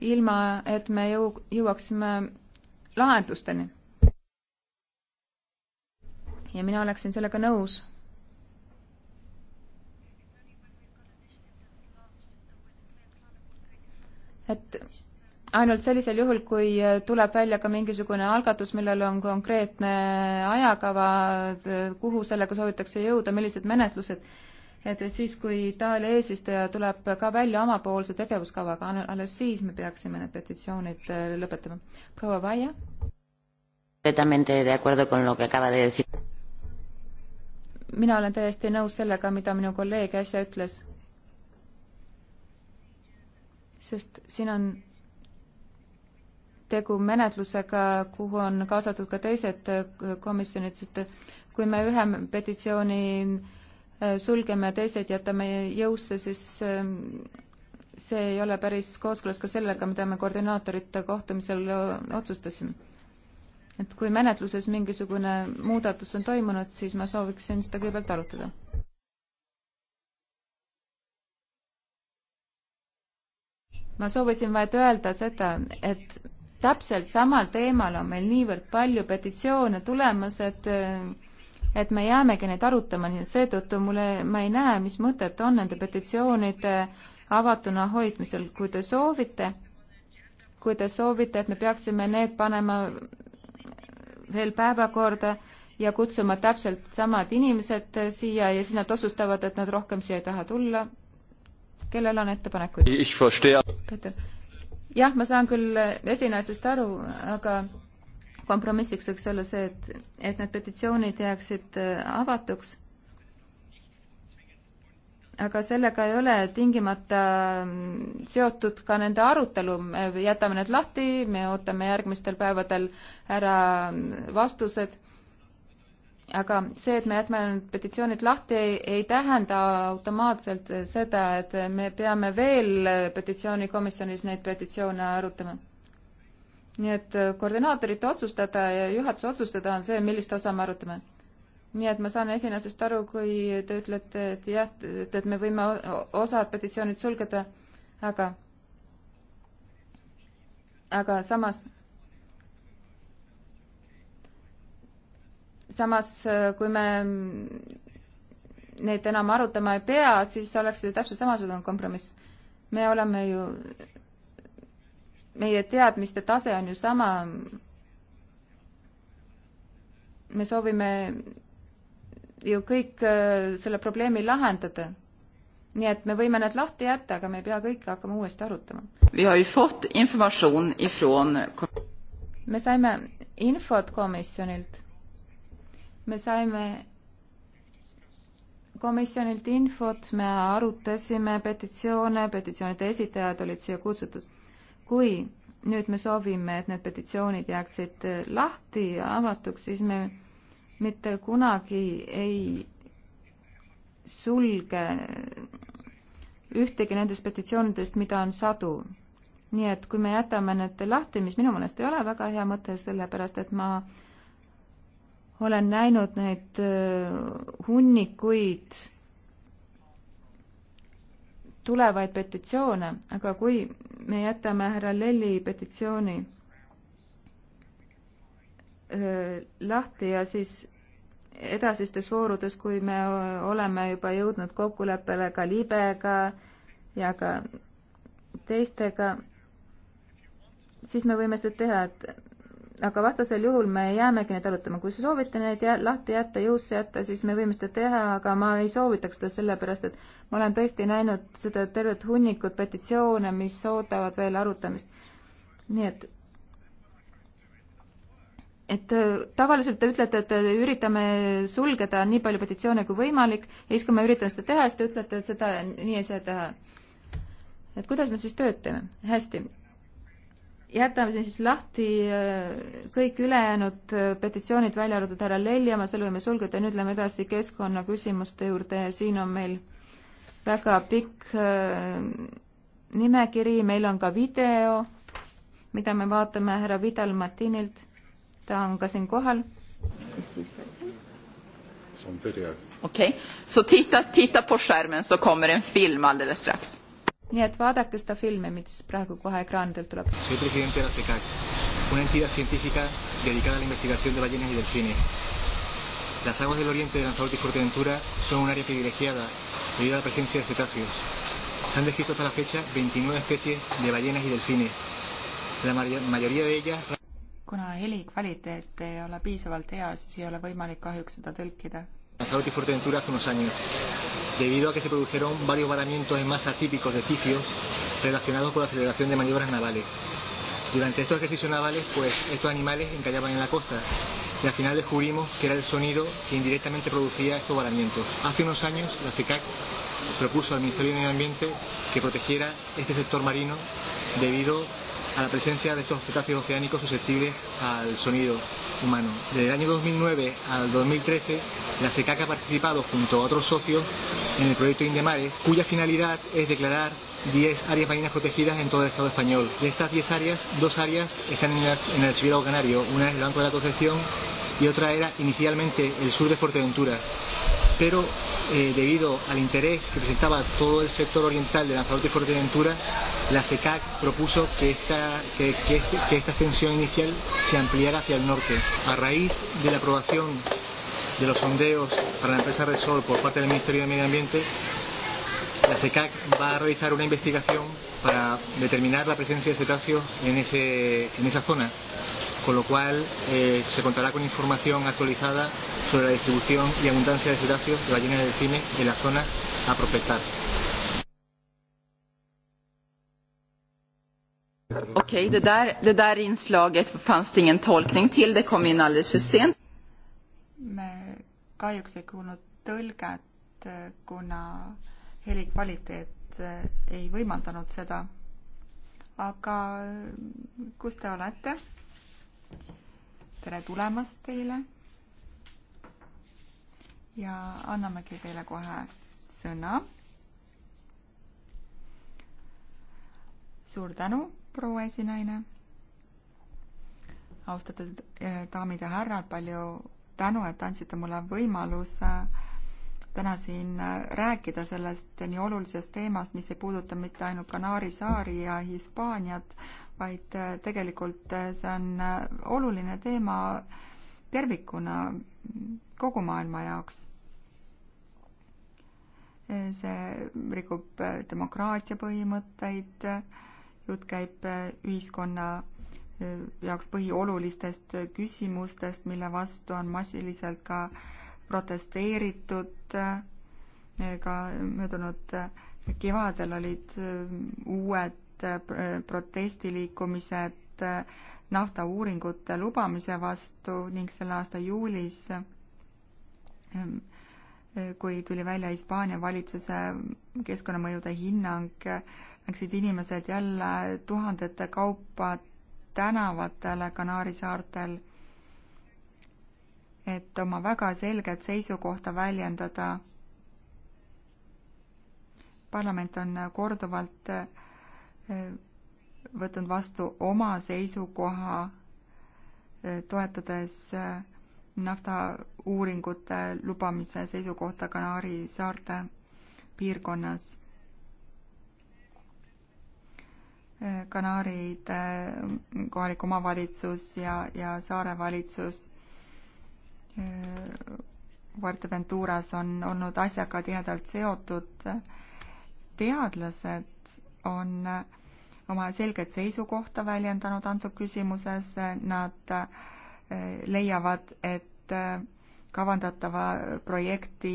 ilma et me jõu-, jõuaksime lahendusteni. ja mina oleksin sellega nõus. et ainult sellisel juhul, kui tuleb välja ka mingisugune algatus, millel on konkreetne ajakava, kuhu sellega soovitakse jõuda, millised menetlused, et siis, kui Itaalia eesistuja tuleb ka välja omapoolse tegevuskavaga, alles siis me peaksime need petitsioonid äh, lõpetama. proua Vaia. mina olen täiesti nõus sellega, mida minu kolleeg äsja ütles. sest siin on tegu menetlusega, kuhu on kaasatud ka teised äh, komisjonid, sest äh, kui me ühe petitsiooni äh, sulgeme ja teised jätame jõusse, siis see ei ole päris kooskõlas ka sellega, mida me koordinaatorite kohtumisel otsustasime. et kui menetluses mingisugune muudatus on toimunud, siis ma sooviksin seda kõigepealt arutada. ma soovisin vaid öelda seda, et täpselt samal teemal on meil niivõrd palju petitsioone tulemas, et et me jäämegi neid arutama, nii et seetõttu mulle, ma ei näe, mis mõtet on nende petitsioonide avatuna hoidmisel, kui te soovite, kui te soovite, et me peaksime need panema veel päevakorda ja kutsuma täpselt samad inimesed siia ja siis nad otsustavad, et nad rohkem siia ei taha tulla, kellel on ettepanekuid? Peeter, jah, ma saan küll esinaisest aru, aga kompromissiks võiks olla see, et, et need petitsioonid jääksid äh, avatuks. aga sellega ei ole tingimata mm, seotud ka nende arutelu, me jätame need lahti, me ootame järgmistel päevadel ära mm, vastused aga see, et me jätme need petitsioonid lahti, ei, ei tähenda automaatselt seda, et me peame veel petitsioonikomisjonis neid petitsioone arutama. nii et koordinaatorite otsustada ja juhatuse otsustada on see, millist osa me arutame. nii et ma saan esinasest aru, kui te ütlete, et jah, et, et me võime osad petitsioonid sulgeda, aga, aga samas samas, äh, kui me neid enam arutama ei pea, siis oleks see täpselt samasugune nagu kompromiss. me oleme ju, meie teadmiste tase on ju sama. me soovime ju kõik äh, selle probleemi lahendada. nii et me võime need lahti jätta, aga me ei pea kõike hakkama uuesti arutama. me saime infot komisjonilt me saime komisjonilt infot, me arutasime petitsioone, petitsioonide esitajad olid siia kutsutud. kui nüüd me soovime, et need petitsioonid jääksid lahti ja avatuks, siis me mitte kunagi ei sulge ühtegi nendest petitsioonidest, mida on sadu. nii et kui me jätame need lahti, mis minu meelest ei ole väga hea mõte, sellepärast et ma äh, olen näinud neid äh, hunnikuid tulevaid petitsioone, aga kui me jätame härra Lelli petitsiooni äh, lahti ja siis edasistes voorudes, kui me äh, oleme juba jõudnud kokkuleppele ka libega ja ka teistega, siis me võime seda teha, et aga vastasel juhul me jäämegi neid arutama. kui soovite neid jä lahti jätta, jõusse jätta, siis me võime seda teha, aga ma ei soovitaks seda sellepärast, et ma olen tõesti näinud seda tervet hunnikut petitsioone, mis ootavad veel arutamist. nii et et äh, tavaliselt te ütlete, et äh, üritame sulgeda nii palju petitsioone kui võimalik ja siis, kui ma üritan seda teha, siis te ütlete, et seda nii ei saa teha. et kuidas me siis tööd teeme? hästi jätame siin siis lahti äh, kõik ülejäänud äh, petitsioonid, välja arvatud härra Leljamaa, selle võime sulgeda, nüüd lähme edasi keskkonnaküsimuste juurde ja siin on meil väga pikk äh, nimekiri, meil on ka video, mida me vaatame härra Vidal Matinilt, ta on ka siin kohal. okei okay., so titta, titta på skärmen så kommer en film alldeles strax nii et vaadake seda filmi, mis praegu kohe ekraanidelt tuleb. una entidad científica dedicada a la investigación de ballenas y delfines. Las aguas del oriente de Lanzarote y Fuerteventura son un área privilegiada debido a la presencia de cetáceos. Se han descrito hasta la fecha 29 especies de ballenas y delfines. La mayoría de ellas... kuna heli kvaliteet ei ole piisavalt hea, siis ei ole võimalik kahjuks seda tõlkida Lanzarote y Fuerteventura hace unos años, debido a que se produjeron varios varamientos en masa típicos de cifios relacionados con la aceleración de maniobras navales. Durante estos ejercicios navales, pues estos animales encallaban en la costa y al final descubrimos que era el sonido que indirectamente producía estos varamientos. Hace unos años, la SECAC propuso al Ministerio de Medio Ambiente que protegiera este sector marino debido a la presencia de estos cetáceos oceánicos susceptibles al sonido humano. Desde el año 2009 al 2013, la SECAC ha participado junto a otros socios en el proyecto Indemares, cuya finalidad es declarar 10 áreas marinas protegidas en todo el Estado español. De estas 10 áreas, dos áreas están en el, en el archipiélago canario, una es el Banco de la Concepción y otra era inicialmente el sur de Fuerteventura pero eh, debido al interés que presentaba todo el sector oriental de Lanzarote y Fuerteventura, la SECAC propuso que esta, que, que, este, que esta extensión inicial se ampliara hacia el norte. A raíz de la aprobación de los sondeos para la empresa Resol por parte del Ministerio de Medio Ambiente, la SECAC va a realizar una investigación para determinar la presencia de cetáceos en, ese, en esa zona con lo cual eh, se contará con información actualizada sobre la distribución y abundancia de cetáceos de ballenas de delfines en la zona a prospectar. Okej, okay, det, där, det där inslaget fanns det ingen tolkning till. Det kom in alldeles för sent. Me kahjuks ei kuulnud tõlget, kuna heli kvaliteet eh, ei võimaldanud seda. aga eh, kus te olete? tere tulemast teile. ja annamegi teile kohe sõna. suur tänu, proua esinaine. austatud eh, daamid ja härrad, palju tänu, et andsite mulle võimaluse täna siin eh, rääkida sellest nii olulisest teemast, mis ei puuduta mitte ainult Kanaari saari ja Hispaaniat, vaid äh, tegelikult äh, see on äh, oluline teema tervikuna kogu maailma jaoks. see rikub demokraatia põhimõtteid, jutt käib ühiskonna jaoks põhiolulistest küsimustest, mille vastu on massiliselt ka protesteeritud, ka möödunud kevadel olid uued Äh, protestiliikumised äh, naftauuringute lubamise vastu ning selle aasta juulis, ähm, äh, kui tuli välja Hispaania valitsuse keskkonnamõjude hinnang, läksid inimesed jälle tuhandete kaupa tänavatele Kanaari saartel, et oma väga selget seisukohta väljendada parlament on korduvalt võtnud vastu oma seisukoha, eh, toetades eh, naftauuringute lubamise seisukohta Kanaari saarte piirkonnas. Eh, Kanaarid, mm, kohalik omavalitsus ja, ja saare valitsus Fuerteventuras on olnud asjaga tihedalt seotud teadlased on äh, oma selget seisukohta väljendanud antud küsimuses, nad äh, leiavad, et äh, kavandatava projekti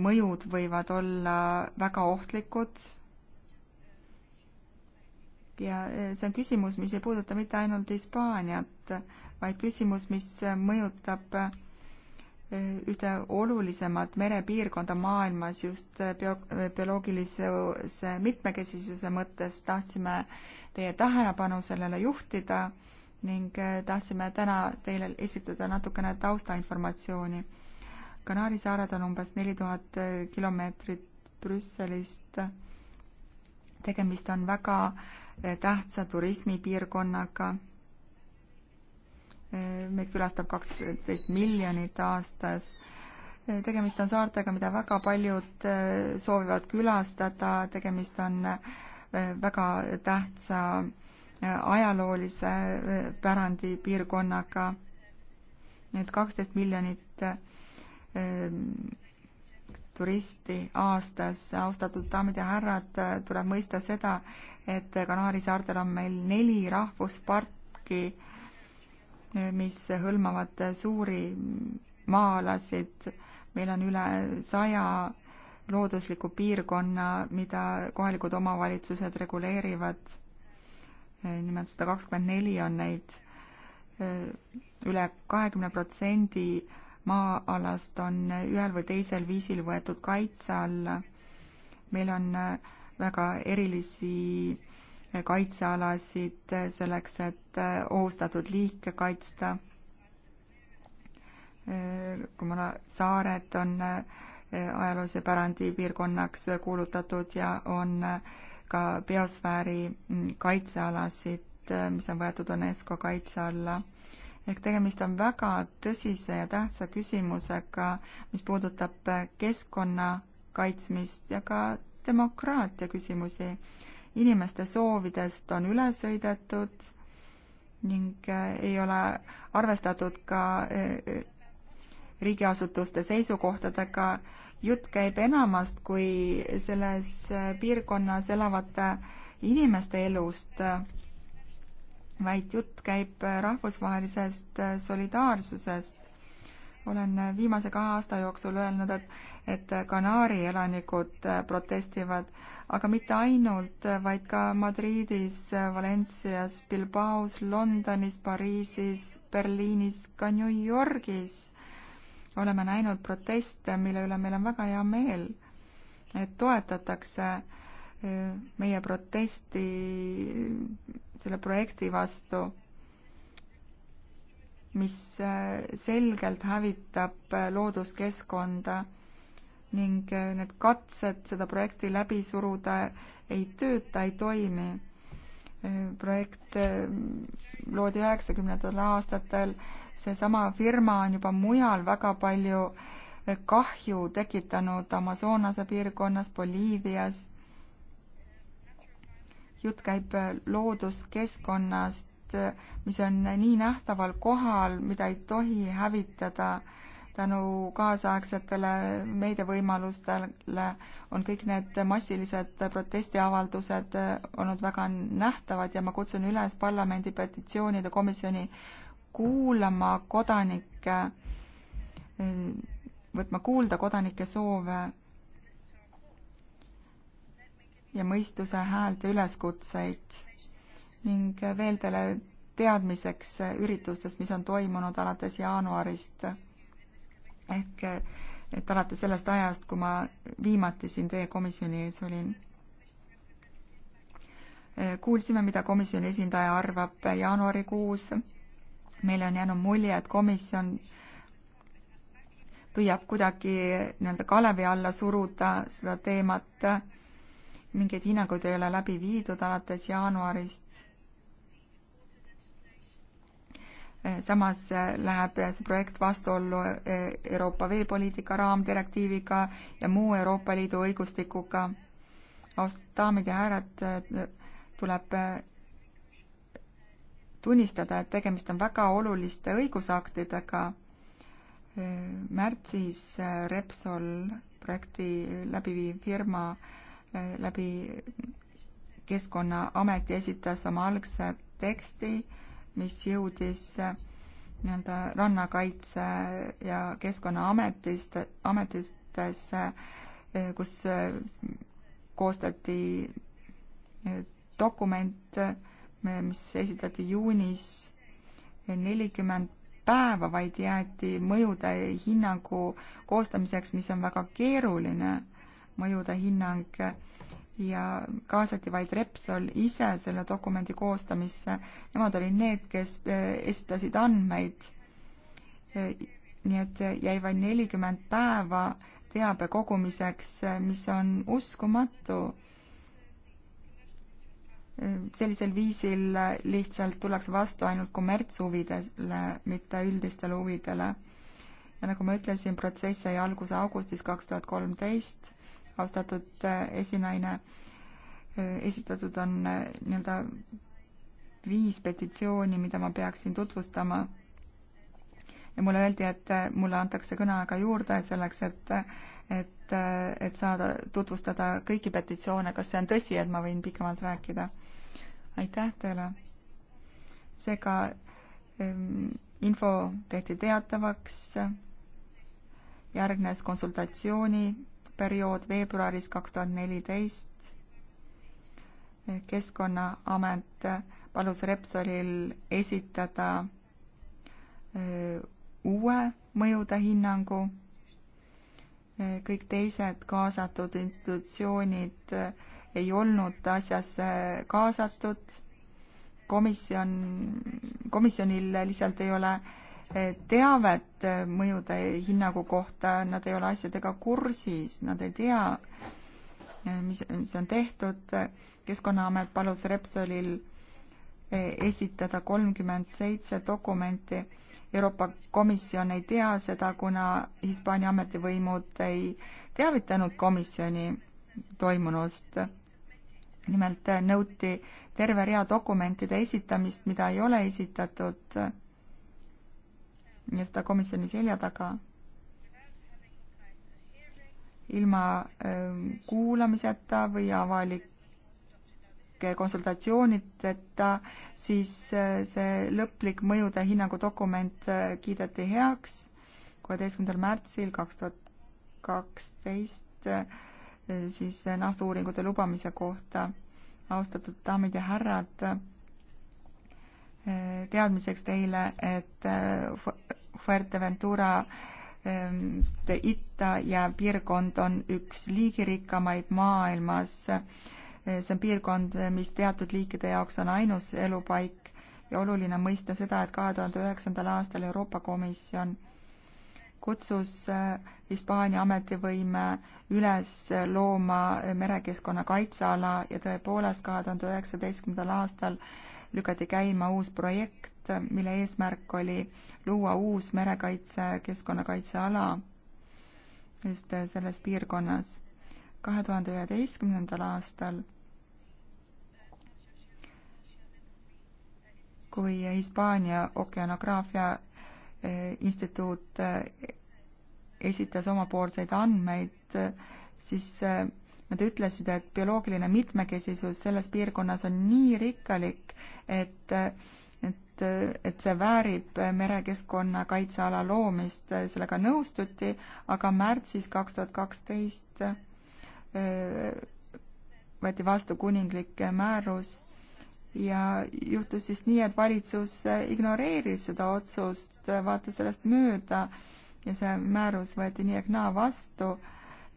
mõjud võivad olla väga ohtlikud. ja see on küsimus, mis ei puuduta mitte ainult Hispaaniat, vaid küsimus, mis mõjutab ühte olulisemat merepiirkonda maailmas just äh, bio, äh, bioloogilise mitmekesisuse mõttes tahtsime teie tähelepanu sellele juhtida ning äh, tahtsime täna teile esitada natukene taustainformatsiooni. Kanaari saared on umbes neli tuhat kilomeetrit Brüsselist. tegemist on väga tähtsa turismipiirkonnaga meid külastab kaksteist miljonit aastas. tegemist on saartega, mida väga paljud äh, soovivad külastada, tegemist on äh, väga tähtsa äh, ajaloolise pärandipiirkonnaga. Need kaksteist miljonit turisti aastas, austatud daamid ja härrad, tuleb mõista seda, et Kanaari saartel on meil neli rahvusparki mis hõlmavad suuri maa-alasid, meil on üle saja loodusliku piirkonna, mida kohalikud omavalitsused reguleerivad. nimelt sada kakskümmend neli on neid üle. üle kahekümne protsendi maa-alast on ühel või teisel viisil võetud kaitse alla. meil on väga erilisi kaitsealasid selleks, et äh, ohustatud liike kaitsta. Äh, Kumala saared on äh, ajaloolise pärandi piirkonnaks kuulutatud ja on ka biosfääri mm, kaitsealasid, mis on võetud UNESCO kaitse alla. ehk tegemist on väga tõsise ja tähtsa küsimusega, mis puudutab keskkonna kaitsmist ja ka demokraatia küsimusi inimeste soovidest on üle sõidetud ning eh, ei ole arvestatud ka eh, eh, riigiasutuste seisukohtadega. jutt käib enamast kui selles piirkonnas elavate inimeste elust, vaid jutt käib rahvusvahelisest solidaarsusest olen viimase kahe aasta jooksul öelnud, et, et Kanaari elanikud äh, protestivad, aga mitte ainult, vaid ka Madridis, Valencias, Bilbaos, Londonis, Pariisis, Berliinis, ka New Yorgis oleme näinud proteste, mille üle meil on väga hea meel, et toetatakse äh, meie protesti selle projekti vastu mis äh, selgelt hävitab äh, looduskeskkonda ning äh, need katsed seda projekti läbi suruda ei tööta, ei toimi. projekt loodi üheksakümnendatel aastatel, seesama firma on juba mujal väga palju kahju tekitanud Amazonase piirkonnas, Boliivias. jutt käib looduskeskkonnast, teadmist, mis on nii nähtaval kohal, mida ei tohi hävitada tänu kaasaegsetele meediavõimalustele, on kõik need massilised protestiavaldused olnud väga nähtavad ja ma kutsun üles parlamendi petitsioonide komisjoni kuulama kodanikke, võtma kuulda kodanike soove ja mõistuse häält ja üleskutseid ning veel teile teadmiseks üritustest, mis on toimunud alates jaanuarist. ehk et alates sellest ajast, kui ma viimati siin teie komisjoni ees olin. kuulsime, mida komisjoni esindaja arvab jaanuarikuus. meile on jäänud mulje, et komisjon püüab kuidagi nii-öelda kalevi alla suruda seda teemat. mingeid hinnanguid ei ole läbi viidud alates jaanuarist Eh, samas eh, läheb eh, see projekt vastuollu Euroopa veepoliitika raamdirektiiviga ja muu Euroopa Liidu õigustikuga. austatud daamid ja härrad, tuleb tunnistada, et tegemist on väga oluliste õigusaktidega. märtsis Repsol projekti läbiviiv firma läbi Keskkonnaameti esitas oma algse teksti mis jõudis äh, nii-öelda rannakaitse ja keskkonnaametist, ametitesse, äh, kus äh, koostati dokument, mis esitati juunis nelikümmend päeva vaid jäeti mõjude hinnangu koostamiseks, mis on väga keeruline mõjude hinnang ja kaasati vaid Repsol ise selle dokumendi koostamisse. Nemad olid need, kes eh, esitasid andmeid. Eh, nii et jäi vaid nelikümmend päeva teabe kogumiseks, eh, mis on uskumatu. sellisel viisil lihtsalt tullakse vastu ainult kommertshuvidele, mitte üldistele huvidele. ja nagu ma ütlesin, protsess sai alguse augustis kaks tuhat kolmteist austatud äh, esinaine. Äh, esitatud on äh, nii-öelda viis petitsiooni, mida ma peaksin tutvustama. ja mulle öeldi, et mulle antakse kõneaega juurde selleks, et, et, et saada tutvustada kõiki petitsioone. kas see on tõsi, et ma võin pikemalt rääkida? aitäh teile. seega ähm, info tehti teatavaks, järgnes konsultatsiooni periood veebruaris kaks tuhat neliteist. keskkonnaamet palus Repsolil esitada uue mõjude hinnangu. kõik teised kaasatud institutsioonid ei olnud asjasse kaasatud. komisjon, komisjonil lihtsalt ei ole äh, teavet eh, mõjude hinnangu kohta, nad ei ole asjadega kursis, nad ei tea, eh, mis, mis on tehtud. keskkonnaamet palus Repsolil eh, esitada kolmkümmend seitse dokumenti. Euroopa Komisjon ei tea seda, kuna Hispaania ametivõimud ei teavitanud komisjoni toimunust. nimelt nõuti terve rea dokumentide esitamist, mida ei ole esitatud ja seda komisjoni selja taga. ilma ähm, kuulamiseta või avalike konsultatsioonideta, siis äh, see lõplik mõjude hinnangu dokument äh, kiideti heaks kuueteistkümnendal märtsil kaks tuhat kaksteist äh, siis naftuuringute lubamise kohta. austatud daamid ja härrad, teadmiseks teile, et Fuerteventura ähm, itta jääv piirkond on üks liigirikkamaid maailmas. Äh, see on piirkond, äh, mis teatud liikide jaoks on ainus elupaik ja oluline on mõista seda, et kahe tuhande üheksandal aastal Euroopa Komisjon kutsus äh, Hispaania ametivõime üles looma merekeskkonna kaitseala ja tõepoolest kahe tuhande üheksateistkümnendal aastal lükati käima uus projekt, raport, mille eesmärk oli luua uus merekaitse, keskkonnakaitseala just selles piirkonnas. kahe tuhande üheteistkümnendal aastal, kui Hispaania okeanograafia eh, instituut eh, esitas omapoolseid andmeid, siis eh, Nad ütlesid, et bioloogiline mitmekesisus selles piirkonnas on nii rikkalik, et et, et see väärib merekeskkonna kaitseala loomist, sellega nõustuti, aga märtsis kaks tuhat kaksteist äh, võeti vastu kuninglik määrus ja juhtus siis nii, et valitsus ignoreeris seda otsust, vaatas sellest mööda ja see määrus võeti nii ehk naa vastu,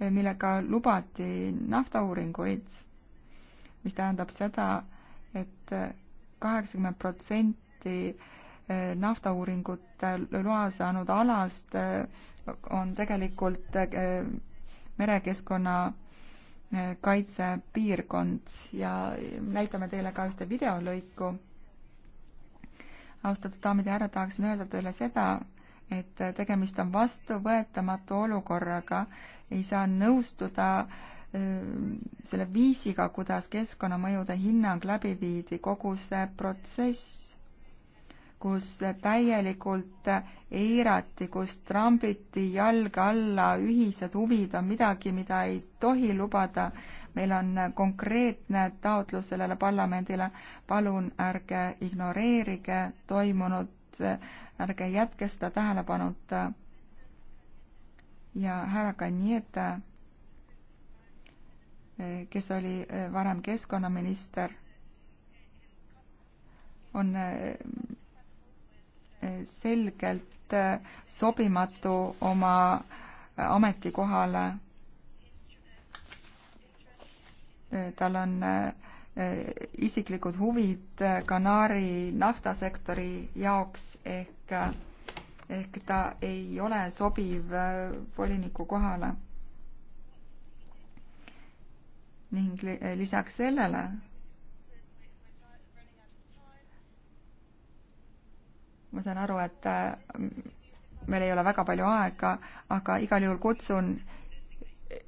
millega lubati naftauuringuid, mis tähendab seda et, et kaheksakümmend protsenti samuti eh, naftauuringute loa saanud alast eh, on tegelikult eh, merekeskkonna kaitsepiirkond ja näitame teile ka ühte videolõiku. austatud daamid ja härrad, tahaksin öelda teile seda, et tegemist on vastuvõetamatu olukorraga, ei saa nõustuda selle viisiga, kuidas keskkonnamõjude hinnang läbi viidi, kogu see protsess kus täielikult eirati, kus trambiti jalge alla ühised huvid, on midagi, mida ei tohi lubada. meil on konkreetne taotlus sellele parlamendile, palun ärge ignoreerige toimunut, ärge jätke seda tähelepanuta. ja härra Kanjete, kes oli varem keskkonnaminister, on selgelt äh, sobimatu oma äh, ametikohale. Äh, tal on isiklikud huvid Kanaari naftasektori jaoks ehk, ehk ta ei ole sobiv voliniku kohale. ning lisaks sellele ma saan aru, et äh, meil ei ole väga palju aega, aga igal juhul kutsun,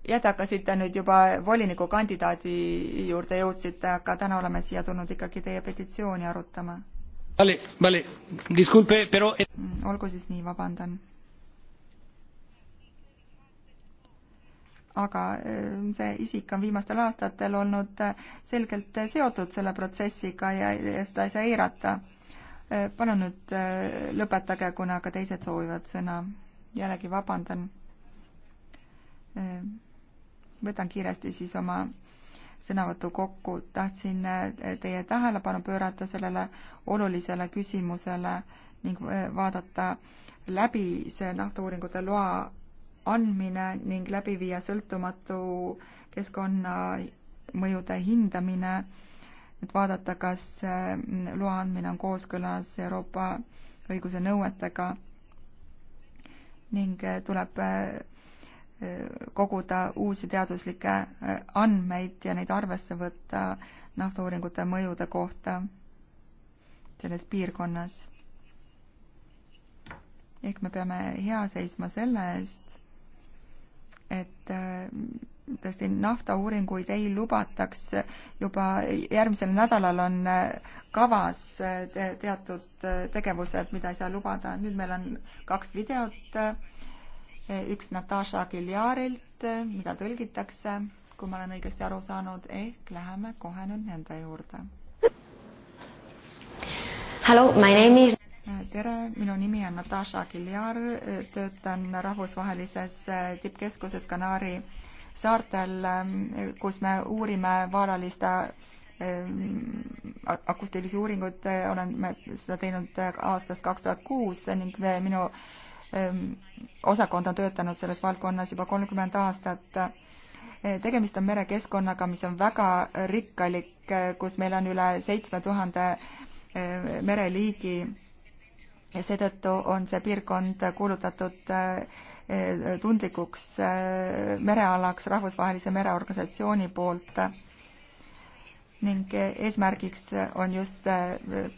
jah, te hakkasite nüüd juba volinikukandidaadi juurde jõudsite, aga täna oleme siia tulnud ikkagi teie petitsiooni arutama. Mm, olgu siis nii, vabandan. aga äh, see isik on viimastel aastatel olnud äh, selgelt seotud selle protsessiga ja, ja seda ei saa eirata Äh, palun nüüd äh, lõpetage, kuna ka teised soovivad sõna. jällegi vabandan. Äh, võtan kiiresti siis oma sõnavõtu kokku. tahtsin teie tähelepanu pöörata sellele olulisele küsimusele ning vaadata läbi see naftauuringute loa andmine ning läbi viia sõltumatu keskkonnamõjude hindamine et vaadata, kas äh, loa andmine on kooskõlas Euroopa õiguse nõuetega ning äh, tuleb äh, koguda uusi teaduslikke andmeid ja neid arvesse võtta naftauuringute mõjude kohta selles piirkonnas. ehk me peame hea seisma selle eest, et tõesti naftauuringuid ei lubataks. juba järgmisel nädalal on äh, kavas te äh, teatud äh, tegevused, mida ei saa lubada. nüüd meil on kaks videot. üks Natasha Aguilarilt, mida tõlgitakse, kui ma olen õigesti aru saanud, ehk läheme kohe nüüd nende juurde. Hello, my name is tere, minu nimi on Natasha Aguilar, töötan rahvusvahelises tippkeskuses Kanaari äh, saartel, eh, kus me uurime vaaraliste eh, akustilisi uuringuid, eh, olen me seda teinud aastast kaks tuhat kuus ning minu osakond on töötanud selles valdkonnas juba kolmkümmend aastat. tegemist on merekeskkonnaga, mis on väga rikkalik, kus meil on üle seitsme tuhande mereliigi ja seetõttu on see piirkond kuulutatud äh, tundlikuks äh, merealaks Rahvusvahelise Mereorganisatsiooni poolt ning eesmärgiks on just äh,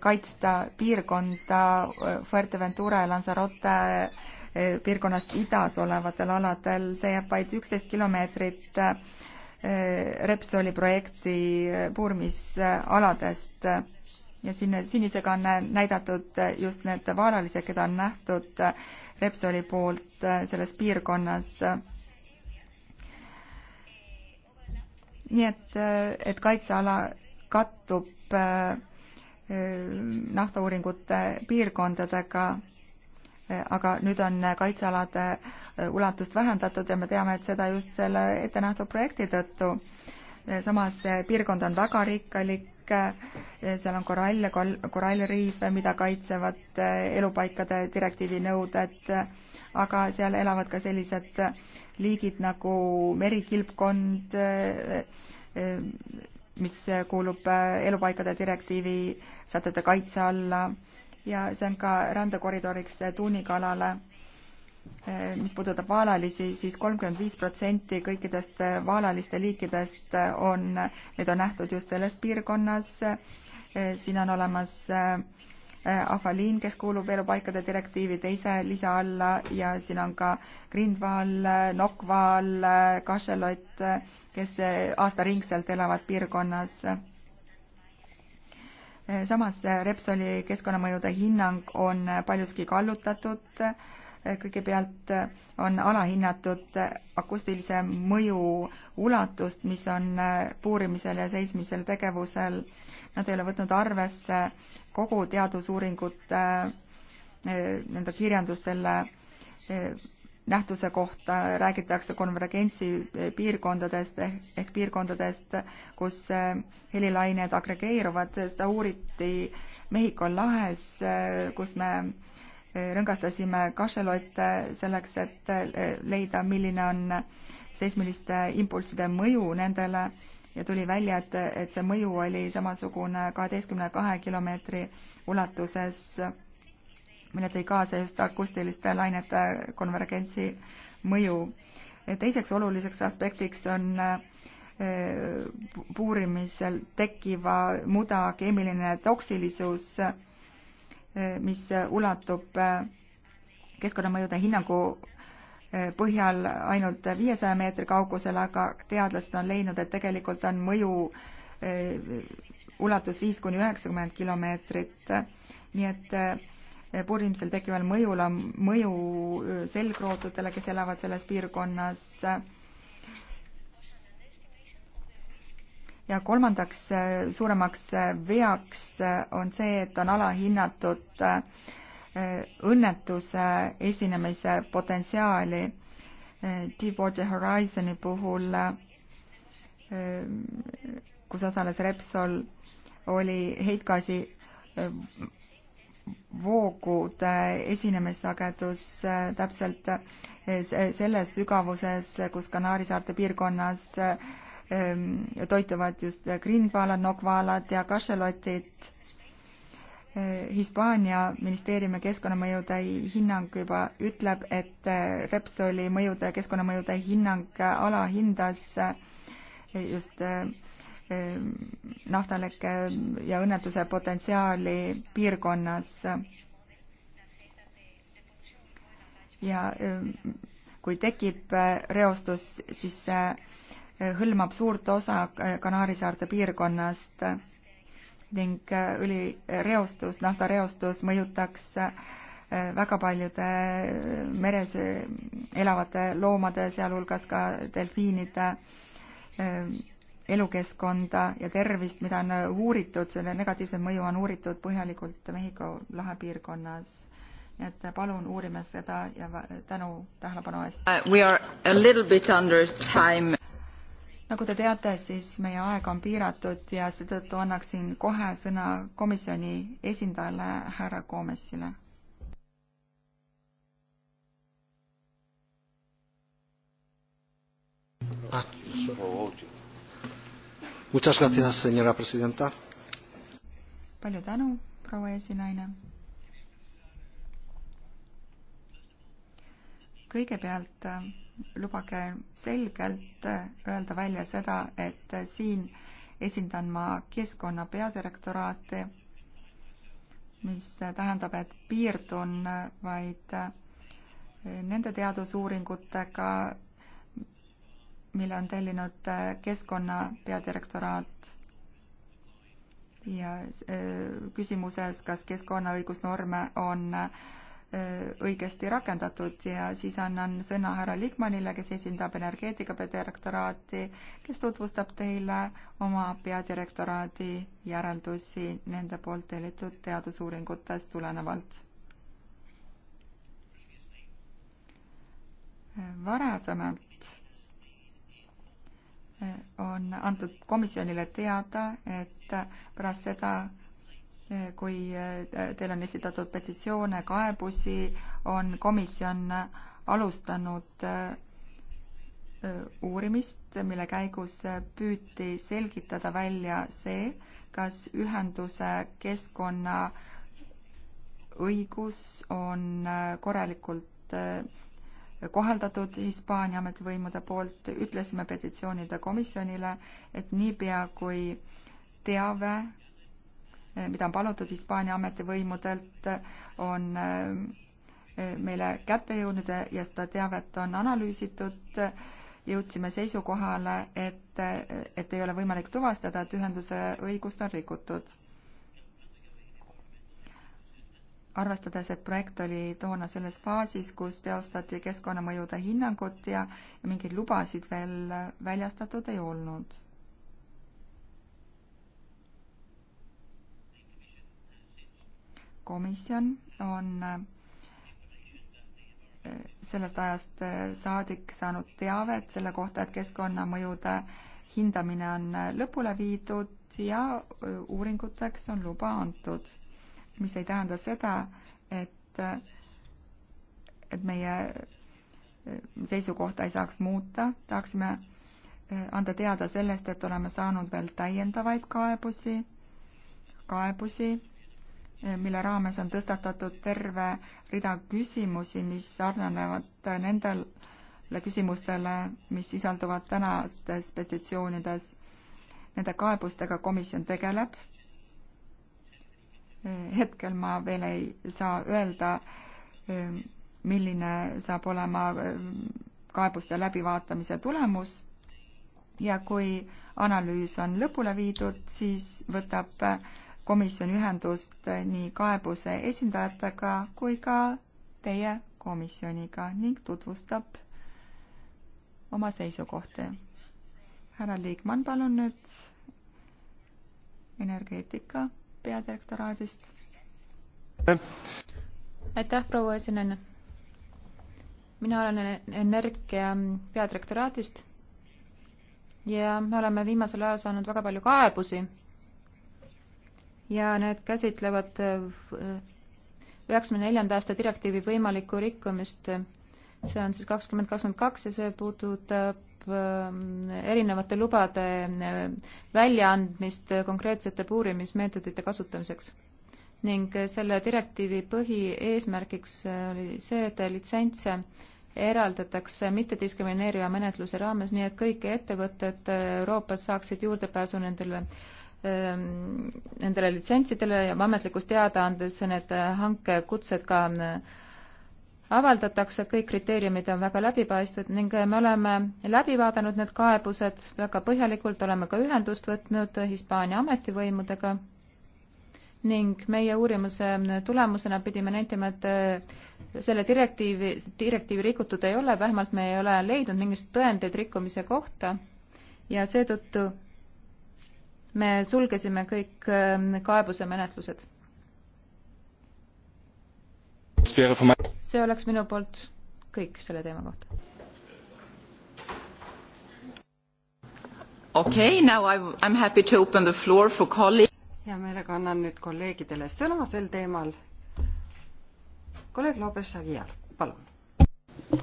kaitsta piirkonda Fuerteventura ja Lanzarote piirkonnast idas olevatel aladel, see jääb vaid üksteist kilomeetrit Repsoli projekti puurmisaladest ja siin sinisega on näidatud just need vaaralised, keda on nähtud Repsoli poolt selles piirkonnas. nii et, et kaitseala kattub eh, naftauuringute piirkondadega, aga nüüd on kaitsealade ulatust vähendatud ja me teame, et seda just selle ettenähtud projekti tõttu. samas piirkond on väga rikkalik, liike, seal on koralle, korallriive, mida kaitsevad eh, elupaikade direktiivi nõuded, aga seal elavad ka sellised liigid nagu merikilpkond, eh, mis kuulub eh, elupaikade direktiivi sätete kaitse alla ja see on ka rändekoridoriks tuunikalale Eh, mis puudutab vaalalisi, siis kolmkümmend viis protsenti kõikidest eh, vaalaliste liikidest eh, on, need on nähtud just selles piirkonnas. siin on olemas afaliin, kes kuulub elupaikade direktiivi teise lisa alla ja siin on ka grindvaal, nokkvaal, kašelott, kes aastaringselt elavad piirkonnas samas Repsoli keskkonnamõjude hinnang on paljuski kallutatud kõigepealt eh, on alahinnatud akustilise mõju ulatust, mis on eh, puurimisel ja seismisel tegevusel. Nad ei ole võtnud arvesse kogu teadusuuringute eh, nii-öelda kirjandus selle nähtuse kohta räägitakse konvergentsi piirkondadest ehk piirkondadest, kus helilained agregeeruvad, seda uuriti Mehhiko lahes, kus me rõngastasime kašelotte selleks, et eh, leida, milline on seismiliste impulsside mõju nendele ja tuli välja, et, et see mõju oli samasugune kaheteistkümne kahe kilomeetri ulatuses, mille tõi kaasa just akustiliste lainete konvergentsi mõju. teiseks oluliseks aspektiks on eh, puurimisel tekkiva muda keemiline toksilisus Eh, mis ulatub eh, keskkonnamõjude hinnangu eh, põhjal ainult viiesaja meetri kaugusele, aga teadlased on leidnud, et tegelikult on mõju ulatus viis kuni üheksakümmend kilomeetrit. nii et purjimisel tekkival mõjul on mõju selgrootudele, kes elavad selles piirkonnas ja kolmandaks äh, suuremaks äh, veaks äh, on see, et on alahinnatud õnnetuse esinemise potentsiaali. Deepwater Horizoni puhul, kus osales Repsol, oli heitgaasi voogude esinemissagedus täpselt selles sügavuses, kus Kanaari saarte piirkonnas Ehm, toituvad just kriinvaalad, nokvaalad ja kašelotid. Ehm, Hispaania ministeeriumi keskkonnamõjude hinnang juba ütleb, et eh, Repsoli mõjude, keskkonnamõjude hinnang alahindas eh, just eh, ehm, naftaleke ja õnnetuse potentsiaali piirkonnas. ja kui tekib reostus, siis see hõlmab suurt osa Kanaari saarte piirkonnast ning õli äh, reostus, naftareostus mõjutaks äh, väga paljude äh, meres elavate loomade, sealhulgas ka delfiinide elukeskkonda ja tervist, mida on uuritud, selle negatiivne mõju on uuritud põhjalikult Mehhiko lahe piirkonnas. nii et palun uurime seda ja tänu tähelepanu eest. Uh, we are a little bit under time nagu te teate, siis meie aeg on piiratud ja seetõttu annaksin kohe sõna komisjoni esindajale härra Koomessile Ah, Muchas gracias, señora presidenta. Palju tänu, proua esinaine. Kõigepealt lubage selgelt öelda välja seda, et siin esindan ma keskkonna peadirektoraati, mis tähendab, et piirdun vaid nende teadusuuringutega, mille on tellinud keskkonna peadirektoraat ja eh, küsimuses, kas keskkonnaõigusnorme on Äh, õigesti rakendatud ja siis annan sõna härra Ligmanile, kes esindab energeetika peadirektoraati, kes tutvustab teile oma peadirektoraadi järeldusi nende poolt tellitud teadusuuringutest tulenevalt. varasemalt äh, on antud komisjonile teada, et pärast seda kui äh, teil on esitatud petitsioone, kaebusi, on komisjon alustanud äh, äh, uurimist, mille käigus püüti selgitada välja see, kas ühenduse keskkonna õigus on korralikult kohaldatud Hispaania ametivõimude poolt, ütlesime petitsioonide komisjonile, et niipea kui teave Eh, mida on palutud Hispaania ametivõimudelt, on eh, meile kätte jõudnud ja seda teavet on analüüsitud. jõudsime seisukohale, et, et ei ole võimalik tuvastada, et ühenduse õigust on rikutud. arvestades, et projekt oli toona selles faasis, kus teostati keskkonnamõjude hinnangut ja, ja mingeid lubasid veel väljastatud ei olnud komisjon on äh, sellest ajast äh, saadik saanud teavet selle kohta, et keskkonnamõjude hindamine on äh, lõpule viidud ja uuringuteks on luba antud, mis ei tähenda seda, et, et meie seisukohta ei saaks muuta, tahaksime anda teada sellest, et oleme saanud veel täiendavaid kaebusi, kaebusi mille raames on tõstatatud terve rida küsimusi, mis sarnanevad nendele küsimustele, mis sisalduvad tänastes petitsioonides. Nende kaebustega komisjon tegeleb. hetkel ma veel ei saa öelda, milline saab olema kaebuste läbivaatamise tulemus ja kui analüüs on lõpule viidud, siis võtab komisjoni ühendust nii kaebuse esindajatega kui ka teie komisjoniga ning tutvustab oma seisukohti. härra Liigmann, palun nüüd energeetika peadirektoraadist. aitäh, proua esinaine. mina olen energia peadirektoraadist ja me oleme viimasel ajal saanud väga palju kaebusi ja need käsitlevad eh, üheksakümne neljanda aasta direktiivi võimalikku rikkumist. see on siis kakskümmend kakskümmend kaks ja see puudutab eh, erinevate lubade eh, väljaandmist konkreetsete puurimismeetodite kasutamiseks ning selle direktiivi põhieesmärgiks oli see, et litsentse eraldatakse mittediskrimineeriva menetluse raames, nii et kõik ettevõtted Euroopas saaksid juurdepääsu nendele äh, nendele litsentsidele ja ametlikus teadaandes need hankekutsed ka avaldatakse, kõik kriteeriumid on väga läbipaistvad ning me oleme läbi vaadanud need kaebused väga põhjalikult, oleme ka ühendust võtnud Hispaania ametivõimudega ning meie uurimuse tulemusena pidime nentima, et selle direktiivi, direktiivi rikutud ei ole, vähemalt me ei ole leidnud mingisuguseid tõendeid rikkumise kohta ja seetõttu me sulgesime kõik ähm, kaebuse menetlused. see oleks minu poolt kõik selle teema kohta. okei okay,, now I am happy to open the floor for colleagues. hea meelega annan nüüd kolleegidele sõna sel teemal. kolleeg Lopez Aguiar, palun.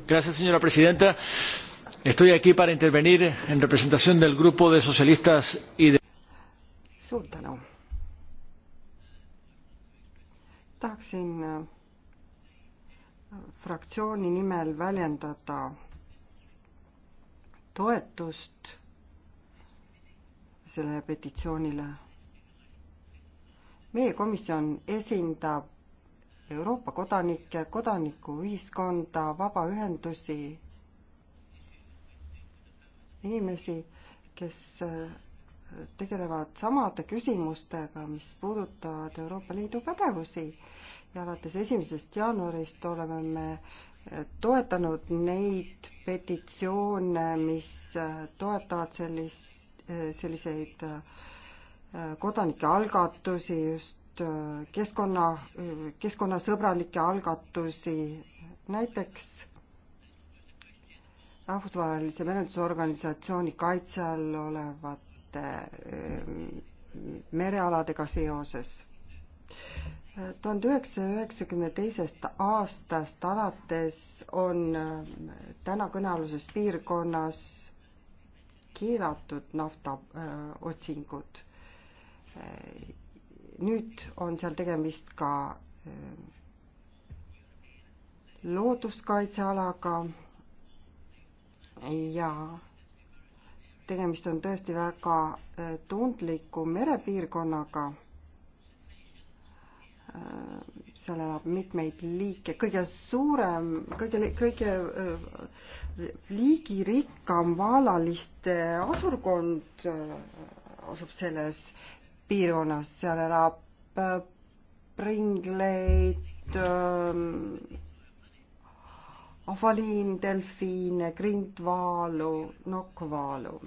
Gracias, señora presidenta. Estoy aquí para intervenir en representación del grupo de socialistas y de suur tänu. tahaksin äh, fraktsiooni nimel väljendada toetust sellele petitsioonile. meie komisjon esindab Euroopa kodanikke, kodanikuühiskonda, vabaühendusi, inimesi, kes äh, tegelevad samade küsimustega, mis puudutavad Euroopa Liidu pädevusi ja alates esimesest jaanuarist oleme me eh, toetanud neid petitsioone, mis eh, toetavad sellist, eh, selliseid kodanike algatusi, just keskkonna, keskkonnasõbralikke algatusi, näiteks rahvusvahelise merendusorganisatsiooni kaitse all olevat olevate äh, merealadega seoses. tuhande üheksasaja üheksakümne teisest aastast alates on äh, täna kõnealuses piirkonnas keelatud naftaotsingud. Äh, nüüd on seal tegemist ka looduskaitsealaga ja tegemist on tõesti väga äh, tundliku merepiirkonnaga. Äh, seal elab mitmeid liike, kõige suurem, kõige, kõige äh, liigirikkam vaalaliste asurkond asub selles piirkonnas, seal elab pringleid, ähm, avaliin, delfiine, grindvaalu, nokkvaalu.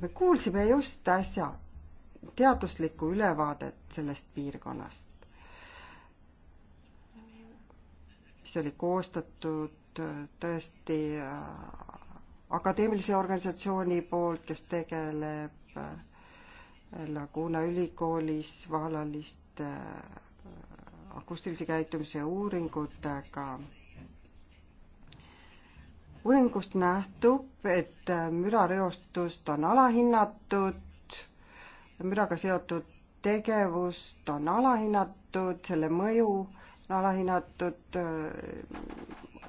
me kuulsime just äsja teaduslikku ülevaadet sellest piirkonnast, mis oli koostatud äh, tõesti äh, akadeemilise organisatsiooni poolt, kes tegeleb äh, Laguna ülikoolis valaliste akustilise käitumise uuringutega. uuringust nähtub, et mürareostust on alahinnatud, müraga seotud tegevust on alahinnatud, selle mõju on alahinnatud.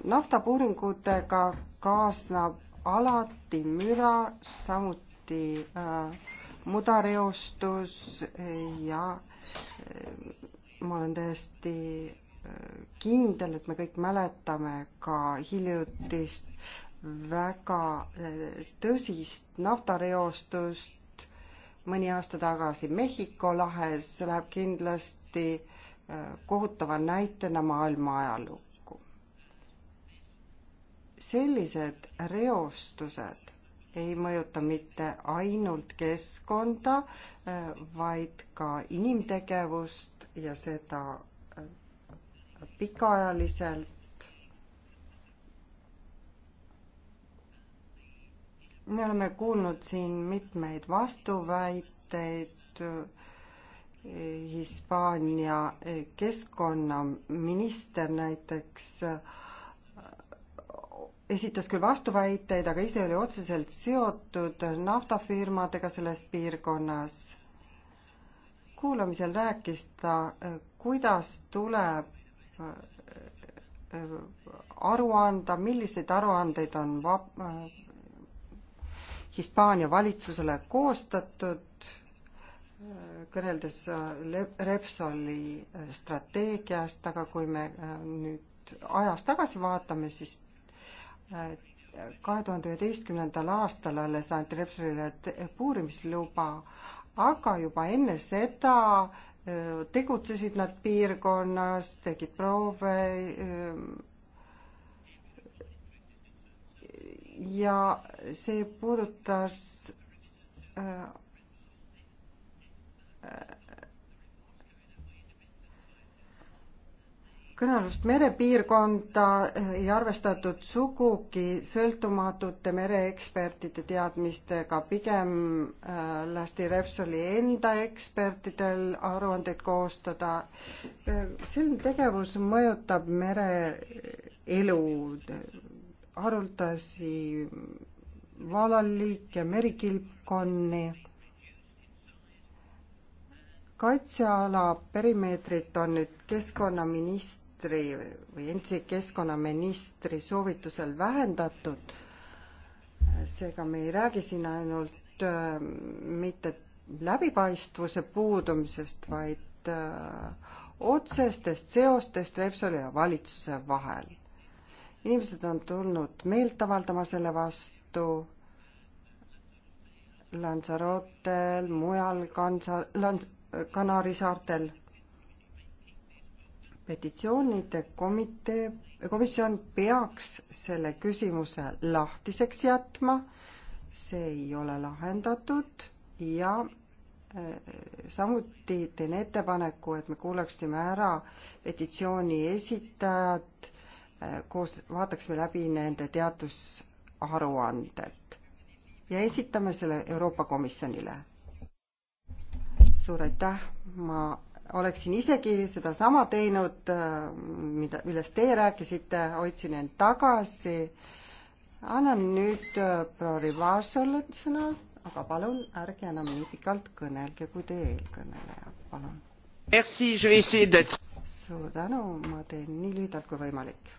naftapuuringutega kaasneb alati müra, samuti äh, mudareostus ja äh, ma olen täiesti äh, kindel, et me kõik mäletame ka hiljutist väga äh, tõsist naftareostust mõni aasta tagasi Mehhiko lahes, see läheb kindlasti äh, kohutava näitena maailma ajalukku. sellised reostused ei mõjuta mitte ainult keskkonda, vaid ka inimtegevust, ja seda äh, pikaajaliselt. me oleme kuulnud siin mitmeid vastuväiteid. Äh, Hispaania äh, keskkonnaminister näiteks esitas küll vastuväiteid, aga ise oli otseselt seotud naftafirmadega selles piirkonnas kuulamisel rääkis ta, äh, kuidas tuleb äh, aru anda, milliseid aruandeid on vab-, äh, Hispaania valitsusele koostatud, kõneldes Repsoli strateegiast, aga kui me nüüd ajas tagasi vaatame, siis kahe tuhande üheteistkümnendal aastal alles anti Repsolile puurimisluba, aga juba enne seda äh, tegutsesid nad piirkonnas, tegid proove. Äh, ja see puudutas äh, kõnealust merepiirkonda ei arvestatud sugugi sõltumatute mereekspertide teadmistega, pigem äh, lasti Repsoli enda ekspertidel aruandeid koostada. Äh, selline tegevus mõjutab mereelu, haruldasi valaliike, merikilpkonni kaitseala perimeetrit on nüüd keskkonnaminist-, ministri või endise keskkonnaministri soovitusel vähendatud. seega me ei räägi siin ainult äh, mitte läbipaistvuse puudumisest, vaid äh, otsestest seostest Repsoli ja valitsuse vahel. inimesed on tulnud meelt avaldama selle vastu. Lanzarotel, mujal Kansa-, Lan-, Kanari saartel petitsioonide komitee, komisjon peaks selle küsimuse lahtiseks jätma, see ei ole lahendatud ja eh, samuti teen ettepaneku, et me kuulaksime ära petitsiooni esitajad, eh, koos vaataksime läbi nende teadusaruanded ja esitame selle Euroopa Komisjonile. suur aitäh, ma oleksin isegi sedasama teinud, äh, mida, millest teie rääkisite, hoidsin end tagasi. annan nüüd äh, proua Rivasolule sõna, aga palun ärge enam nii pikalt kõnelge, kui teie eelkõneleja, palun. suur tänu, ma teen nii lühidalt kui võimalik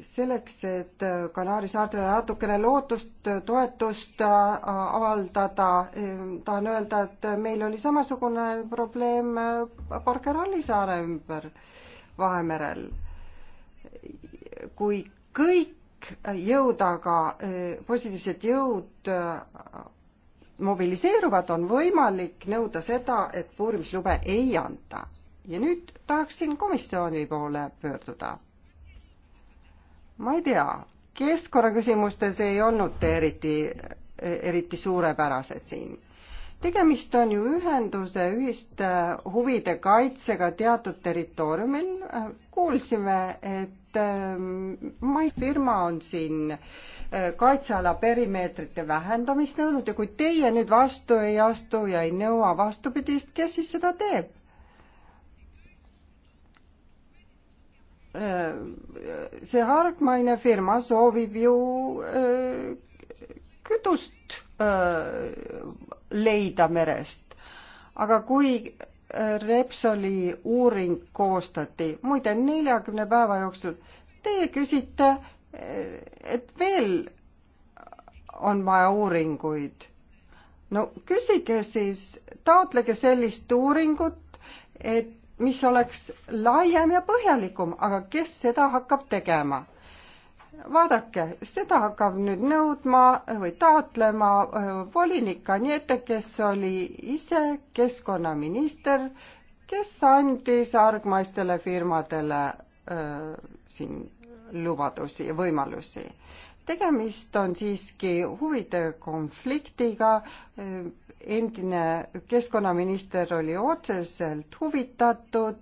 selleks, et Kanaari saartele natukene lootust, toetust avaldada, tahan öelda, et meil oli samasugune probleem Porkeralli saare ümber Vahemerel. kui kõik jõud aga, eh, positiivsed jõud eh, mobiliseeruvad, on võimalik nõuda seda, et puurimislube ei anta. ja nüüd tahaksin komisjoni poole pöörduda ma ei tea, keskkonnaküsimustes ei olnud te eriti, eriti suurepärased siin. tegemist on ju ühenduse ühiste huvide kaitsega teatud territooriumil. kuulsime, et Mai ähm, firma on siin äh, kaitseala perimeetrite vähendamist nõudnud ja kui teie nüüd vastu ei astu ja ei nõua vastupidist, kes siis seda teeb? see hargmaine firma soovib ju äh, kütust äh, leida merest, aga kui äh, Repsoli uuring koostati, muide neljakümne päeva jooksul, teie küsite, et veel on vaja uuringuid. no küsige siis, taotlege sellist uuringut, et mis oleks laiem ja põhjalikum, aga kes seda hakkab tegema? vaadake, seda hakkab nüüd nõudma või taotlema äh, volinik Anijete, kes oli ise keskkonnaminister, kes andis argmaistele firmadele äh, siin lubadusi ja võimalusi. tegemist on siiski huvide konfliktiga äh,, endine keskkonnaminister oli otseselt huvitatud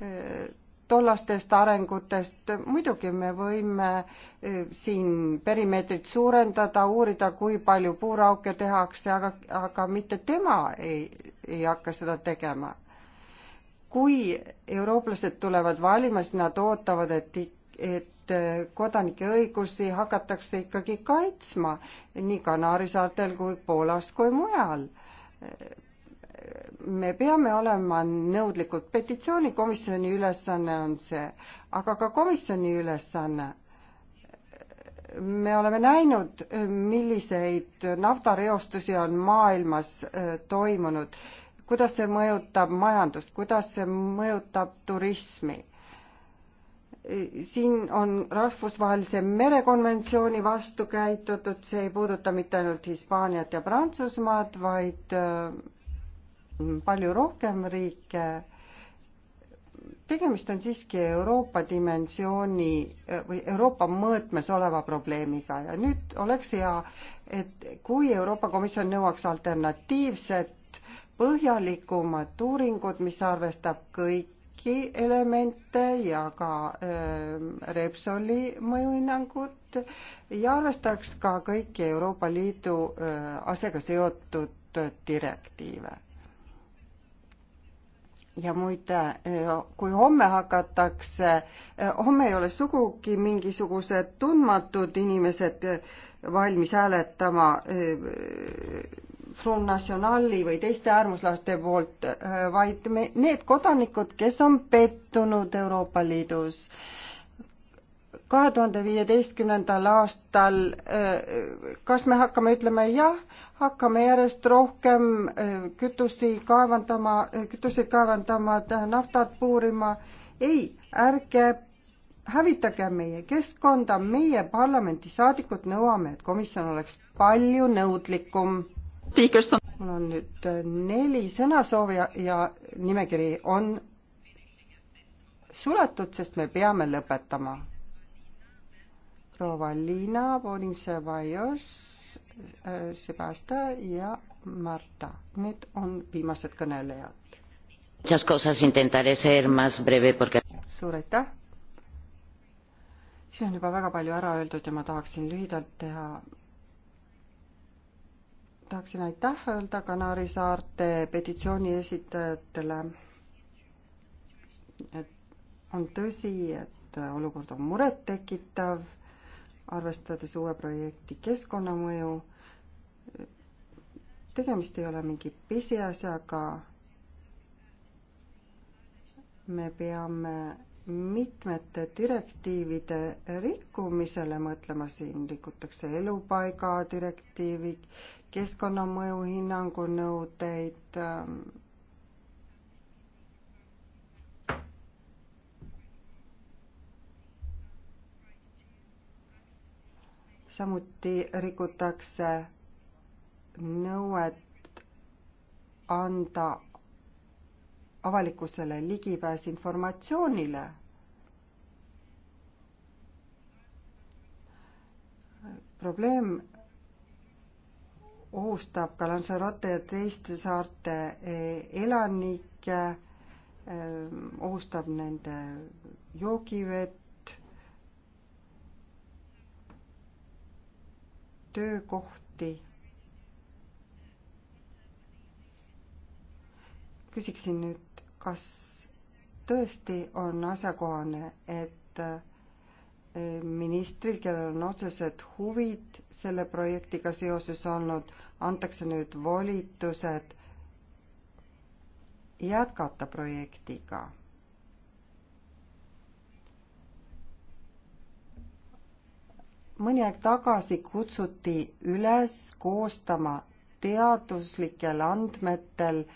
eh, tollastest arengutest, muidugi me võime eh, siin perimeetrit suurendada, uurida, kui palju puurauke tehakse, aga, aga mitte tema ei, ei hakka seda tegema. kui eurooplased tulevad valima, siis nad ootavad, et, et et äh, kodanike õigusi hakatakse ikkagi kaitsma nii Kanaari saartel kui Poolas kui mujal. me peame olema nõudlikud, petitsioonikomisjoni ülesanne on see, aga ka komisjoni ülesanne. me oleme näinud, äh, milliseid naftareostusi on maailmas äh, toimunud, kuidas see mõjutab majandust, kuidas see mõjutab turismi siin on rahvusvahelise merekonventsiooni vastu käitutud, see ei puuduta mitte ainult Hispaaniat ja Prantsusmaad, vaid äh, palju rohkem riike. tegemist on siiski Euroopa dimensiooni äh, või Euroopa mõõtmes oleva probleemiga ja nüüd oleks hea, et kui Euroopa Komisjon nõuaks alternatiivset põhjalikumat uuringut, mis arvestab kõik KIK-i elemente ja ka äh, Repsoli mõjuhinnangut ja arvestaks ka kõiki Euroopa Liidu äh, asjaga seotud direktiive. ja muide, äh, kui homme hakatakse, homme ei ole sugugi mingisugused tundmatud inimesed valmis hääletama Front Nationali või teiste äärmuslaste poolt, äh, vaid me, need kodanikud, kes on pettunud Euroopa Liidus. kahe tuhande viieteistkümnendal aastal, äh, kas me hakkame ütlema jah, hakkame järjest rohkem äh, kütusi kaevandama, kütuseid kaevandama, naftat puurima. ei, ärge hävitage meie keskkonda, meie parlamendisaadikud nõuame, et komisjon oleks palju nõudlikum mul on nüüd äh, neli sõnasoovija ja nimekiri on suletud, sest me peame lõpetama. proua Liina Pooningsevaios, äh, Sebasta ja Marta, need on viimased kõnelejad. suur aitäh. siin on juba väga palju ära öeldud ja ma tahaksin lühidalt teha tahaksin aitäh öelda Kanaari saarte petitsiooni esitajatele. et on tõsi, et olukord on murettekitav, arvestades uue projekti keskkonnamõju. tegemist ei ole mingi pisiasjaga. me peame mitmete direktiivide rikkumisele mõtlema, siin rikutakse elupaiga direktiivi, keskkonnamõju hinnangu nõudeid ähm, samuti rikutakse nõuet anda avalikkusele ligipääs informatsioonile. probleem ohustab ka Lanzarote ja teiste saarte eh, elanikke, eh, ohustab nende joogivett, töökohti. küsiksin nüüd, kas tõesti on asjakohane, et ministril, kellel on otsesed huvid selle projektiga seoses olnud, antakse nüüd volitused jätkata projektiga. mõni aeg tagasi kutsuti üles koostama teaduslikel andmetel äh,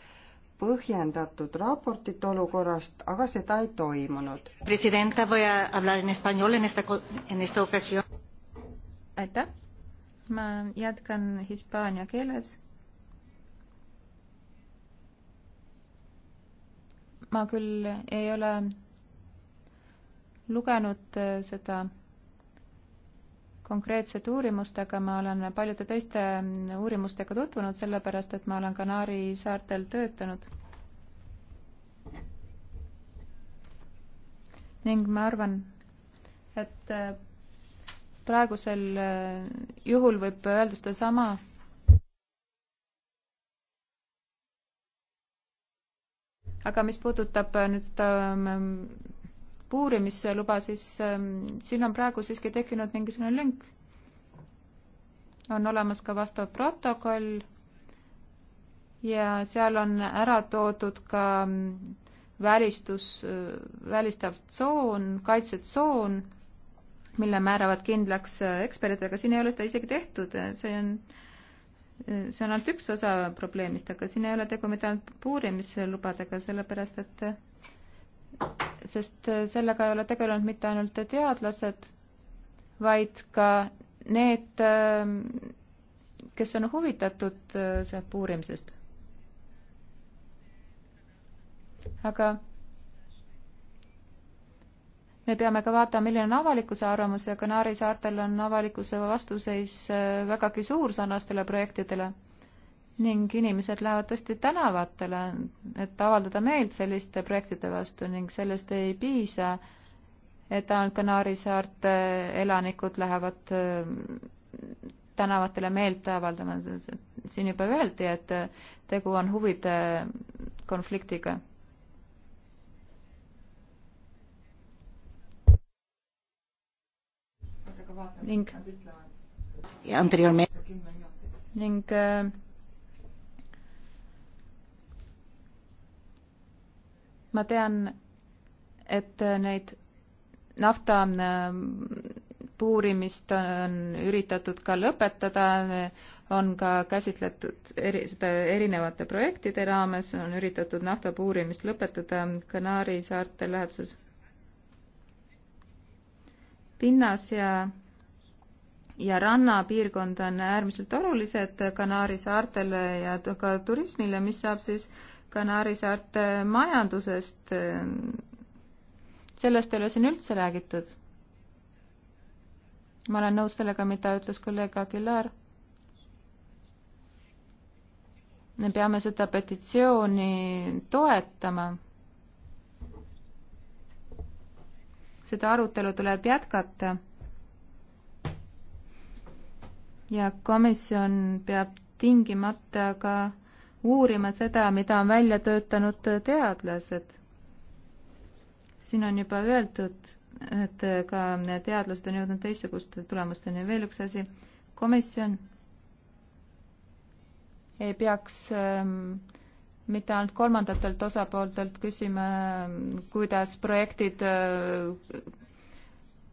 põhjendatud raportit olukorrast, aga seda ei toimunud. aitäh, ma jätkan hispaania keeles. ma küll ei ole lugenud äh, seda konkreetsete uurimustega, ma olen paljude teiste uurimustega tutvunud, sellepärast et ma olen Kanaari saartel töötanud. ning ma arvan, et äh, praegusel äh, juhul võib öelda sedasama, aga mis puudutab äh, nüüd seda ähm, puurimisluba, siis ähm, siin on praegu siiski tekkinud mingisugune lünk. on olemas ka vastav protokoll ja seal on ära toodud ka ähm, välistus, äh, välistav tsoon, kaitsetsoon, mille määravad kindlaks äh, eksperdid, aga siin ei ole seda isegi tehtud, see on äh, see on ainult üks osa probleemist, aga siin ei ole tegu mitte ainult puurimislubadega, sellepärast et sest äh, sellega ei ole tegelenud mitte ainult teadlased, vaid ka need, ähm, kes on huvitatud äh, sealt uurimisest. aga me peame ka vaatama, milline on avalikkuse arvamus ja Kanaari saartel on avalikkuse vastuseis äh, vägagi suur sarnastele projektidele ning inimesed lähevad tõesti tänavatele, et avaldada meelt selliste projektide vastu ning sellest ei piisa, et ainult Kanaari saarte elanikud lähevad äh, tänavatele meelt avaldama. siin juba öeldi, et tegu on huvide konfliktiga. ning, ning äh, ma tean, et neid nafta äh, puurimist on üritatud ka lõpetada, on ka käsitletud eri, seda erinevate projektide raames, on üritatud nafta puurimist lõpetada Kanaari saarte läheduses. pinnas ja, ja rannapiirkond on äärmiselt olulised Kanaari saartele ja ka turismile, mis saab siis äh, Kanaari saarte majandusest, ehm, sellest ei ole siin üldse räägitud. ma olen nõus sellega, mida ütles kolleeg Aguilar. me peame seda petitsiooni toetama. seda arutelu tuleb jätkata. ja komisjon peab tingimata ka uurima seda, mida on välja töötanud teadlased. siin on juba öeldud, et ka teadlased on jõudnud teistsuguste tulemusteni. veel üks asi, komisjon ei peaks ähm, mitte ainult kolmandatelt osapooltelt küsima, kuidas projektid äh,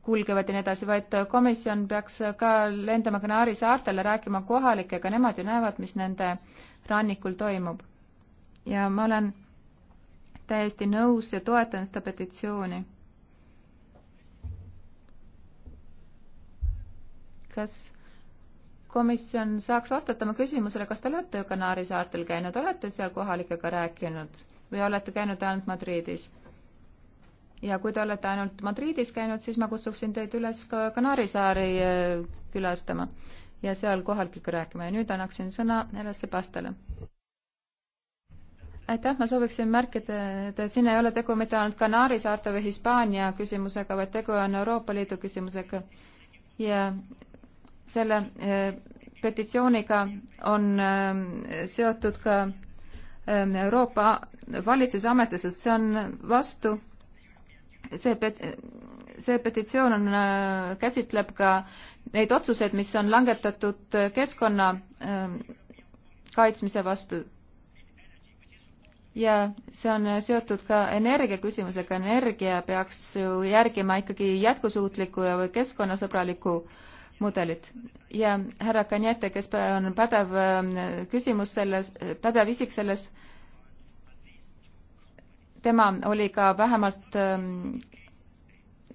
kulgevad ja nii edasi, vaid komisjon peaks ka lendama Kanaari saartele, rääkima kohalikega, nemad ju näevad, mis nende äh, rannikul toimub. ja ma olen täiesti nõus ja toetan seda petitsiooni. kas komisjon saaks vastata oma küsimusele, kas te olete Kanaari saartel käinud, olete seal kohalikega rääkinud või olete käinud ainult Madridis? ja kui te olete ainult Madridis käinud, siis ma kutsuksin teid üles ka Kanaari saari eh, külastama ja seal kohalgi ka rääkima ja nüüd annaksin sõna härra Sebastele. aitäh, ma sooviksin märkida, et siin ei ole tegu mitte ainult Kanaari saarte või Hispaania küsimusega, vaid tegu on Euroopa Liidu küsimusega ja selle eh, petitsiooniga on eh, seotud ka eh, Euroopa valitsuse ametiasutus, see on vastu, see pet-, see petitsioon on, äh, käsitleb ka neid otsuseid, mis on langetatud äh, keskkonna ähm, kaitsmise vastu. ja see on äh, seotud ka energiaküsimusega, energia peaks ju järgima ikkagi jätkusuutlikku ja keskkonnasõbralikku mudelit. ja härra Kanjete, kes on pädev ähm, küsimus selles, pädev isik selles, tema oli ka vähemalt ähm,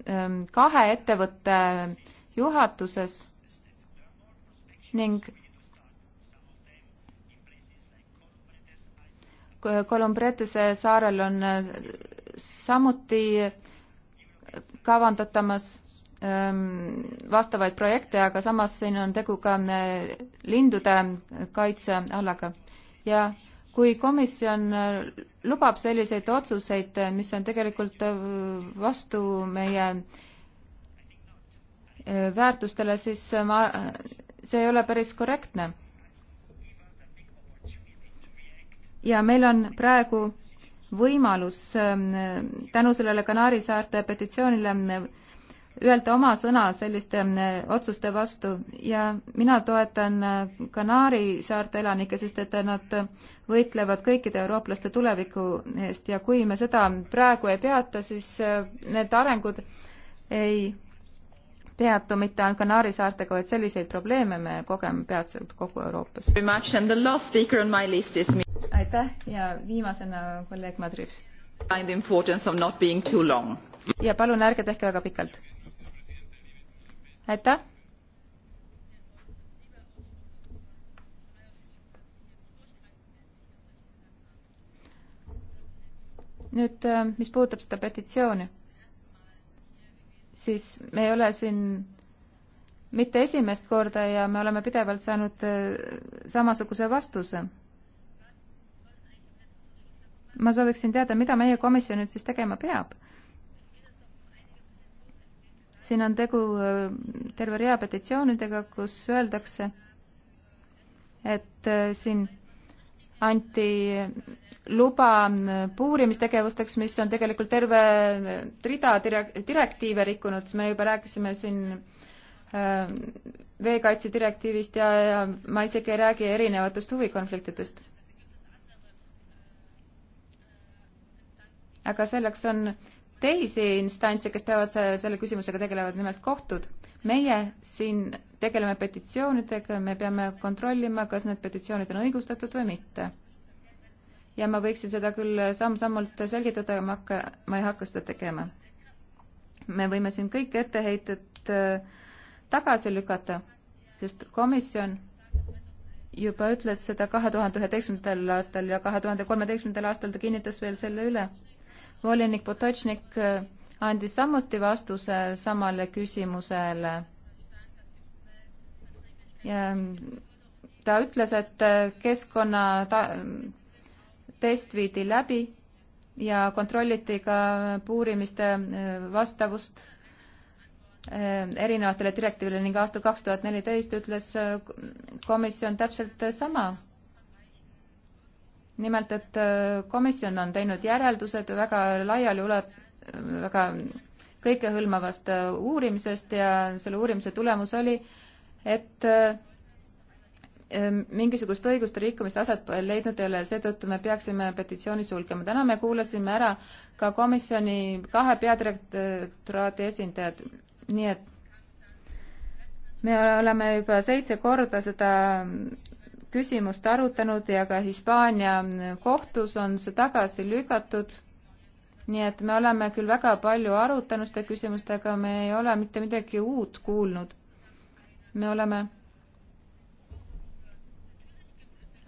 Ähm, kahe ettevõtte juhatuses ning Kolumbretese saarel on äh, samuti kavandatamas ähm, vastavaid projekte, aga samas siin on tegu ka äh, lindude kaitsealaga ja kui komisjon äh, lubab selliseid otsuseid, äh, mis on tegelikult äh, vastu meie väärtustele, siis ma, see ei ole päris korrektne. ja meil on praegu võimalus ähm, tänu sellele Kanaari saarte petitsioonile öelda oma sõna selliste mm, otsuste vastu ja mina toetan äh, Kanaari saarte elanikke, sest et nad võitlevad kõikide eurooplaste tuleviku eest ja kui me seda praegu ei peata, siis äh, need arengud ei peatu mitte ainult Kanaari saartega, vaid selliseid probleeme me kogeme peatselt kogu Euroopas. aitäh ja viimasena kolleeg Madrid. ja palun ärge tehke väga pikalt aitäh. nüüd, äh, mis puudutab seda petitsiooni, siis me ei ole siin mitte esimest korda ja me oleme pidevalt saanud äh, samasuguse vastuse. ma sooviksin teada, mida meie komisjon nüüd siis tegema peab siin on tegu äh, terve rea petitsioonidega, kus öeldakse, et äh, siin anti luba äh, puurimistegevusteks, mis on tegelikult terve rida direktiive rikkunud, me juba rääkisime siin veekaitse direktiivist ja, ja ma isegi ei räägi erinevatest huvikonfliktidest. aga selleks on äh, teisi instantse, kes peavad selle küsimusega tegelevad, nimelt kohtud. meie siin tegeleme petitsioonidega, me peame kontrollima, kas need petitsioonid on õigustatud või mitte. ja ma võiksin seda küll samm-sammult selgitada, aga ma hakka, ma ei hakka seda tegema. me võime siin kõik etteheited äh, tagasi lükata, sest komisjon juba ütles seda kahe tuhande üheteistkümnendal aastal ja kahe tuhande kolmeteistkümnendal aastal ta kinnitas veel selle üle volinik Potočnik eh, andis samuti vastuse samale küsimusele. Mm, ta ütles, et eh, keskkonna test viidi läbi ja kontrolliti ka puurimiste eh, vastavust erinevatele direktiivile ning aastal kaks tuhat neliteist ütles komisjon täpselt sama nimelt, et äh, komisjon on teinud järeldused väga laiali üle, väga kõikehõlmavast äh, uurimisest ja selle uurimise tulemus oli, et äh, mingisugust õiguste rikkumist aset leidnud ei ole, seetõttu me peaksime petitsiooni sulgema. täna me kuulasime ära ka komisjoni kahe peadirektoraadi esindajad, nii et me oleme juba seitse korda seda küsimust arutanud ja ka Hispaania kohtus on see tagasi lükatud. nii et me oleme küll väga palju arutanud seda küsimust, aga me ei ole mitte midagi uut kuulnud. me oleme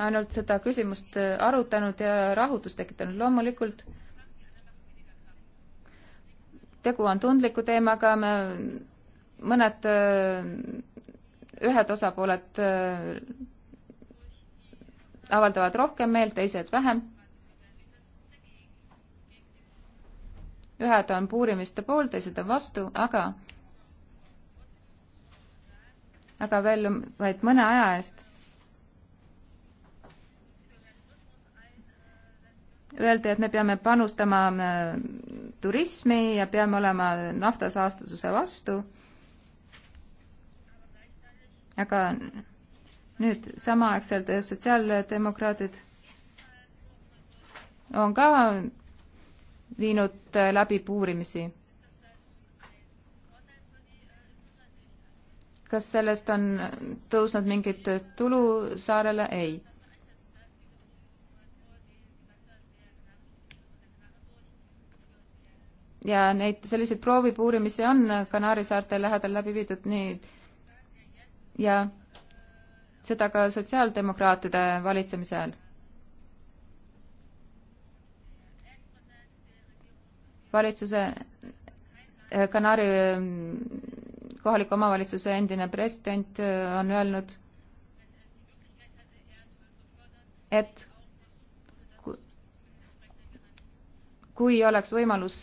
ainult seda küsimust arutanud ja rahutust tekitanud. loomulikult tegu on tundliku teemaga, me mõned, ühed osapooled avaldavad rohkem meelt, teised vähem. ühed on puurimiste poolt, teised on vastu, aga aga veel vaid mõne aja eest öeldi, et me peame panustama äh, turismi ja peame olema naftasaastatuse vastu. aga nüüd samaaegselt eh, sotsiaaldemokraadid on ka viinud eh, läbi puurimisi. kas sellest on tõusnud mingit tulu saarele? ei. ja neid, selliseid proovipuurimisi on Kanaari saarte lähedal läbi viidud, nii ja seda ka sotsiaaldemokraatide valitsemise ajal. valitsuse, eh, Kanari eh, kohaliku omavalitsuse endine president eh, on öelnud, et kui oleks võimalus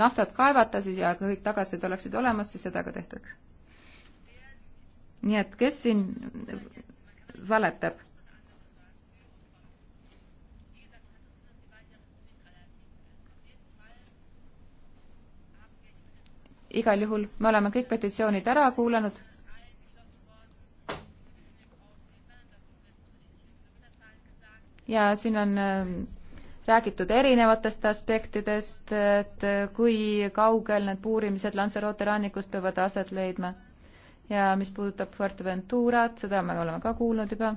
naftat kaevata, siis ja kõik tagatised oleksid olemas, siis seda ka tehtaks nii et kes siin valetab? igal juhul me oleme kõik petitsioonid ära kuulanud. ja siin on ähm, räägitud erinevatest aspektidest, et äh, kui kaugel need puurimised Lanzarote rannikust peavad aset leidma ja mis puudutab Fuerteventurat, seda me oleme ka kuulnud juba.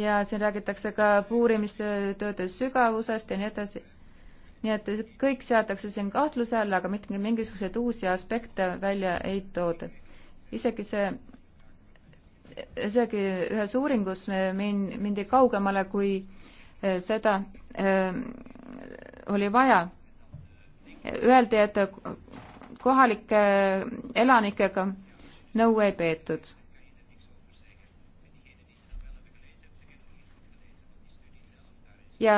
ja siin räägitakse ka puurimistööde sügavusest ja nii edasi. nii et kõik seatakse siin kahtluse alla, aga mitte mingisuguseid uusi aspekte välja ei tooda. isegi see, isegi ühes uuringus mind, mindi kaugemale kui eh, seda öö, eh, oli vaja öeldi, et kohalike elanikega nõu ei peetud. ja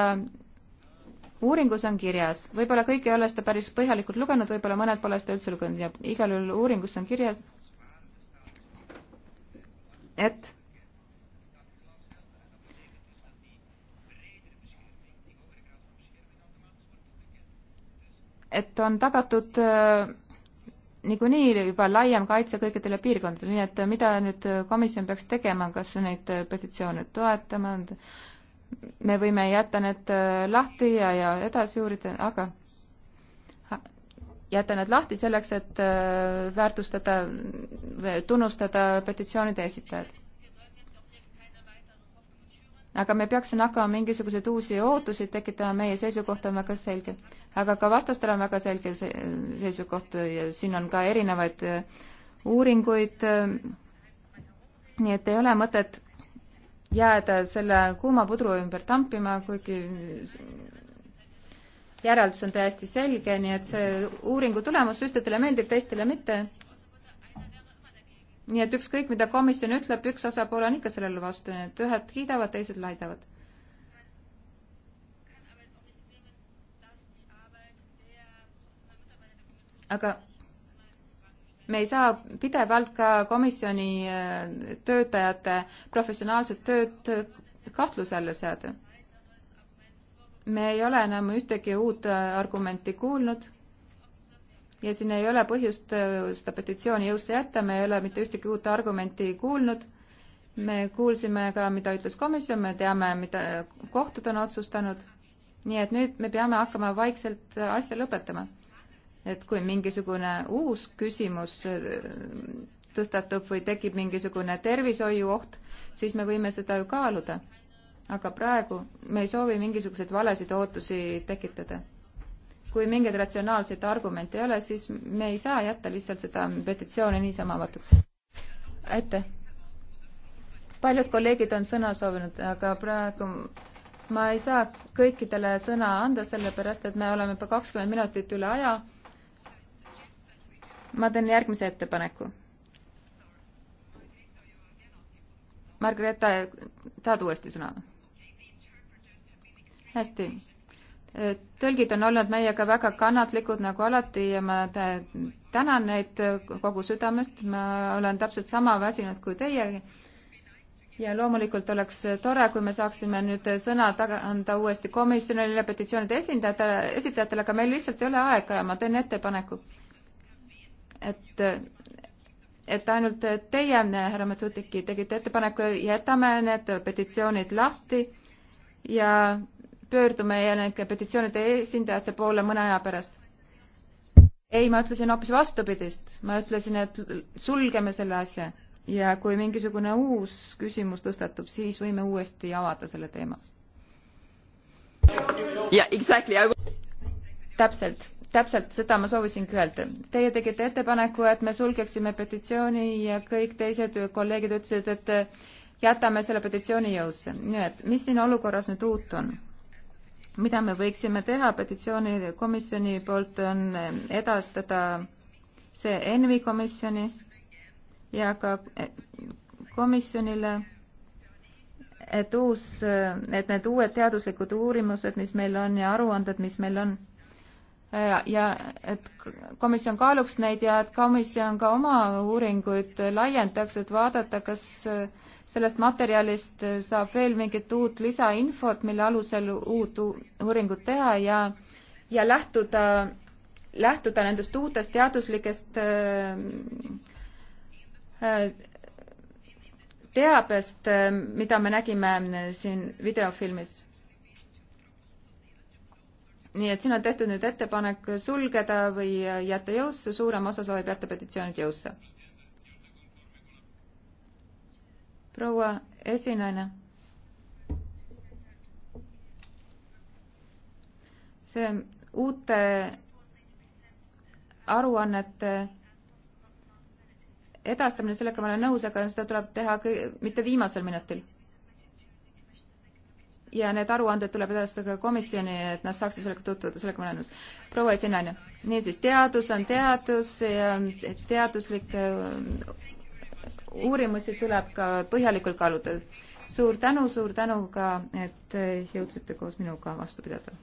uuringus on kirjas, võib-olla kõik ei ole seda päris põhjalikult lugenud, võib-olla mõned pole seda üldse lugenud ja igal juhul uuringus on kirjas, et et on tagatud äh, niikuinii juba laiem kaitse kõikidele piirkondadele, nii et äh, mida nüüd äh, komisjon peaks tegema, kas neid petitsioone toetama, me võime jätta need lahti ja, ja edasi uurida, aga jätta need lahti selleks, et väärtustada, tunnustada petitsioonide esitajad aga me peaksime hakkama mingisuguseid uusi ootusi tekitama, meie seisukoht on väga selge. aga ka vastastel on väga selge seisukoht ja siin on ka erinevaid äh, uuringuid, äh, nii et ei ole mõtet jääda selle kuuma pudru ümber tampima, kuigi järeldus on täiesti selge, nii et see uuringu tulemus ühtedele meeldib, teistele mitte nii et ükskõik, mida komisjon ütleb, üks osapool on ikka sellele vastu, nii et ühed kiidavad, teised laidavad. aga me ei saa pidevalt ka komisjoni äh, töötajate professionaalset tööd äh, kahtluse alla seada. me ei ole enam ühtegi uut äh, argumenti kuulnud ja siin ei ole põhjust äh, seda petitsiooni jõusse jätta, me ei ole mitte ühtegi uut argumenti kuulnud. me kuulsime ka, mida ütles komisjon, me teame, mida kohtud on otsustanud. nii et nüüd me peame hakkama vaikselt asja lõpetama. et kui mingisugune uus küsimus äh, tõstatub või tekib mingisugune tervishoiuoht, siis me võime seda ju kaaluda. aga praegu me ei soovi mingisuguseid valesid ootusi tekitada kui mingeid ratsionaalseid argumente ei ole, siis me ei saa jätta lihtsalt seda petitsiooni niisama avatuks. aitäh! paljud kolleegid on sõna soovinud, aga praegu ma ei saa kõikidele sõna anda, sellepärast et me oleme juba kakskümmend minutit üle aja. ma teen järgmise ettepaneku. Margareeta, tahad uuesti sõna? hästi tõlgid on olnud meiega väga kannatlikud nagu alati ja ma tänan neid kogu südamest, ma olen täpselt sama väsinud kui teie. ja loomulikult oleks tore, kui me saaksime nüüd sõna taga anda uuesti komisjonile, petitsioonide esindajatele, esitajatele, aga meil lihtsalt ei ole aega ja ma teen ettepaneku, et et ainult teie, härra Matutiki, tegite ettepaneku, jätame need petitsioonid lahti ja pöördume jällegi petitsioonide esindajate poole mõne aja pärast. ei, ma ütlesin hoopis vastupidist, ma ütlesin, et sulgeme selle asja ja kui mingisugune uus küsimus tõstatub, siis võime uuesti avada selle teema. Yeah, exactly. täpselt, täpselt seda ma soovisingi öelda. Teie tegite ettepaneku, et me sulgeksime petitsiooni ja kõik teised kolleegid ütlesid, et jätame selle petitsiooni jõusse. nii et mis siin olukorras nüüd uut on? mida me võiksime teha petitsioonikomisjoni poolt, on edastada see ENVI komisjoni ja ka komisjonile, et uus, et need uued teaduslikud uurimused, mis meil on ja aruanded, mis meil on, ja et komisjon kaaluks neid ja et komisjon ka oma uuringuid laiendaks, et vaadata, kas äh, sellest materjalist saab veel mingit uut lisainfot, mille alusel uut uuringut teha ja, ja lähtuda, lähtuda nendest uutest teaduslikest äh, äh, teabest, äh, mida me nägime siin videofilmis. nii et siin on tehtud nüüd ettepanek sulgeda või jätta jõusse, suurem osa soovib jätta petitsioonid jõusse proua esinaine. see uute aruannete edastamine, sellega ma olen nõus, aga seda tuleb teha kõi, mitte viimasel minutil. ja need aruanded tuleb edastada ka komisjoni, et nad saaksid sellega tutvuda, sellega ma olen nõus. proua esinaine, niisiis, teadus on teadus ja teaduslik uurimusi tuleb ka põhjalikult kaaluda. suur tänu, suur tänu ka, et jõudsite koos minuga vastu pidada.